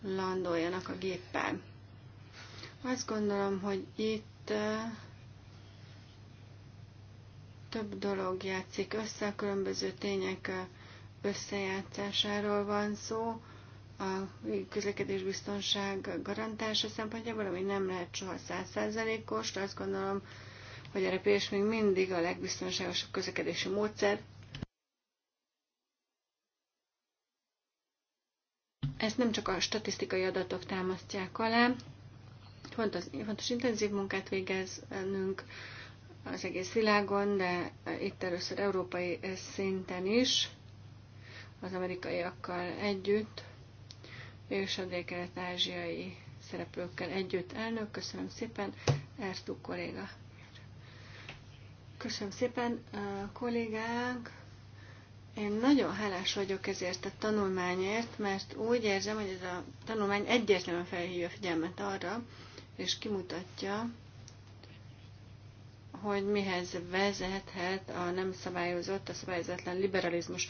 landoljanak a géppel. Azt gondolom, hogy itt több dolog játszik össze, a különböző tények összejátszásáról van szó, a közlekedés biztonság garantása szempontjából, ami nem lehet soha százszázalékos, de azt gondolom, hogy a repülés még mindig a legbiztonságosabb közlekedési módszer. Ezt nem csak a statisztikai adatok támasztják alá, Fontos, fontos intenzív munkát végeznünk az egész világon, de itt először európai szinten is, az amerikaiakkal együtt, és a dél-kelet-ázsiai szereplőkkel együtt. Elnök, köszönöm szépen, Ertug kolléga. Köszönöm szépen, kollégánk. Én nagyon hálás vagyok ezért a tanulmányért, mert úgy érzem, hogy ez a tanulmány egyértelműen felhívja a figyelmet arra, és kimutatja, hogy mihez vezethet a nem szabályozott, a szabályozatlan liberalizmus.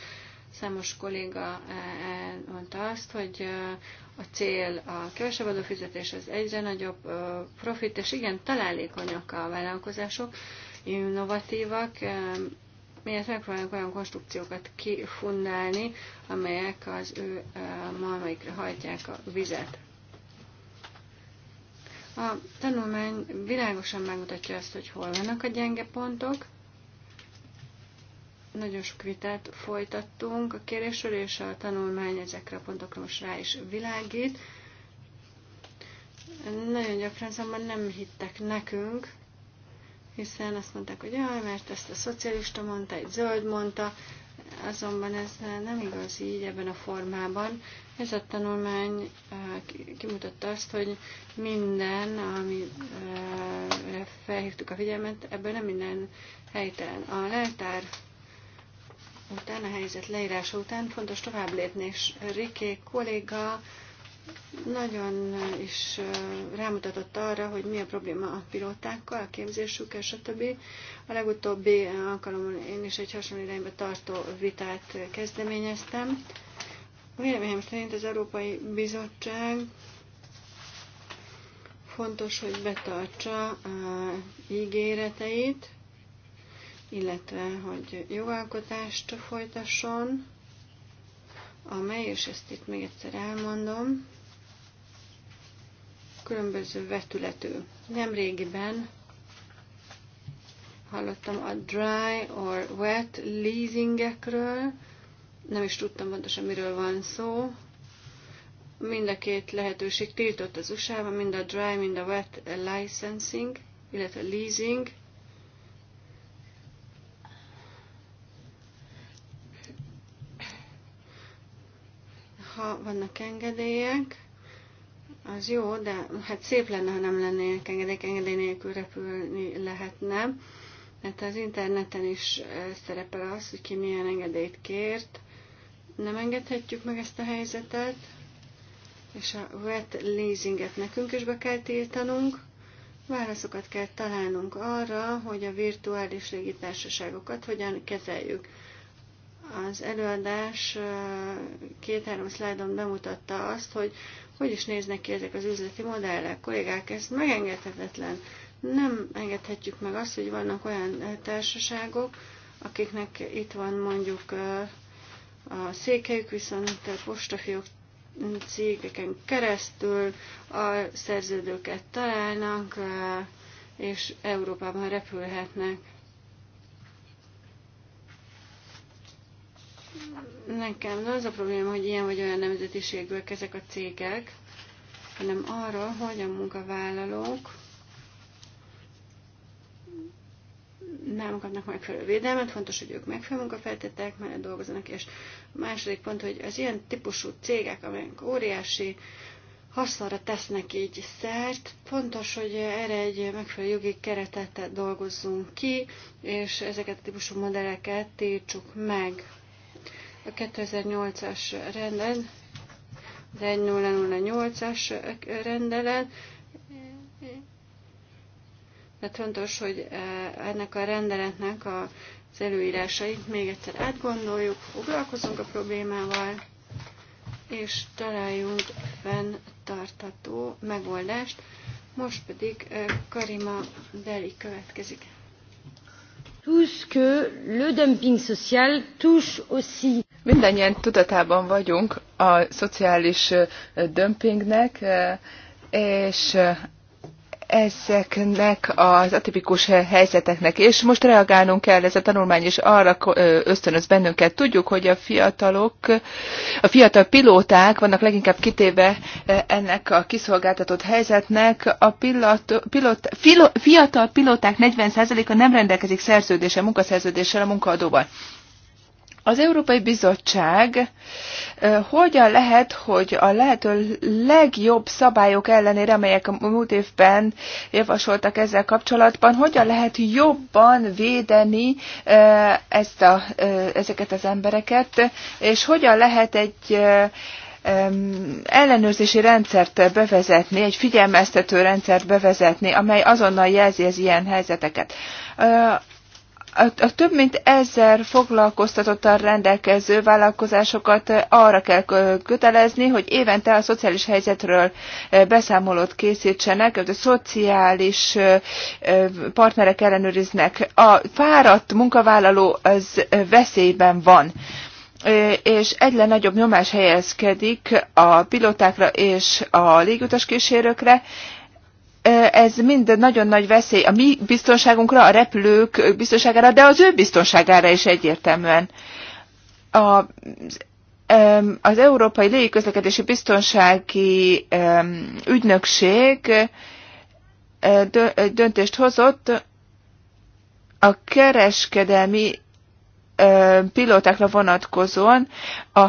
Számos kolléga eh, mondta azt, hogy eh, a cél a kevesebb adófizetés, az egyre nagyobb eh, profit, és igen, találékonyak a vállalkozások, innovatívak, miért megpróbálunk olyan konstrukciókat kifundálni, amelyek az ő malmaikra hajtják a vizet. A tanulmány világosan megmutatja azt, hogy hol vannak a gyenge pontok. Nagyon sok vitát folytattunk a kérésről, és a tanulmány ezekre a pontokra most rá is világít. Nagyon gyakran azonban nem hittek nekünk, hiszen azt mondták, hogy jaj, mert ezt a szocialista mondta, egy zöld mondta, azonban ez eh, nem igaz így ebben a formában. Ez a tanulmány eh, kimutatta azt, hogy minden, amire eh, felhívtuk a figyelmet, ebből nem minden helytelen. A leltár után, a helyzet leírása után fontos tovább lépni, és Riké kolléga nagyon is rámutatott arra, hogy mi a probléma a pilótákkal, a képzésük, stb. A legutóbbi alkalommal én is egy hasonló irányba tartó vitát kezdeményeztem. Véleményem szerint az Európai Bizottság fontos, hogy betartsa a ígéreteit, illetve hogy jogalkotást folytasson, amely, és ezt itt még egyszer elmondom, különböző vetületű. Nemrégiben hallottam a dry or wet leasingekről, nem is tudtam pontosan miről van szó. Mind a két lehetőség tiltott az USA-ban, mind a dry, mind a wet licensing, illetve leasing. Ha vannak engedélyek, az jó, de hát szép lenne, ha nem lennének engedélyek, engedély nélkül repülni lehetne. Mert hát az interneten is szerepel az, hogy ki milyen engedélyt kért. Nem engedhetjük meg ezt a helyzetet, és a wet leasinget nekünk is be kell tiltanunk. Válaszokat kell találnunk arra, hogy a virtuális légitársaságokat hogyan kezeljük. Az előadás két-három szlájdon bemutatta azt, hogy hogy is néznek ki ezek az üzleti modellek. Kollégák, ez megengedhetetlen. Nem engedhetjük meg azt, hogy vannak olyan eh, társaságok, akiknek itt van mondjuk eh, a székelyük, viszont postafiók cégeken keresztül a szerződőket találnak, eh, és Európában repülhetnek. Nekem nem az a probléma, hogy ilyen vagy olyan nemzetiségűek ezek a cégek, hanem arra, hogy a munkavállalók nem kapnak megfelelő védelmet, fontos, hogy ők megfelelő munkafeltételek mellett dolgoznak, és a második pont, hogy az ilyen típusú cégek, amelyek óriási hasznra tesznek így szert, fontos, hogy erre egy megfelelő jogi keretet dolgozzunk ki, és ezeket a típusú modelleket tiltsuk meg. A 2008-as rendelet, az 1008-as rendelet, De fontos, hogy eh, ennek a rendeletnek az előírásait még egyszer átgondoljuk, foglalkozunk a problémával, és találjunk fenntartató megoldást. Most pedig eh, Karima Deli következik.
Tout ce que le dumping social touche aussi. Mindennyian tudatában vagyunk a szociális dömpingnek, és ezeknek az atipikus helyzeteknek, és most reagálnunk kell, ez a tanulmány is arra ösztönöz bennünket. Tudjuk, hogy a fiatalok, a fiatal pilóták vannak leginkább kitéve ennek a kiszolgáltatott helyzetnek. A pilot, pilot, filo, fiatal pilóták 40%-a nem rendelkezik szerződéssel, munkaszerződéssel a munkaadóval. Az Európai Bizottság hogyan lehet, hogy a lehető legjobb szabályok ellenére, amelyek a múlt évben javasoltak ezzel kapcsolatban, hogyan lehet jobban védeni ezt a, ezeket az embereket, és hogyan lehet egy ellenőrzési rendszert bevezetni, egy figyelmeztető rendszert bevezetni, amely azonnal jelzi az ilyen helyzeteket a több mint ezer foglalkoztatottan rendelkező vállalkozásokat eh, arra kell kötelezni, hogy évente a szociális helyzetről eh, beszámolót készítsenek, a szociális eh, partnerek ellenőriznek. A fáradt munkavállaló az veszélyben van és egyre nagyobb nyomás helyezkedik a pilotákra és a légutas kísérőkre, ez mind nagyon nagy veszély a mi biztonságunkra, a repülők biztonságára, de az ő biztonságára is egyértelműen. A, az Európai Légiközlekedési Biztonsági Ügynökség döntést hozott a kereskedelmi pilótákra vonatkozóan a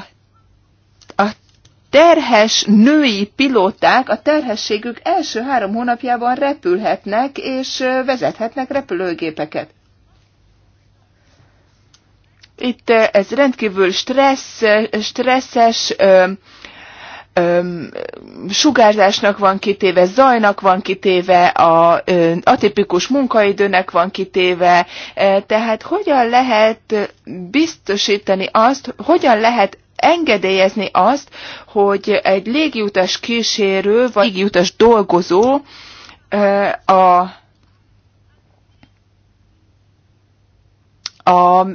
terhes női pilóták a terhességük első három hónapjában repülhetnek és vezethetnek repülőgépeket. Itt ez rendkívül stressz, stresszes, öm, sugárzásnak van kitéve, zajnak van kitéve, a ö, atipikus munkaidőnek van kitéve, tehát hogyan lehet biztosítani azt, hogyan lehet engedélyezni azt, hogy egy légiutas kísérő vagy légiutas dolgozó a a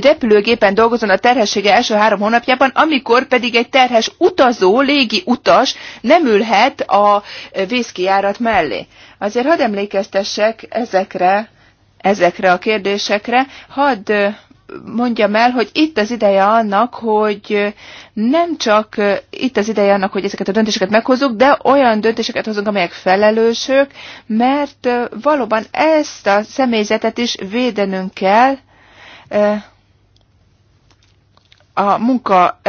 repülőgépen dolgozon a terhessége első három hónapjában, amikor pedig egy terhes utazó, légi utas nem ülhet a vészkijárat mellé. Azért hadd emlékeztessek ezekre, ezekre a kérdésekre, hadd mondjam el, hogy itt az ideje annak, hogy nem csak itt az ideje annak, hogy ezeket a döntéseket meghozzuk, de olyan döntéseket hozunk, amelyek felelősök, mert valóban ezt a személyzetet is védenünk kell a munka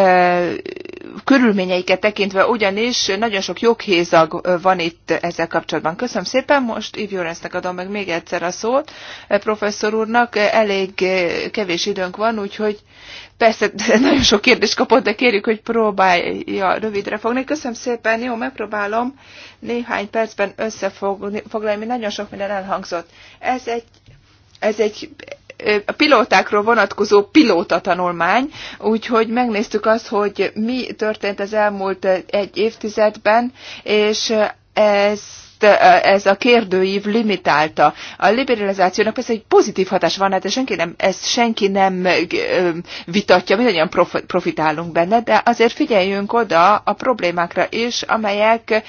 körülményeiket tekintve ugyanis nagyon sok joghézag van itt ezzel kapcsolatban. Köszönöm szépen, most Yves adom meg még egyszer a szót professzor úrnak, elég kevés időnk van, úgyhogy persze <laughs> nagyon sok kérdést kapott, de kérjük, hogy próbálja rövidre fogni. Köszönöm szépen, jó, megpróbálom néhány percben összefoglalni, nagyon sok minden elhangzott. Ez egy ez egy a pilótákról vonatkozó pilóta tanulmány, úgyhogy megnéztük azt, hogy mi történt az elmúlt egy évtizedben, és ez ez a kérdőív limitálta. A liberalizációnak persze egy pozitív hatás van, hát senki nem, ezt senki nem vitatja, mindannyian profitálunk benne, de azért figyeljünk oda a problémákra is, amelyek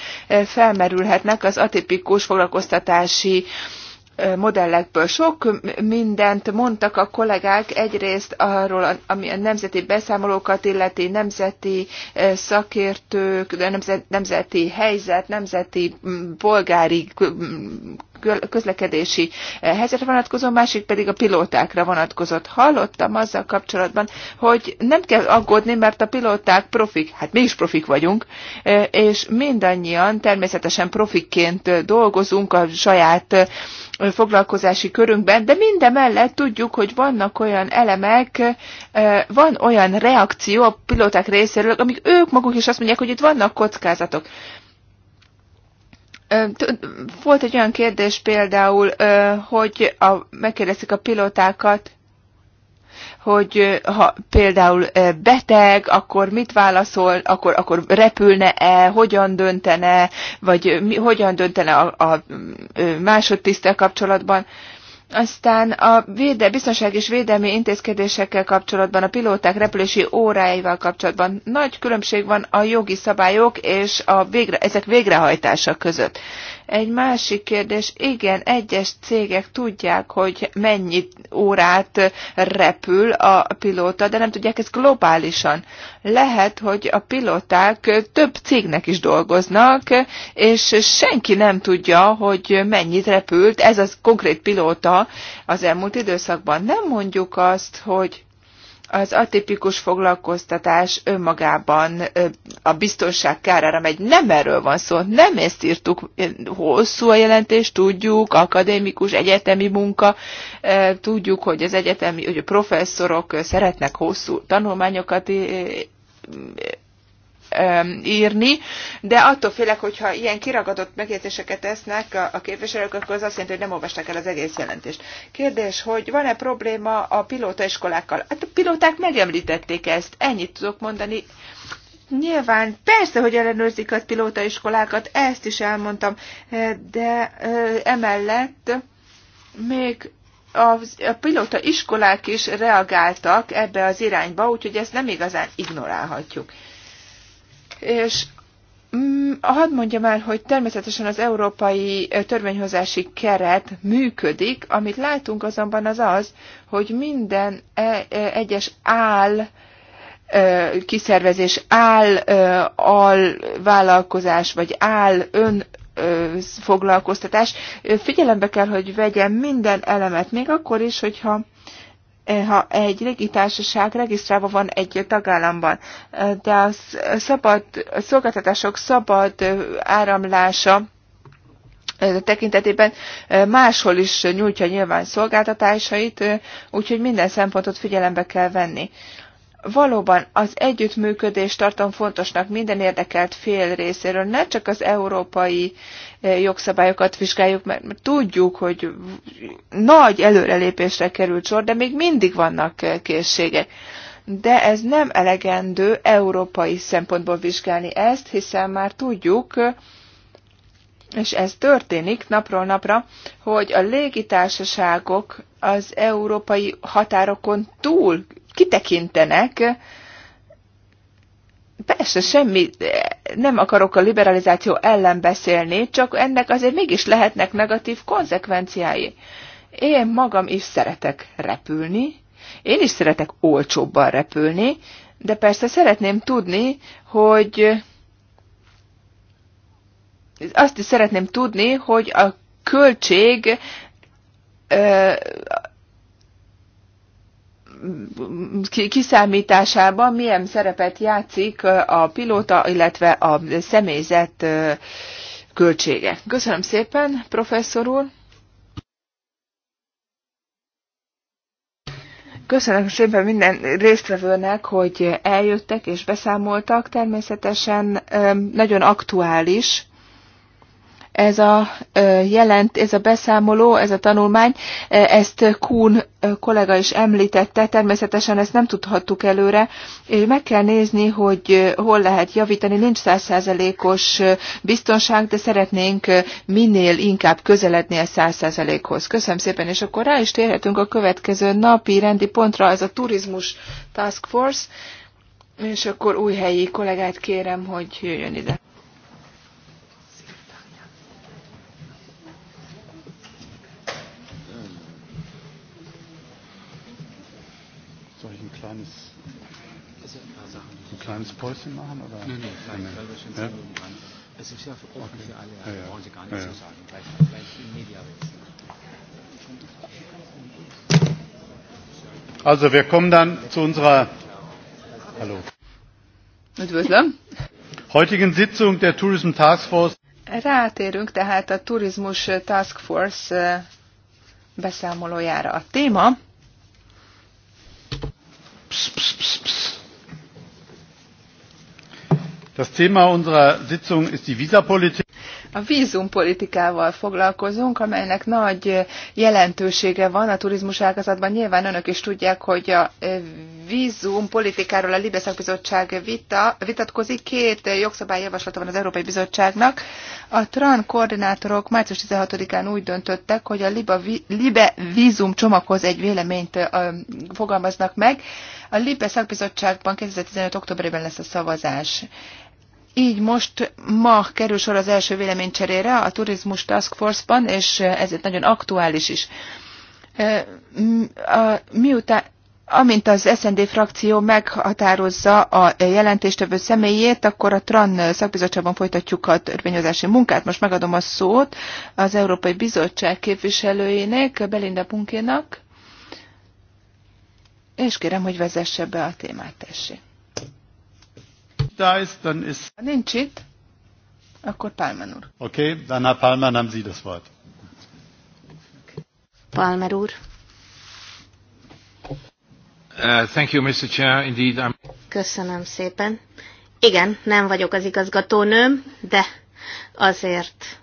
felmerülhetnek az atipikus foglalkoztatási modellekből. Sok mindent mondtak a kollégák egyrészt arról, ami a nemzeti beszámolókat illeti, nemzeti szakértők, nemzet, nemzeti helyzet, nemzeti polgári közlekedési eh, helyzetre vonatkozó, másik pedig a pilótákra vonatkozott. Hallottam azzal kapcsolatban, hogy nem kell aggódni, mert a pilóták profik, hát mi is profik vagyunk, eh, és mindannyian természetesen profikként eh, dolgozunk a saját foglalkozási körünkben, de mindemellett tudjuk, hogy vannak olyan elemek, van olyan reakció a pilóták részéről, amik ők maguk is azt mondják, hogy itt vannak kockázatok. Volt egy olyan kérdés például, hogy a, megkérdezik a pilotákat, hogy ha például beteg, akkor mit válaszol, akkor, akkor repülne-e, hogyan döntene, vagy mi, hogyan döntene a, a másodtisztel kapcsolatban. Aztán a véde, biztonság és védelmi intézkedésekkel kapcsolatban, a pilóták repülési óráival kapcsolatban nagy különbség van a jogi szabályok és a végre, ezek végrehajtása között. Egy másik kérdés, igen, egyes cégek tudják, hogy mennyi órát repül a pilóta, de nem tudják ezt globálisan. Lehet, hogy a pilóták több cégnek is dolgoznak, és senki nem tudja, hogy mennyit repült ez az konkrét pilóta az elmúlt időszakban. Nem mondjuk azt, hogy az atipikus foglalkoztatás önmagában a biztonság kárára megy. Nem erről van szó, nem ezt írtuk, hosszú a jelentés, tudjuk, akadémikus, egyetemi munka, tudjuk, hogy az egyetemi, hogy a professzorok szeretnek hosszú tanulmányokat írni, de attól félek, hogyha ilyen kiragadott megjegyzéseket tesznek a képviselők, akkor az azt jelenti, hogy nem olvasták el az egész jelentést. Kérdés, hogy van-e probléma a pilótaiskolákkal? Hát a pilóták megemlítették ezt, ennyit tudok mondani. Nyilván, persze, hogy ellenőrzik a pilótaiskolákat, ezt is elmondtam, de emellett még az, a pilóta iskolák is reagáltak ebbe az irányba, úgyhogy ezt nem igazán ignorálhatjuk és mm, Hadd mondjam el, hogy természetesen az európai törvényhozási keret működik, amit látunk azonban az az, hogy minden e, e, egyes áll kiszervezés, áll vállalkozás, vagy áll ön foglalkoztatás figyelembe kell, hogy vegyen minden elemet, még akkor is, hogyha ha egy légitársaság regisztrálva van egy tagállamban, de a szabad a szolgáltatások szabad áramlása tekintetében máshol is nyújtja nyilván szolgáltatásait, úgyhogy minden szempontot figyelembe kell venni valóban az együttműködést tartom fontosnak minden érdekelt fél részéről. Ne csak az európai e, jogszabályokat vizsgáljuk, mert tudjuk, hogy nagy előrelépésre került sor, de még mindig vannak e, készségek. De ez nem elegendő európai szempontból vizsgálni ezt, hiszen már tudjuk, e, és ez történik napról napra, hogy a légitársaságok az európai határokon túl kitekintenek, Persze, semmi, nem akarok a liberalizáció ellen beszélni, csak ennek azért mégis lehetnek negatív konzekvenciái. Én magam is szeretek repülni, én is szeretek olcsóbban repülni, de persze szeretném tudni, hogy azt is szeretném tudni, hogy a költség kiszámításában milyen szerepet játszik a pilóta, illetve a személyzet költsége. Köszönöm szépen, professzor úr! Köszönöm szépen minden résztvevőnek, hogy eljöttek és beszámoltak. Természetesen nagyon aktuális ez a jelent, ez a beszámoló, ez a tanulmány, ezt Kuhn kollega is említette, természetesen ezt nem tudhattuk előre, és meg kell nézni, hogy hol lehet javítani, nincs százszázalékos biztonság, de szeretnénk minél inkább közeledni a százszázalékhoz. Köszönöm szépen, és akkor rá is térhetünk a következő napi rendi pontra, ez a turizmus task force, és akkor új helyi kollégát kérem, hogy jöjjön ide.
kleines
Päuschen machen? Oder? Nein, nein, nein, nein. ja?
Es ist ja offen okay. für alle, ja, ja. brauchen Sie gar nichts ja, ja. zu sagen. Gleich, gleich in Media
Also wir kommen dann zu unserer Hallo. Heutigen Sitzung der Tourism Task Force.
Rátérünk tehát a Tourismus Task Force beszámolójára. A téma psz, psz, psz,
psz. Das Thema unserer Sitzung ist die Visapolitik.
A vízumpolitikával foglalkozunk, amelynek nagy jelentősége van a turizmus ágazatban. Nyilván önök is tudják, hogy a vízumpolitikáról a Libe Szakbizottság vita, vitatkozik. Két jogszabályjavaslata van az Európai Bizottságnak. A TRAN koordinátorok március 16-án úgy döntöttek, hogy a Liba, Libe vízum csomaghoz egy véleményt fogalmaznak meg. A Libe Szakbizottságban 2015. októberében lesz a szavazás. Így most ma kerül sor az első véleménycserére a Turizmus Task Force-ban, és ezért nagyon aktuális is. Miután, amint az SND frakció meghatározza a jelentéstevő személyét, akkor a TRAN szakbizottságban folytatjuk a törvényozási munkát. Most megadom a szót az Európai Bizottság képviselőjének, Belinda Punkénak, és kérem, hogy vezesse be a témát, tessék
da ist, dann ist...
Ha nincs itt, akkor Palmer úr.
Oké, okay, dann Herr Palman, haben Sie das Wort.
Palmer úr.
Uh, thank you, Mr. Chair. Indeed, I'm...
Köszönöm szépen. Igen, nem vagyok az igazgatónőm, de azért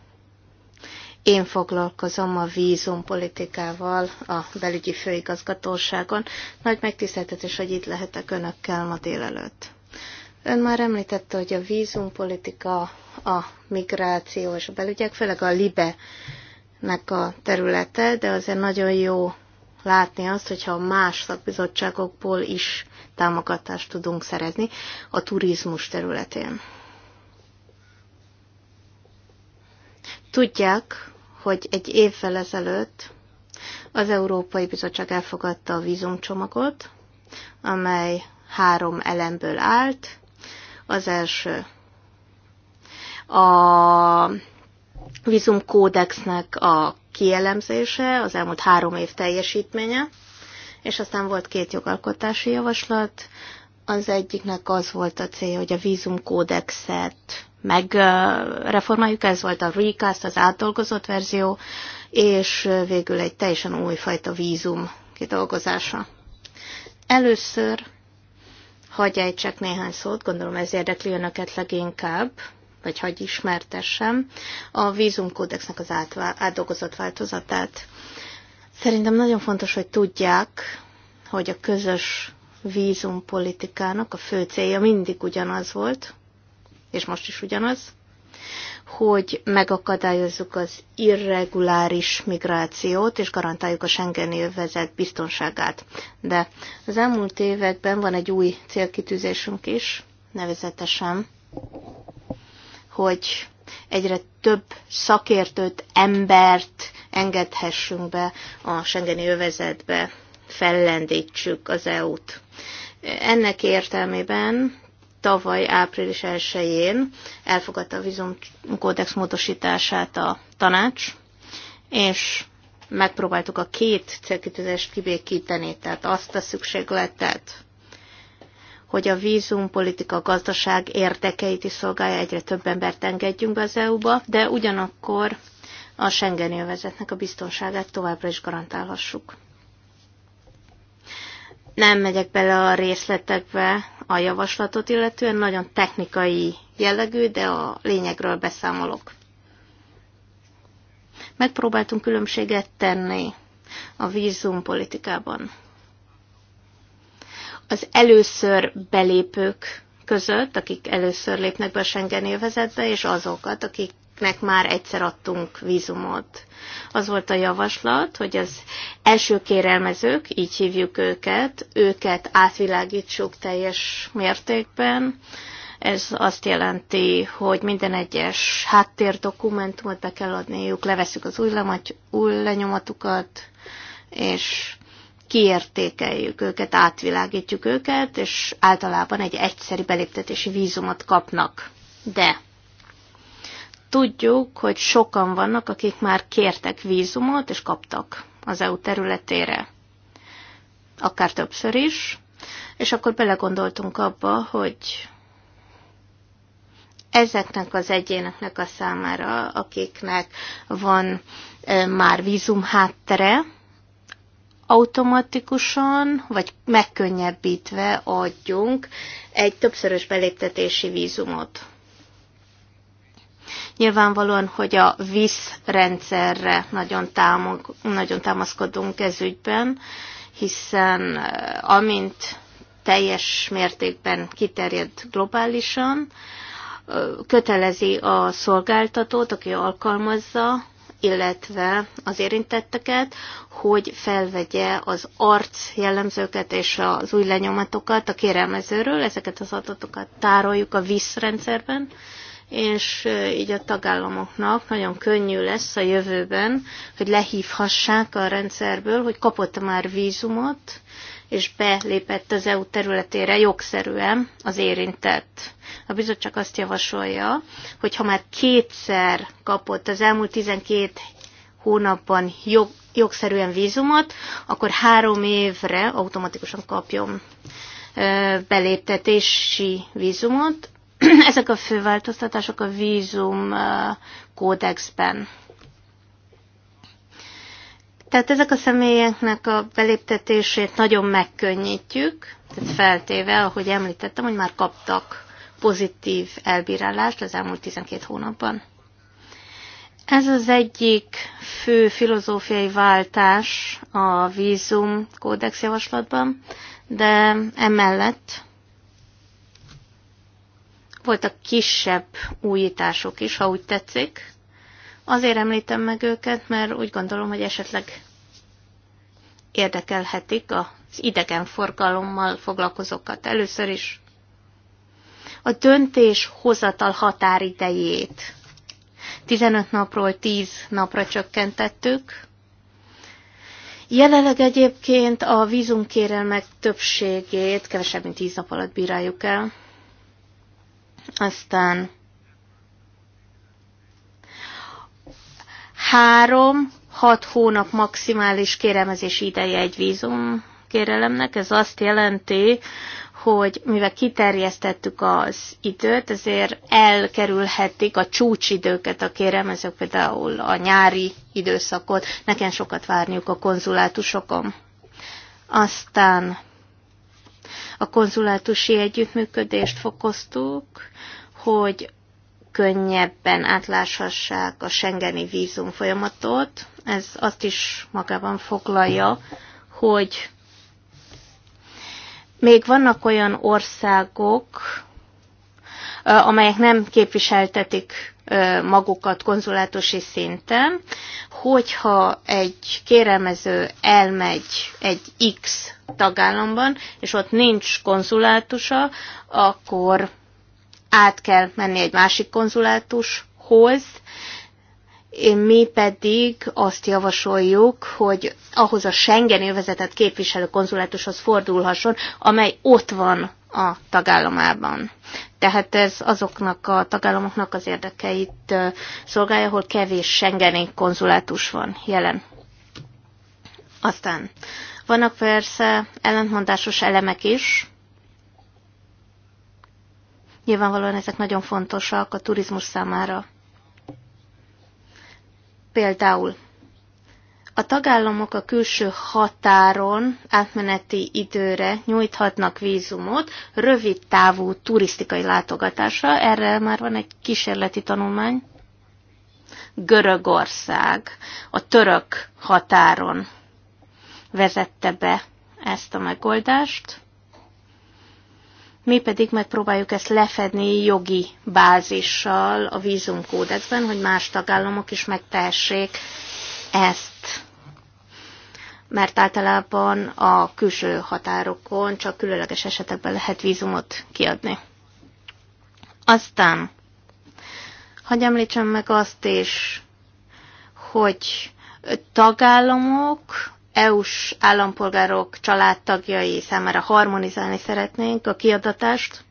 én foglalkozom a vízumpolitikával a belügyi főigazgatóságon. Nagy megtiszteltetés, hogy itt lehetek önökkel ma délelőtt. Ön már említette, hogy a vízumpolitika, a migráció és a belügyek, főleg a LIBE-nek a területe, de azért nagyon jó látni azt, hogyha más szakbizottságokból is támogatást tudunk szerezni a turizmus területén. Tudják, hogy egy évvel ezelőtt az Európai Bizottság elfogadta a vízumcsomagot, amely három elemből állt, az első. A vízumkódexnek a kielemzése, az elmúlt három év teljesítménye, és aztán volt két jogalkotási javaslat. Az egyiknek az volt a cél, hogy a vízumkódexet megreformáljuk, ez volt a recast, az átdolgozott verzió, és végül egy teljesen újfajta vízum kidolgozása. Először egy csak néhány szót, gondolom ez érdekli önöket leginkább, vagy hagyj ismertessem, a vízumkódexnek az átdolgozott változatát. Szerintem nagyon fontos, hogy tudják, hogy a közös vízumpolitikának a fő célja mindig ugyanaz volt, és most is ugyanaz, hogy megakadályozzuk az irreguláris migrációt, és garantáljuk a Schengeni övezet biztonságát. De az elmúlt években van egy új célkitűzésünk is, nevezetesen, hogy egyre több szakértőt, embert engedhessünk be a Schengeni övezetbe, fellendítsük az EU-t. Ennek értelmében tavaly április 1-én elfogadta a vízumkódex módosítását a tanács, és megpróbáltuk a két célkitűzést kibékíteni, tehát azt a szükségletet, hogy a vízumpolitika gazdaság érdekeit is szolgálja, egyre több embert engedjünk be az EU-ba, de ugyanakkor a Schengen övezetnek a biztonságát továbbra is garantálhassuk. Nem megyek bele a részletekbe a javaslatot illetően, nagyon technikai jellegű, de a lényegről beszámolok. Megpróbáltunk különbséget tenni a vízumpolitikában. Az először belépők között, akik először lépnek be a Schengen élvezetbe, és azokat, akik akiknek már egyszer adtunk vízumot. Az volt a javaslat, hogy az első kérelmezők, így hívjuk őket, őket átvilágítsuk teljes mértékben. Ez azt jelenti, hogy minden egyes háttérdokumentumot be kell adniuk, leveszük az új, lemat, új lenyomatukat, és kiértékeljük őket, átvilágítjuk őket, és általában egy egyszeri beléptetési vízumot kapnak. De Tudjuk, hogy sokan vannak, akik már kértek vízumot, és kaptak az EU területére. Akár többször is. És akkor belegondoltunk abba, hogy ezeknek az egyéneknek a számára, akiknek van már vízum háttere, automatikusan, vagy megkönnyebbítve adjunk egy többszörös beléptetési vízumot. Nyilvánvalóan, hogy a rendszerre nagyon, támog, nagyon támaszkodunk ez ügyben, hiszen eh, amint teljes mértékben kiterjed globálisan, eh, kötelezi a szolgáltatót, aki alkalmazza, illetve az érintetteket, hogy felvegye az arc jellemzőket és az új lenyomatokat a kérelmezőről, ezeket az adatokat tároljuk a VISZ rendszerben, és így a tagállamoknak nagyon könnyű lesz a jövőben, hogy lehívhassák a rendszerből, hogy kapott már vízumot, és belépett az EU területére jogszerűen az érintett. A bizottság azt javasolja, hogy ha már kétszer kapott az elmúlt 12 hónapban jog, jogszerűen vízumot, akkor három évre automatikusan kapjon beléptetési vízumot, <clears throat> Ezek a fő változtatások a vízum uh, kódexben. Tehát ezek a személyeknek a beléptetését nagyon megkönnyítjük, tehát feltéve, ahogy említettem, hogy már kaptak pozitív elbírálást az elmúlt 12 hónapban. Ez az egyik fő filozófiai váltás a vízum kódex javaslatban, de emellett voltak kisebb újítások is, ha úgy tetszik. Azért említem meg őket, mert úgy gondolom, hogy esetleg érdekelhetik az idegenforgalommal foglalkozókat először is. A döntés hozatal határidejét 15 napról 10 napra csökkentettük. Jelenleg egyébként a vízumkérelmek többségét kevesebb mint 10 nap alatt bíráljuk el. Aztán három, hat hónap maximális kérelmezési ideje egy vízum kérelemnek. Ez azt jelenti, hogy mivel kiterjesztettük az időt, ezért elkerülhetik a csúcsidőket a kérelmezők, például a nyári időszakot. Nekem sokat várniuk a konzulátusokon. Aztán a konzulátusi együttműködést fokoztuk, hogy könnyebben átláshassák a Schengeni vízum folyamatot. Ez azt is magában foglalja, hogy még vannak olyan országok, amelyek nem képviseltetik magukat konzulátusi szinten, hogyha egy kérelmező elmegy egy X tagállamban, és ott nincs konzulátusa, akkor át kell menni egy másik konzulátushoz, mi pedig azt javasoljuk, hogy ahhoz a Schengen élvezetet képviselő konzulátushoz fordulhasson, amely ott van a tagállamában. Tehát ez azoknak a tagállamoknak az érdekeit szolgálja, ahol kevés Schengeni konzulátus van jelen. Aztán vannak persze ellentmondásos elemek is. Nyilvánvalóan ezek nagyon fontosak a turizmus számára. Például a tagállamok a külső határon átmeneti időre nyújthatnak vízumot rövid távú turisztikai látogatásra. Erre már van egy kísérleti tanulmány. Görögország a török határon vezette be ezt a megoldást. Mi pedig megpróbáljuk ezt lefedni jogi bázissal a vízumkódexben, hogy más tagállamok is megtehessék ezt mert általában a külső határokon csak különleges esetekben lehet vízumot kiadni. Aztán, hogy említsem meg azt is, hogy tagállamok, EU-s állampolgárok családtagjai számára harmonizálni szeretnénk a kiadatást,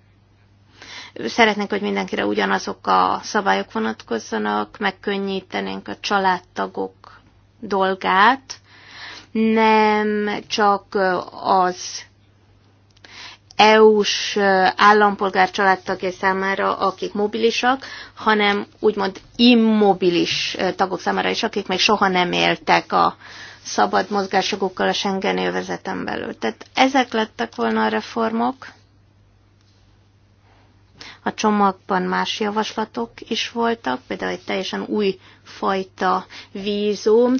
szeretnénk, hogy mindenkire ugyanazok a szabályok vonatkozzanak, megkönnyítenénk a családtagok dolgát, nem csak az EU-s állampolgár családtagja számára, akik mobilisak, hanem úgymond immobilis tagok számára is, akik még soha nem éltek a szabad mozgásokkal a Schengen övezeten belül. Tehát ezek lettek volna a reformok, a csomagban más javaslatok is voltak, például egy teljesen új fajta vízum,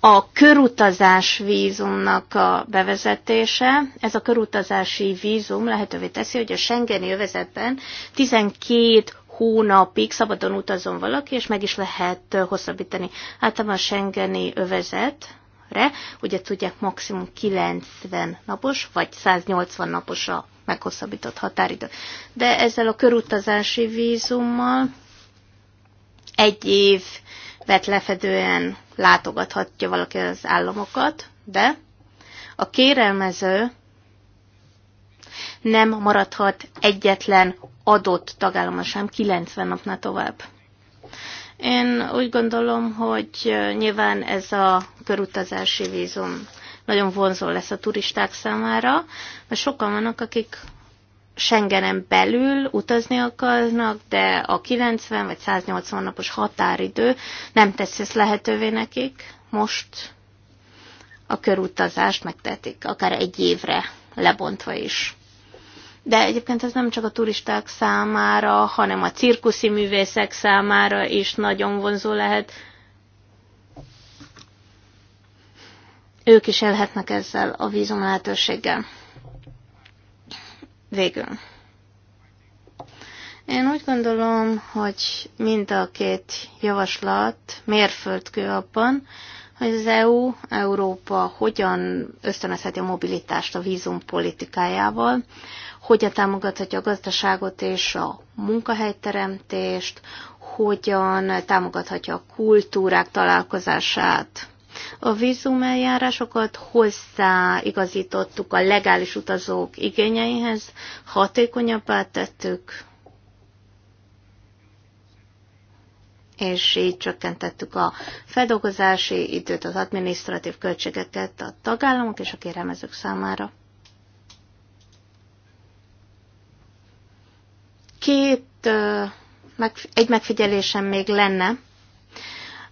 a körutazás vízumnak a bevezetése. Ez a körutazási vízum lehetővé teszi, hogy a Schengeni övezetben 12 hónapig szabadon utazom valaki, és meg is lehet hosszabbítani. Általában a Schengeni övezet, re, ugye tudják maximum 90 napos, vagy 180 napos a meghosszabbított határidő. De ezzel a körutazási vízummal egy év vet lefedően látogathatja valaki az államokat, de a kérelmező nem maradhat egyetlen adott tagállama sem 90 napnál tovább. Én úgy gondolom, hogy nyilván ez a körutazási vízum nagyon vonzó lesz a turisták számára, mert sokan vannak, akik Schengenen belül utazni akarnak, de a 90 vagy 180 napos határidő nem teszi ezt lehetővé nekik. Most a körutazást megtetik, akár egy évre lebontva is. De egyébként ez nem csak a turisták számára, hanem a cirkuszi művészek számára is nagyon vonzó lehet. Ők is élhetnek ezzel a vízum lehetőséggel. Végül. Én úgy gondolom, hogy mind a két javaslat mérföldkő abban, hogy az EU, Európa hogyan ösztönözheti a mobilitást a vízumpolitikájával, hogyan támogathatja a gazdaságot és a munkahelyteremtést, hogyan támogathatja a kultúrák találkozását. A vízumeljárásokat hozzáigazítottuk a legális utazók igényeihez, hatékonyabbá tettük, és így csökkentettük a feldolgozási időt, az adminisztratív költségeket a tagállamok és a kérelmezők számára. Két, egy megfigyelésem még lenne.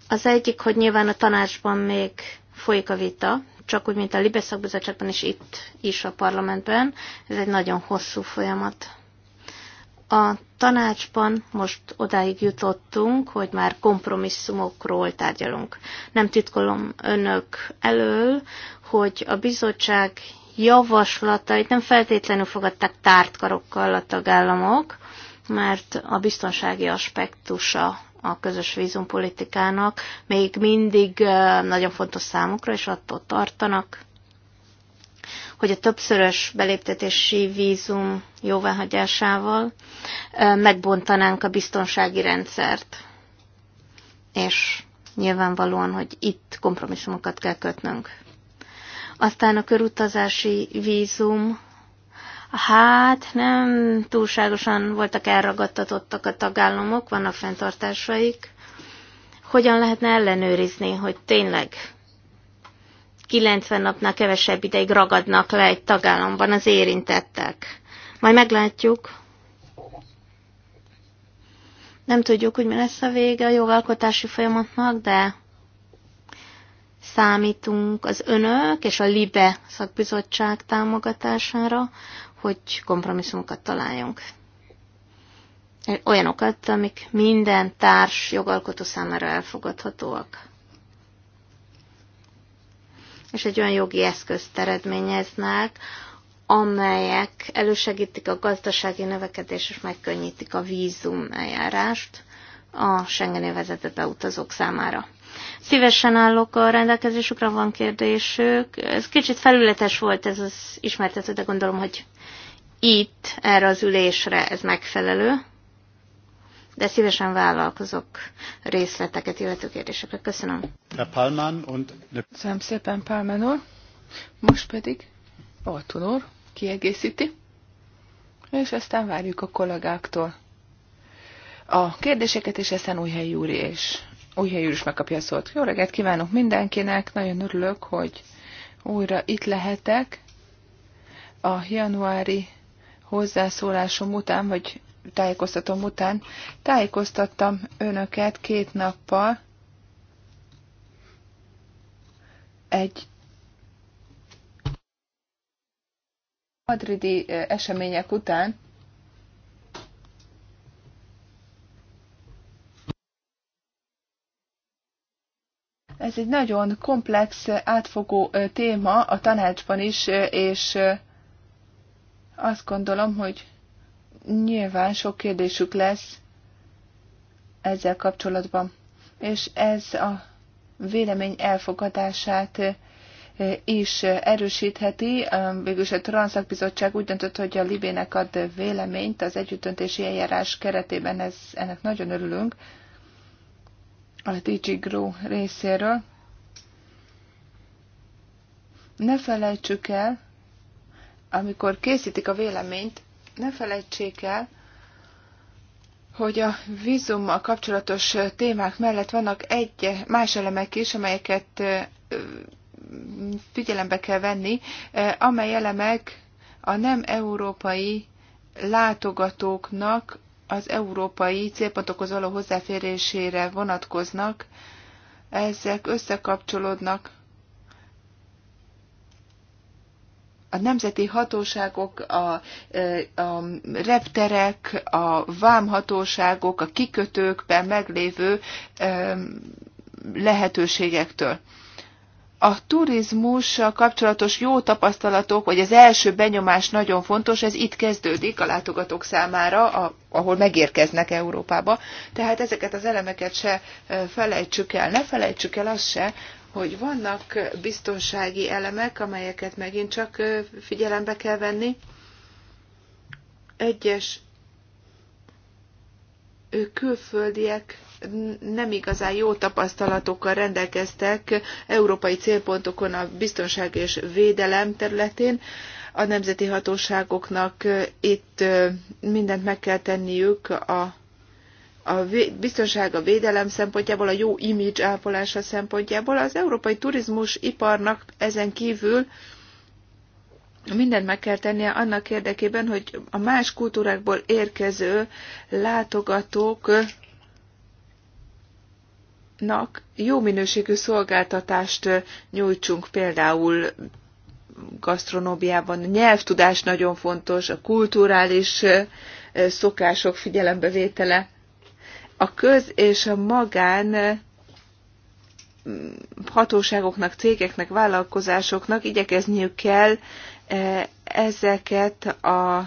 Az egyik, hogy nyilván a tanácsban még folyik a vita, csak úgy, mint a Libeszakbizottságban és itt is a parlamentben. Ez egy nagyon hosszú folyamat. A tanácsban most odáig jutottunk, hogy már kompromisszumokról tárgyalunk. Nem titkolom önök elől, hogy a bizottság javaslatait nem feltétlenül fogadták tártkarokkal a tagállamok, mert a biztonsági aspektusa a közös vízumpolitikának még mindig eh, nagyon fontos számukra, és attól tartanak, hogy a többszörös beléptetési vízum jóváhagyásával megbontanánk a biztonsági rendszert. És nyilvánvalóan, hogy itt kompromisszumokat kell kötnünk. Aztán a körutazási vízum, hát nem túlságosan voltak elragadtatottak a tagállamok, vannak fenntartásaik. Hogyan lehetne ellenőrizni, hogy tényleg 90 napnál kevesebb ideig ragadnak le egy tagállamban az érintettek. Majd meglátjuk. Nem tudjuk, hogy mi lesz a vége a jogalkotási folyamatnak, de számítunk az önök és a LIBE szakbizottság támogatására, hogy kompromisszumokat találjunk. Olyanokat, amik minden társ jogalkotó számára elfogadhatóak és egy olyan jogi eszközt eredményeznek, amelyek elősegítik a gazdasági növekedést és megkönnyítik a vízum eljárást a Schengeni vezetett utazók számára. Szívesen állok a rendelkezésükre, van kérdésük. Ez kicsit felületes volt ez az ismertető, de gondolom, hogy itt erre az ülésre ez megfelelő de szívesen vállalkozok részleteket, illető kérdésekre. Köszönöm.
Palman und...
Köszönöm szépen, Palman úr. Most pedig Altun úr kiegészíti, és aztán várjuk a kollégáktól a kérdéseket, és aztán Újhelyi úr és Újhelyi úr is megkapja a szót. Jó reggelt kívánok mindenkinek, nagyon örülök, hogy újra itt lehetek a januári hozzászólásom után, vagy tájékoztatom után tájékoztattam önöket két nappal egy madridi események után, Ez egy nagyon komplex, átfogó téma a tanácsban is, és azt gondolom, hogy nyilván sok kérdésük lesz ezzel kapcsolatban, és ez a vélemény elfogadását eh, is erősítheti. Ehm, végülis a Transzakbizottság úgy döntött, hogy a Libének ad véleményt az együttöntési eljárás keretében, ez, ennek nagyon örülünk a DG Grow részéről. Ne felejtsük el, amikor készítik a véleményt, ne felejtsék el, hogy a vízummal kapcsolatos témák mellett vannak egy más elemek is, amelyeket figyelembe kell venni, amely elemek a nem európai látogatóknak az európai célpontokhoz való hozzáférésére vonatkoznak, ezek összekapcsolódnak a nemzeti hatóságok, a, a repterek, a vámhatóságok, a kikötőkben meglévő lehetőségektől. A turizmussal kapcsolatos jó tapasztalatok, vagy az első benyomás nagyon fontos, ez itt kezdődik a látogatók számára, a, ahol megérkeznek Európába. Tehát ezeket az elemeket se felejtsük el. Ne felejtsük el azt se, hogy vannak biztonsági elemek, amelyeket megint csak figyelembe kell venni. Egyes külföldiek nem igazán jó tapasztalatokkal rendelkeztek európai célpontokon a biztonság és védelem területén. A nemzeti hatóságoknak itt mindent meg kell tenniük a a biztonság, a védelem szempontjából, a jó image ápolása szempontjából az európai turizmus iparnak ezen kívül mindent meg kell tennie annak érdekében, hogy a más kultúrákból érkező látogatóknak jó minőségű szolgáltatást nyújtsunk, például gasztronóbiában. A nyelvtudás nagyon fontos, a kulturális eh, szokások figyelembevétele a köz és a magán hatóságoknak, cégeknek, vállalkozásoknak igyekezniük kell ezeket a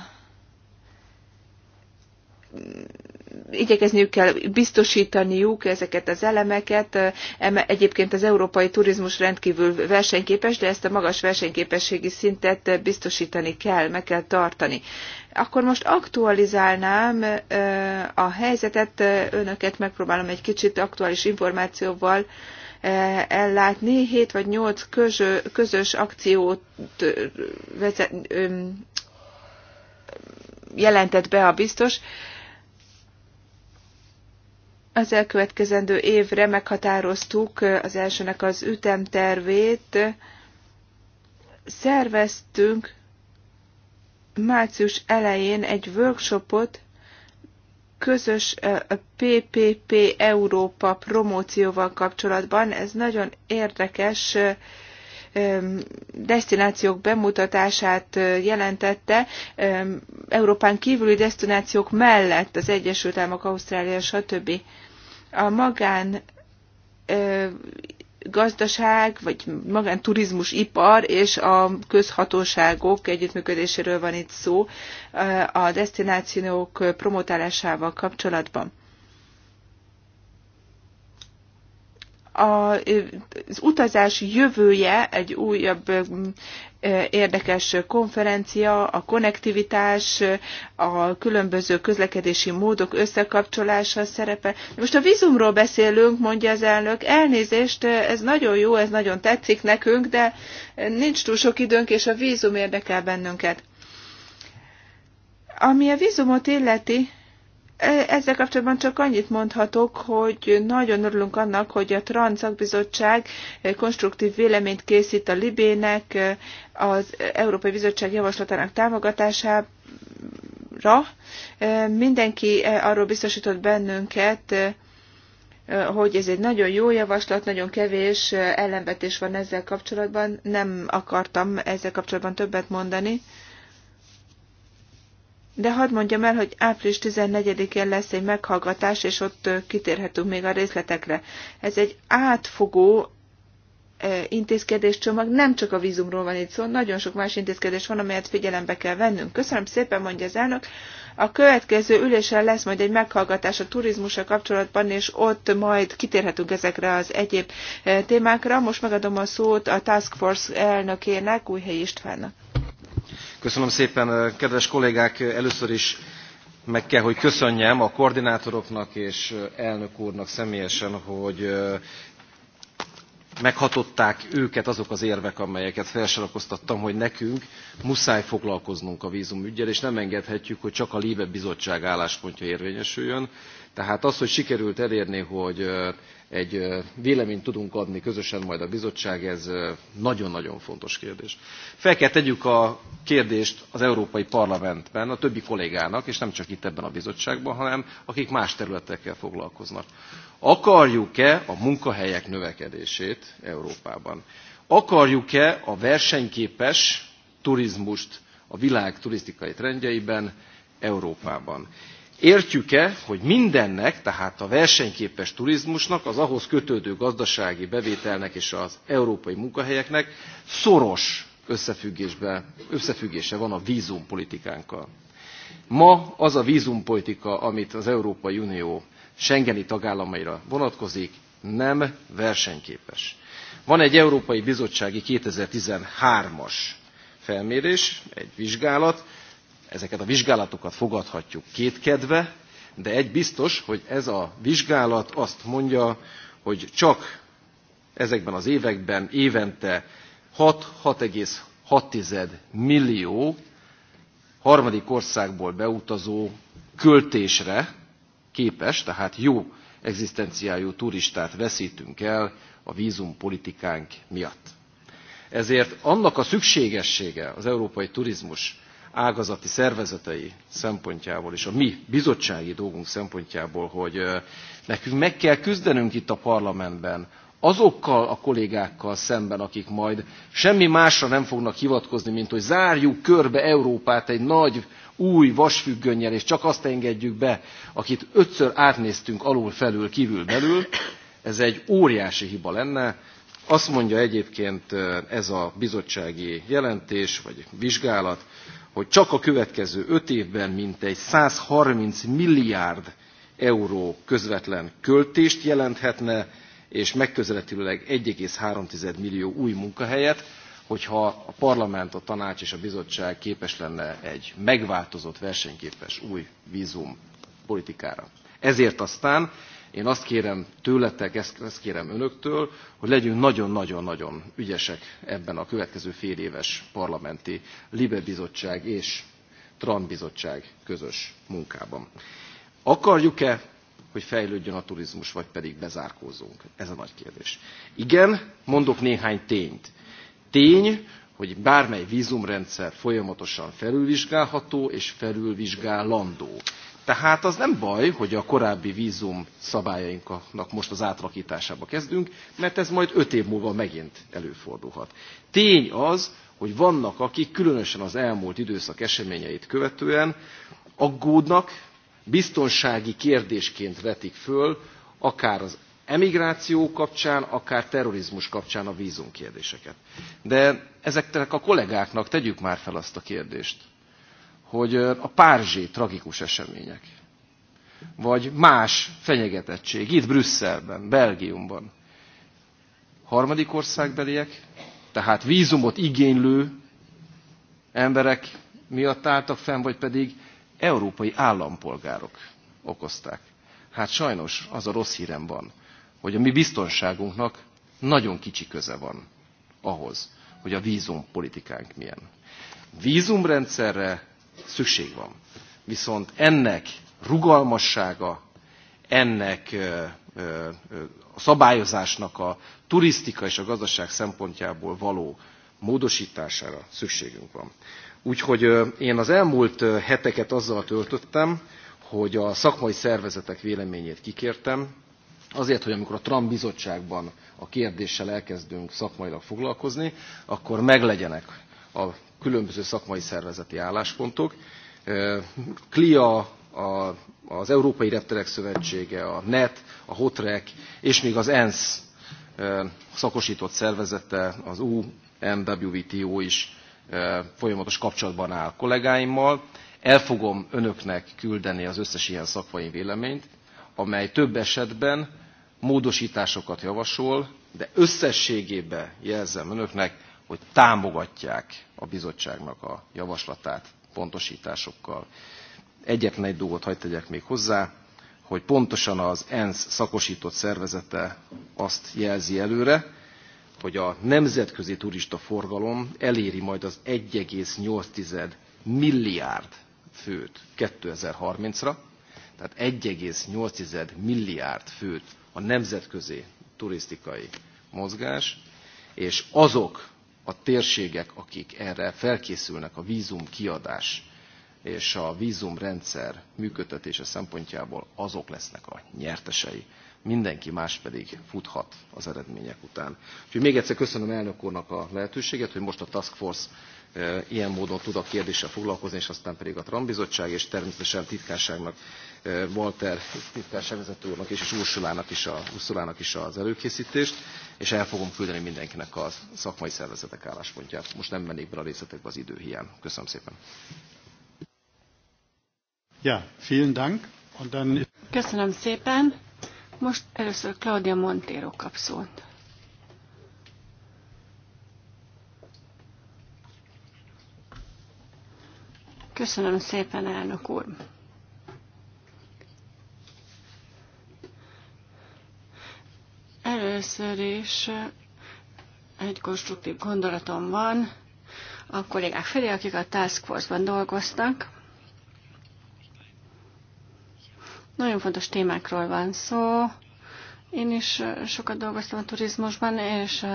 igyekezniük kell biztosítaniuk ezeket az elemeket. Egyébként az európai turizmus rendkívül versenyképes, de ezt a magas versenyképességi szintet biztosítani kell, meg kell tartani. Akkor most aktualizálnám a helyzetet, önöket megpróbálom egy kicsit aktuális információval ellátni. 7 vagy 8 közös akciót jelentett be a biztos, az elkövetkezendő évre meghatároztuk az elsőnek az ütemtervét, szerveztünk március elején egy workshopot közös PPP Európa promócióval kapcsolatban. Ez nagyon érdekes destinációk bemutatását jelentette Európán kívüli destinációk mellett az Egyesült Államok, Ausztrália, stb a magán gazdaság, vagy magán turizmus ipar és a közhatóságok együttműködéséről van itt szó a destinációk promotálásával kapcsolatban. az utazás jövője egy újabb um, érdekes konferencia, a konnektivitás, a különböző közlekedési módok összekapcsolása szerepe. Most a vízumról beszélünk, mondja az elnök, elnézést, ez nagyon jó, ez nagyon tetszik nekünk, de nincs túl sok időnk, és a vízum érdekel bennünket. Ami a vízumot illeti, E, ezzel kapcsolatban csak annyit mondhatok, hogy nagyon örülünk annak, hogy a TRAN szakbizottság e, konstruktív véleményt készít a Libének e, az Európai Bizottság javaslatának támogatására. Mindenki arról biztosított bennünket, hogy ez egy nagyon jó javaslat, nagyon kevés ellenvetés van ezzel kapcsolatban. Nem akartam ezzel kapcsolatban többet mondani. De hadd mondjam el, hogy április 14-én lesz egy meghallgatás, és ott kitérhetünk még a részletekre. Ez egy átfogó intézkedéscsomag, nem csak a vízumról van itt szó, nagyon sok más intézkedés van, amelyet figyelembe kell vennünk. Köszönöm szépen, mondja az elnök. A következő ülésen lesz majd egy meghallgatás a turizmussal kapcsolatban, és ott majd kitérhetünk ezekre az egyéb témákra. Most megadom a szót a Task Force elnökének, Újhely Istvánnak.
Köszönöm szépen, kedves kollégák! Először is meg kell, hogy köszönjem a koordinátoroknak és elnök úrnak személyesen, hogy meghatották őket azok az érvek, amelyeket felsorakoztattam, hogy nekünk muszáj foglalkoznunk a vízumügyel, és nem engedhetjük, hogy csak a Líbe bizottság álláspontja érvényesüljön. Tehát az, hogy sikerült elérni, hogy egy véleményt tudunk adni közösen majd a bizottság, ez nagyon-nagyon fontos kérdés. Fel kell tegyük a kérdést az Európai Parlamentben a többi kollégának, és nem csak itt ebben a bizottságban, hanem akik más területekkel foglalkoznak. Akarjuk-e a munkahelyek növekedését Európában? Akarjuk-e a versenyképes turizmust a világ turisztikai trendjeiben Európában? Értjük-e, hogy mindennek, tehát a versenyképes turizmusnak, az ahhoz kötődő gazdasági bevételnek és az európai munkahelyeknek szoros összefüggése van a vízumpolitikánkkal. Ma az a vízumpolitika, amit az Európai Unió Schengeni tagállamaira vonatkozik, nem versenyképes. Van egy Európai Bizottsági 2013-as felmérés, egy vizsgálat, ezeket a vizsgálatokat fogadhatjuk kétkedve, de egy biztos, hogy ez a vizsgálat azt mondja, hogy csak ezekben az években évente 6-6,6 millió harmadik országból beutazó költésre képes, tehát jó egzisztenciájú turistát veszítünk el a vízumpolitikánk miatt. Ezért annak a szükségessége az európai turizmus ágazati szervezetei szempontjából és a mi bizottsági dolgunk szempontjából, hogy nekünk meg kell küzdenünk itt a parlamentben azokkal a kollégákkal szemben, akik majd semmi másra nem fognak hivatkozni, mint hogy zárjuk körbe Európát egy nagy új vasfüggönnyel, és csak azt engedjük be, akit ötször átnéztünk alul, felül, kívül, belül, ez egy óriási hiba lenne. Azt mondja egyébként ez a bizottsági jelentés, vagy vizsgálat, hogy csak a következő öt évben mintegy 130 milliárd euró közvetlen költést jelenthetne, és megközelítőleg 1,3 millió új munkahelyet, hogyha a parlament, a tanács és a bizottság képes lenne egy megváltozott, versenyképes új vízum politikára. Ezért aztán én azt kérem tőletek, ezt, ezt kérem önöktől, hogy legyünk nagyon-nagyon-nagyon ügyesek ebben a következő fél éves parlamenti Libe Bizottság és Tran Bizottság közös munkában. Akarjuk-e, hogy fejlődjön a turizmus, vagy pedig bezárkózunk? Ez a nagy kérdés. Igen, mondok néhány tényt. Tény, hogy bármely vízumrendszer folyamatosan felülvizsgálható és felülvizsgálandó. Tehát az nem baj, hogy a korábbi vízum szabályainknak most az átrakításába kezdünk, mert ez majd öt év múlva megint előfordulhat. Tény az, hogy vannak, akik különösen az elmúlt időszak eseményeit követően aggódnak, biztonsági kérdésként vetik föl, akár az emigráció kapcsán, akár terrorizmus kapcsán a vízum kérdéseket. De ezeknek a kollégáknak tegyük már fel azt a kérdést, hogy a párzsi tragikus események, vagy más fenyegetettség itt Brüsszelben, Belgiumban, harmadik országbeliek, tehát vízumot igénylő emberek miatt álltak fenn, vagy pedig európai állampolgárok okozták. Hát sajnos az a rossz hírem van, hogy a mi biztonságunknak nagyon kicsi köze van ahhoz, hogy a vízumpolitikánk milyen. Vízumrendszerre szükség van. Viszont ennek rugalmassága, ennek a szabályozásnak a turisztika és a gazdaság szempontjából való módosítására szükségünk van. Úgyhogy én az elmúlt heteket azzal töltöttem, hogy a szakmai szervezetek véleményét kikértem, azért, hogy amikor a tram bizottságban a kérdéssel elkezdünk szakmailag foglalkozni, akkor meglegyenek a különböző szakmai szervezeti álláspontok. Klia, az Európai Repterek Szövetsége, a NET, a HOTREK és még az ENSZ szakosított szervezete, az UMWTO is folyamatos kapcsolatban áll kollégáimmal. El fogom önöknek küldeni az összes ilyen szakmai véleményt, amely több esetben módosításokat javasol, de összességében jelzem önöknek, hogy támogatják a bizottságnak a javaslatát pontosításokkal. Egyetlen egy dolgot hagyd tegyek még hozzá, hogy pontosan az ENSZ szakosított szervezete azt jelzi előre, hogy a nemzetközi turista forgalom eléri majd az 1,8 milliárd főt 2030-ra, tehát 1,8 milliárd főt a nemzetközi turisztikai mozgás, és azok a térségek, akik erre felkészülnek a vízum kiadás és a vízumrendszer működtetése szempontjából, azok lesznek a nyertesei. Mindenki más pedig futhat az eredmények után. Úgyhogy még egyszer köszönöm elnök úrnak a lehetőséget, hogy most a Task Force e, ilyen módon tud a kérdéssel foglalkozni, és aztán pedig a Trambizottság bizottság, és természetesen titkárságnak, e, Walter titkárságvezető úrnak és, és Ursulának is, a, Ursulának is az előkészítést és el fogom küldeni mindenkinek a szakmai szervezetek álláspontját. Most nem mennék bele a részletekbe az idő hiány. Köszönöm szépen. Ja, vielen
Dank. Und dann... Köszönöm
szépen. Most először Claudia Montero kap szót. Köszönöm szépen, elnök úr. Először is egy konstruktív gondolatom van a kollégák felé, akik a Task Force-ban dolgoztak. Nagyon fontos témákról van szó. Én is sokat dolgoztam a turizmusban, és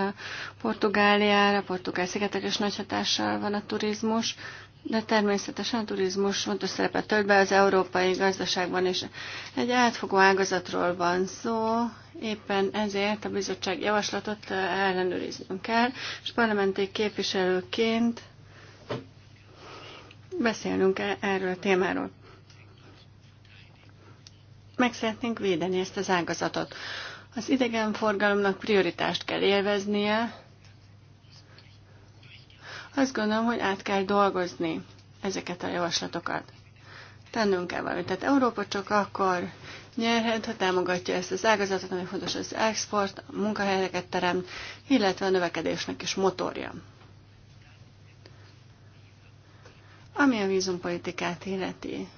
Portugáliára, Portugál szigetek is nagy hatással van a turizmus, de természetesen a turizmus fontos szerepet tölt be az európai gazdaságban, és egy átfogó ágazatról van szó, Éppen ezért a bizottság javaslatot ellenőriznünk kell, és parlamenti képviselőként beszélnünk e- erről a témáról. Meg szeretnénk védeni ezt az ágazatot. Az idegenforgalomnak prioritást kell élveznie. Azt gondolom, hogy át kell dolgozni ezeket a javaslatokat. Tennünk kell valamit. Tehát Európa csak akkor nyerhet, ha támogatja ezt az ágazatot, ami fontos az export, a munkahelyeket teremt, illetve a növekedésnek is motorja. Ami a vízumpolitikát illeti.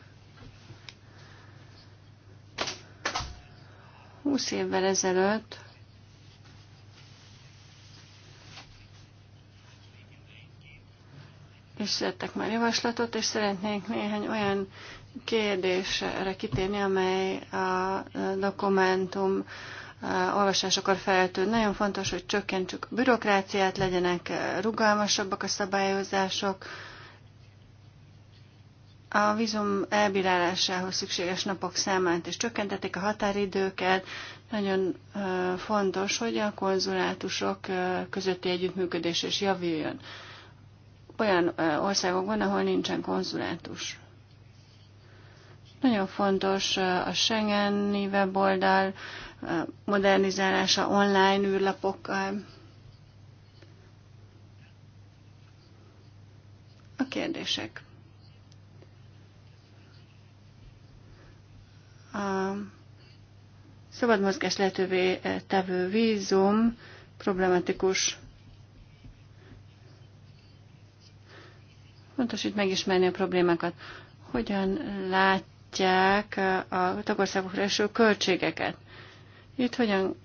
20 évvel ezelőtt és szerettek már javaslatot, és szeretnénk néhány olyan kérdésre kitérni, amely a dokumentum olvasásakor feltűnt. Nagyon fontos, hogy csökkentsük a bürokráciát, legyenek rugalmasabbak a szabályozások, a vízum elbírálásához szükséges napok számát és csökkentették a határidőket. Nagyon fontos, hogy a konzulátusok közötti együttműködés is javuljon. Olyan országokban, ahol nincsen konzulátus. Nagyon fontos a Schengeni weboldal modernizálása online űrlapokkal. A kérdések. A szabad mozgás lehetővé tevő vízum problematikus. Fontos itt megismerni a problémákat. Hogyan lát osztják a tagországokra eső költségeket. Itt hogyan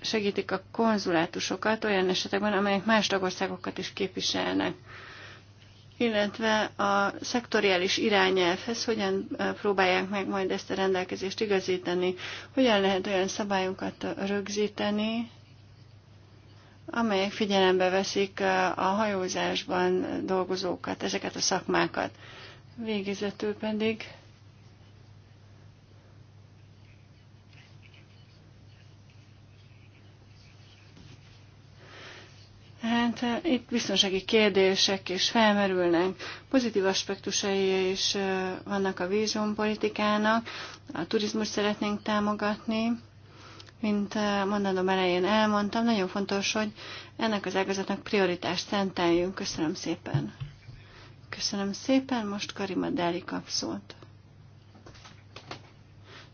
segítik a konzulátusokat olyan esetekben, amelyek más tagországokat is képviselnek illetve a szektoriális irányelvhez hogyan próbálják meg majd ezt a rendelkezést igazítani, hogyan lehet olyan szabályokat rögzíteni, amelyek figyelembe veszik a hajózásban dolgozókat, ezeket a szakmákat. Végezetül pedig Hát itt biztonsági kérdések is felmerülnek, pozitív aspektusai is eh, vannak a politikának. a turizmus szeretnénk támogatni, mint eh, mondanom elején elmondtam, nagyon fontos, hogy ennek az ágazatnak prioritást szenteljünk. Köszönöm szépen. Köszönöm szépen, most Karima Deli kap szót.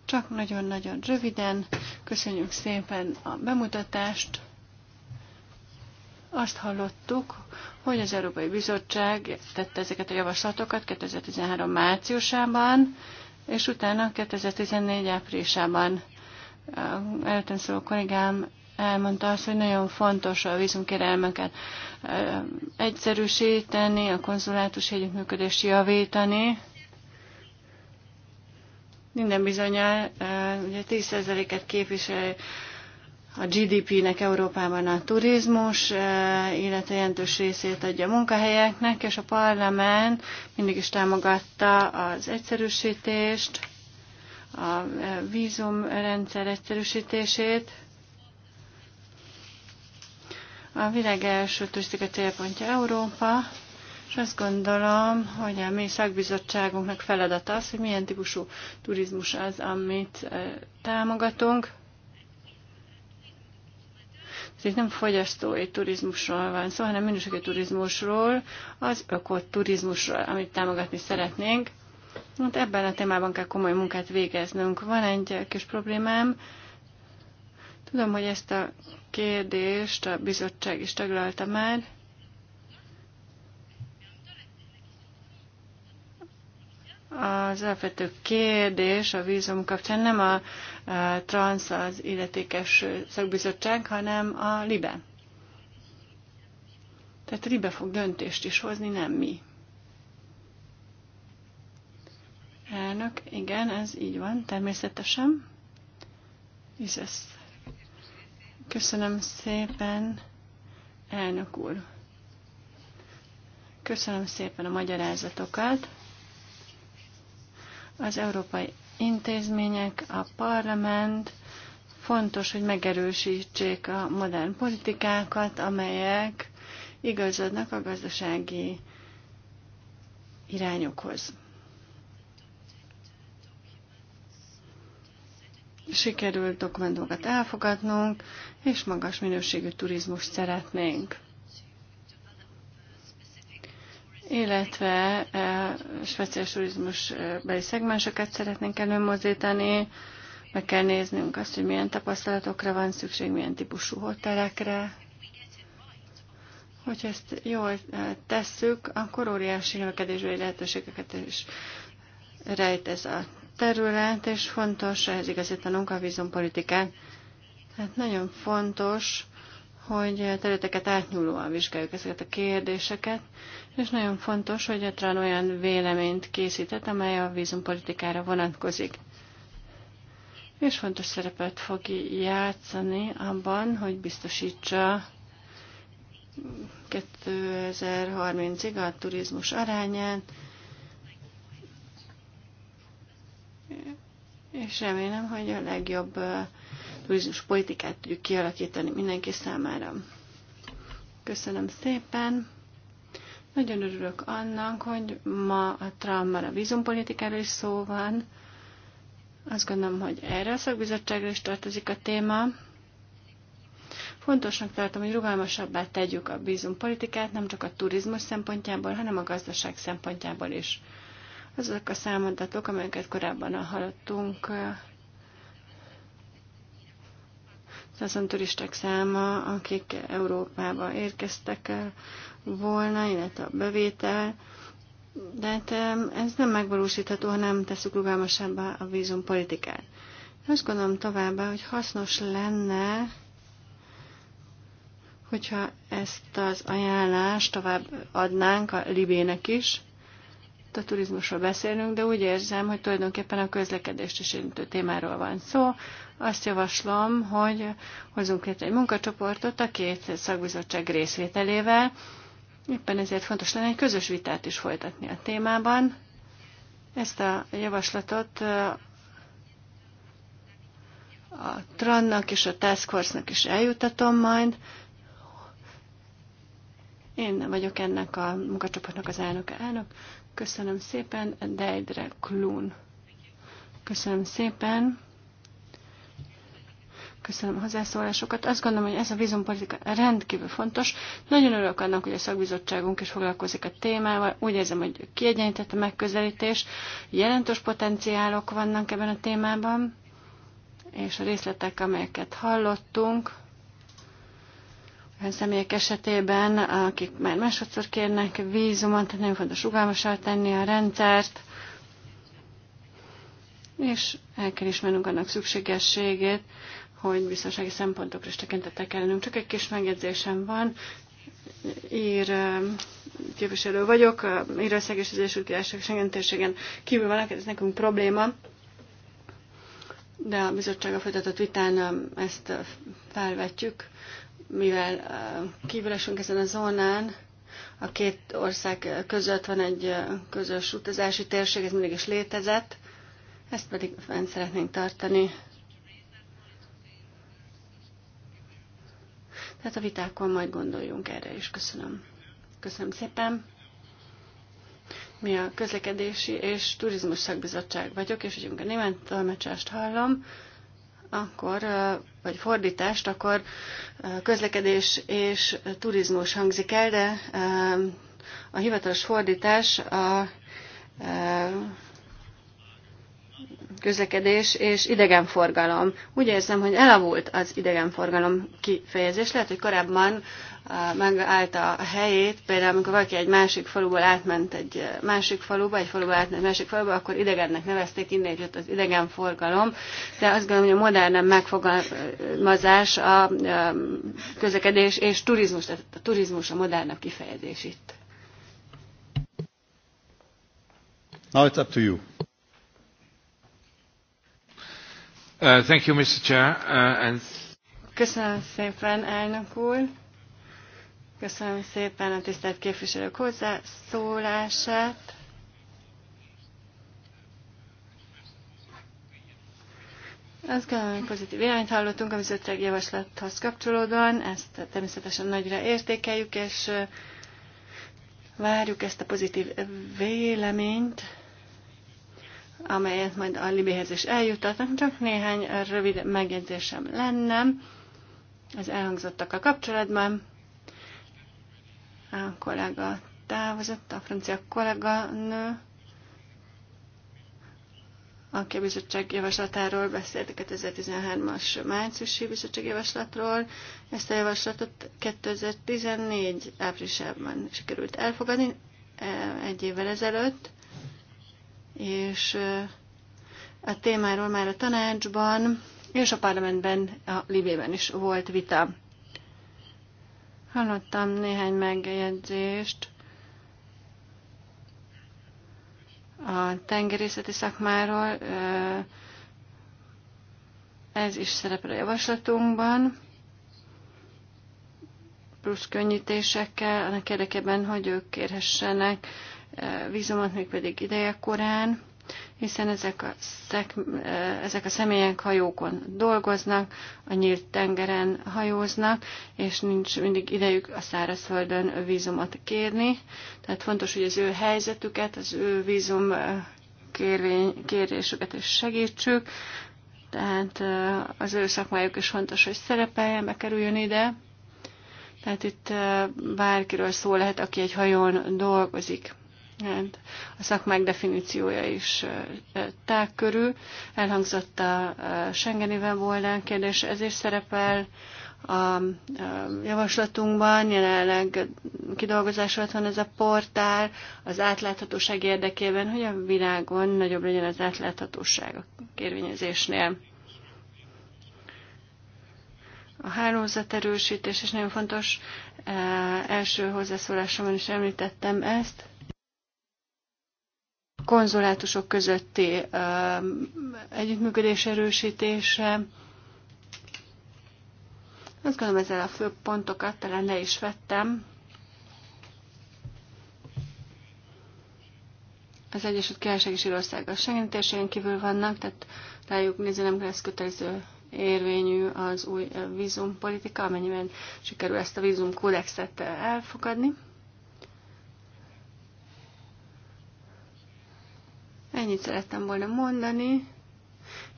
Csak nagyon-nagyon röviden, köszönjük szépen a bemutatást. Azt hallottuk, hogy az Európai Bizottság tette ezeket a javaslatokat 2013 márciusában, és utána 2014 áprilisában előttem szóló kollégám elmondta azt, hogy nagyon fontos a vízumkérelmeket egyszerűsíteni, a konzulátus együttműködést javítani. Minden bizonyal ugye 10%-et képvisel a GDP-nek Európában a turizmus, eh, illetve jelentős részét adja a munkahelyeknek, és a parlament mindig is támogatta az egyszerűsítést, a eh, vízumrendszer egyszerűsítését. A világ első turisztika célpontja Európa, és azt gondolom, hogy a mi szakbizottságunknak feladata az, hogy milyen típusú turizmus az, amit eh, támogatunk ez itt nem fogyasztói turizmusról van szó, hanem minőségi turizmusról, az ökoturizmusról, amit támogatni szeretnénk. Hát ebben a témában kell komoly munkát végeznünk. Van egy kis problémám. Tudom, hogy ezt a kérdést a bizottság is taglalta már. Az alapvető kérdés a vízum kapcsán nem a, a transz az illetékes szakbizottság, hanem a LIBE. Tehát a LIBE fog döntést is hozni, nem mi. Elnök, igen, ez így van, természetesen. ez. Köszönöm szépen, elnök úr. Köszönöm szépen a magyarázatokat. Az európai intézmények, a parlament fontos, hogy megerősítsék a modern politikákat, amelyek igazodnak a gazdasági irányokhoz. Sikerült dokumentumokat elfogadnunk, és magas minőségű turizmust szeretnénk illetve e, speciális turizmus e, beli szegmenseket szeretnénk előmozdítani, meg kell néznünk azt, hogy milyen tapasztalatokra van szükség, milyen típusú hotelekre. Hogyha ezt jól e, tesszük, akkor óriási növekedésbeli lehetőségeket is rejt ez a terület, és fontos ehhez igazítanunk a vízumpolitikát. Tehát nagyon fontos hogy területeket átnyúlóan vizsgáljuk ezeket a kérdéseket, és nagyon fontos, hogy a Trán olyan véleményt készített, amely a vízumpolitikára vonatkozik. És fontos szerepet fog játszani abban, hogy biztosítsa 2030-ig a turizmus arányát, és remélem, hogy a legjobb turizmus politikát tudjuk kialakítani mindenki számára. Köszönöm szépen! Nagyon örülök annak, hogy ma a a vízumpolitikáról is szó van. Azt gondolom, hogy erre a szakbizottságra is tartozik a téma. Fontosnak tartom, hogy rugalmasabbá tegyük a vízumpolitikát, nem csak a turizmus szempontjából, hanem a gazdaság szempontjából is. Azok a számadatok, amelyeket korábban hallottunk, azon turisták száma, akik Európába érkeztek eh, volna, illetve a bevétel. De hát eh, ez nem megvalósítható, ha nem teszük rugalmasabbá a vízumpolitikát. Azt gondolom továbbá, hogy hasznos lenne, hogyha ezt az ajánlást tovább adnánk a Libének is, a turizmusról beszélünk, de úgy érzem, hogy tulajdonképpen a közlekedést is érintő témáról van szó azt javaslom, hogy hozunk itt egy munkacsoportot a két szakbizottság részvételével. Éppen ezért fontos lenne egy közös vitát is folytatni a témában. Ezt a javaslatot uh, a Trannak és a Task Force-nak is eljutatom majd. Én vagyok ennek a munkacsoportnak az elnöke elnök. Köszönöm szépen, Deidre Klun. Köszönöm szépen. Köszönöm a hozzászólásokat. Azt gondolom, hogy ez a vízumpolitika rendkívül fontos. Nagyon örülök annak, hogy a szakbizottságunk is foglalkozik a témával. Úgy érzem, hogy kiegyenített a megközelítés. Jelentős potenciálok vannak ebben a témában, és a részletek, amelyeket hallottunk, olyan személyek esetében, akik már másodszor kérnek vízumot, tehát nagyon fontos rugalmasra tenni a rendszert, és el kell ismernünk annak szükségességét, hogy biztonsági szempontokra is tekintettel kell lennünk. Csak egy kis megjegyzésem van. Ír um, képviselő vagyok, Írország és az Egyesült Királyság Schengen térségen kívül van, ez nekünk probléma, de a a folytatott vitán um, ezt uh, felvetjük, mivel uh, kívül esünk ezen a zónán, a két ország között van egy uh, közös utazási térség, ez mindig is létezett, ezt pedig fenn szeretnénk tartani. Tehát a vitákon majd gondoljunk erre is. Köszönöm. Köszönöm szépen. Mi a közlekedési és turizmus szakbizottság vagyok, és ugyanúgy a német tolmecsást hallom, akkor, vagy fordítást, akkor közlekedés és turizmus hangzik el, de a hivatalos fordítás a közlekedés és idegenforgalom. Úgy érzem, hogy elavult az idegenforgalom kifejezés. Lehet, hogy korábban megállt a helyét, például amikor valaki egy másik faluból átment egy másik faluba, egy faluba átment egy másik faluba, akkor idegennek nevezték, innen jött az idegenforgalom, de azt gondolom, hogy a modern megfogalmazás a közlekedés és turizmus, tehát a turizmus a modernabb kifejezés itt.
Now it's up to you.
Uh, uh, Köszönöm szépen, elnök úr. Köszönöm szépen a tisztelt képviselők hozzászólását. Azt gondolom, hogy pozitív irányt hallottunk a bizottság javaslathoz kapcsolódóan, ezt természetesen nagyra értékeljük, és uh, várjuk ezt a pozitív véleményt amelyet majd a Libéhez is eljutatnak. Csak néhány rövid megjegyzésem lenne az a kapcsolatban. A kollega távozott, a francia nő, aki a bizottság javaslatáról beszélt, a 2013-as márciusi bizottság javaslatról. Ezt a javaslatot 2014 áprilisában sikerült elfogadni, eh, egy évvel ezelőtt és a témáról már a tanácsban és a parlamentben, a Libében is volt vita. Hallottam néhány megjegyzést a tengerészeti szakmáról, ez is szerepel a javaslatunkban, plusz könnyítésekkel, annak érdekében, hogy ők kérhessenek vízumot, mégpedig ideje korán, hiszen ezek a, szek, ezek a személyek hajókon dolgoznak, a nyílt tengeren hajóznak, és nincs mindig idejük a szárazföldön vízumot kérni. Tehát fontos, hogy az ő helyzetüket, az ő vízum kérvény, kérésüket is segítsük, tehát az ő szakmájuk is fontos, hogy szerepeljen, bekerüljön ide. Tehát itt bárkiről szó lehet, aki egy hajón dolgozik. Hát a szakmák definíciója is tág körül. Elhangzott a Schengeni weboldal kérdés, ez is szerepel a javaslatunkban, jelenleg kidolgozás alatt van ez a portál, az átláthatóság érdekében, hogy a világon nagyobb legyen az átláthatóság a kérvényezésnél. A hálózat erősítés is nagyon fontos. Első hozzászólásomban is említettem ezt konzulátusok közötti együttműködés erősítése. Azt gondolom ezzel a fő pontokat talán le is vettem. Az Egyesült Királyság és Írország a Schengen térségen kívül vannak, tehát rájuk nézni nem lesz kötelező érvényű az új vízumpolitika, amennyiben sikerül ezt a vízumkódexet elfogadni. Ennyit szerettem volna mondani,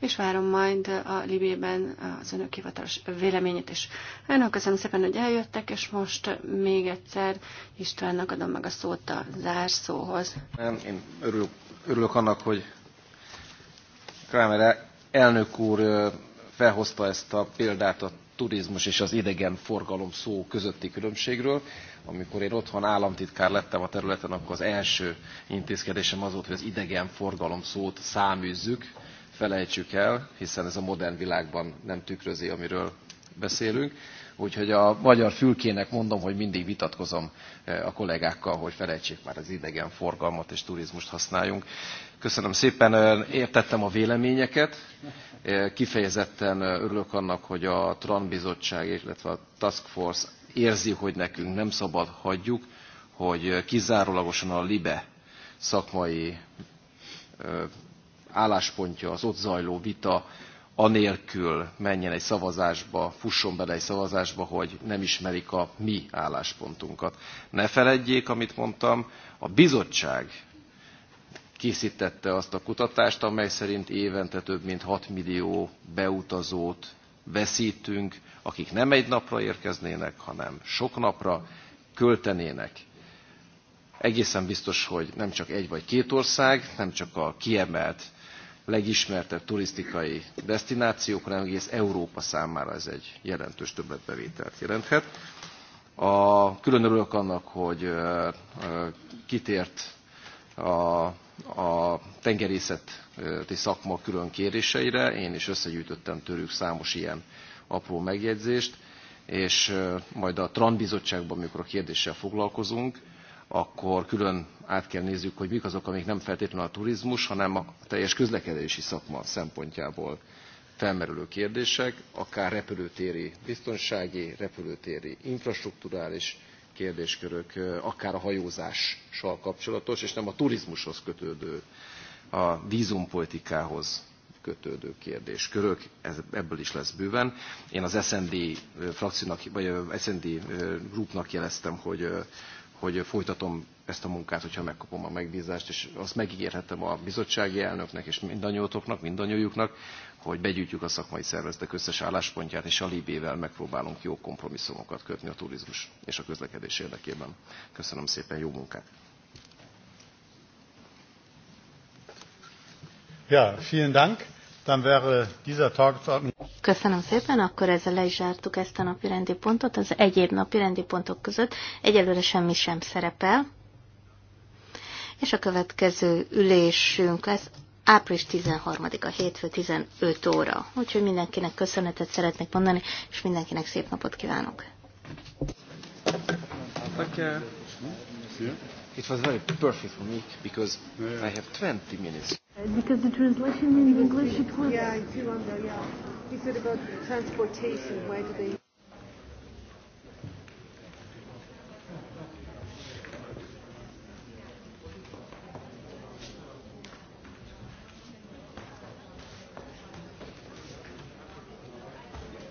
és várom majd a Libében az önök hivatalos véleményét is. Önök köszönöm szépen, hogy eljöttek, és most még egyszer Istvánnak adom meg a szót a zárszóhoz.
Én örülök, örülök annak, hogy Kramer elnök úr felhozta ezt a példát a turizmus és az idegen forgalom szó közötti különbségről amikor én otthon államtitkár lettem a területen, akkor az első intézkedésem az volt, hogy az idegen forgalom szót száműzzük, felejtsük el, hiszen ez a modern világban nem tükrözi, amiről beszélünk. Úgyhogy a magyar fülkének mondom, hogy mindig vitatkozom eh, a kollégákkal, hogy felejtsék már az idegen forgalmat és turizmust használjunk. Köszönöm szépen, eh, értettem a véleményeket. Eh, kifejezetten örülök annak, hogy a TRAN bizottság, illetve a Task Force érzi, hogy nekünk nem szabad hagyjuk, hogy kizárólagosan a LIBE szakmai álláspontja, az ott zajló vita anélkül menjen egy szavazásba, fusson bele egy szavazásba, hogy nem ismerik a mi álláspontunkat. Ne feledjék, amit mondtam, a bizottság készítette azt a kutatást, amely szerint évente több mint 6 millió beutazót veszítünk, akik nem egy napra érkeznének, hanem sok napra költenének. Egészen biztos, hogy nem csak egy vagy két ország, nem csak a kiemelt, legismertebb turisztikai destinációk, hanem egész Európa számára ez egy jelentős többletbevételt jelenthet. A, külön örülök annak, hogy ö, ö, kitért a, a tengerészet szakma külön kéréseire. Én is összegyűjtöttem tőlük számos ilyen apró megjegyzést, és majd a TRAN bizottságban, amikor a kérdéssel foglalkozunk, akkor külön át kell nézzük, hogy mik azok, amik nem feltétlenül a turizmus, hanem a teljes közlekedési szakma szempontjából felmerülő kérdések, akár repülőtéri biztonsági, repülőtéri infrastruktúrális kérdéskörök, akár a hajózással kapcsolatos, és nem a turizmushoz kötődő a vízumpolitikához kötődő kérdéskörök, ez, ebből is lesz bőven. Én az SND frakciónak, vagy SND grupnak jeleztem, hogy, hogy folytatom ezt a munkát, hogyha megkapom a megbízást, és azt megígérhetem a bizottsági elnöknek és mindannyiótoknak, mindannyiójuknak, hogy begyűjtjük a szakmai szervezetek összes álláspontját, és a Libével megpróbálunk jó kompromisszumokat kötni a turizmus és a közlekedés érdekében. Köszönöm szépen, jó munkát!
Ja, vielen Dank. Dann wäre dieser
Köszönöm szépen, akkor ezzel le is zártuk ezt a napi rendi pontot. Az egyéb napi rendi pontok között egyelőre semmi sem szerepel. És a következő ülésünk lesz április 13-a, hétfő 15 óra. Úgyhogy mindenkinek köszönetet szeretnék mondani, és mindenkinek szép napot kívánok.
Danke. It was very perfect for me because yeah. I have 20 minutes.
Because the translation in English, it was. Yeah, I do wonder, yeah. He said about transportation, why do they.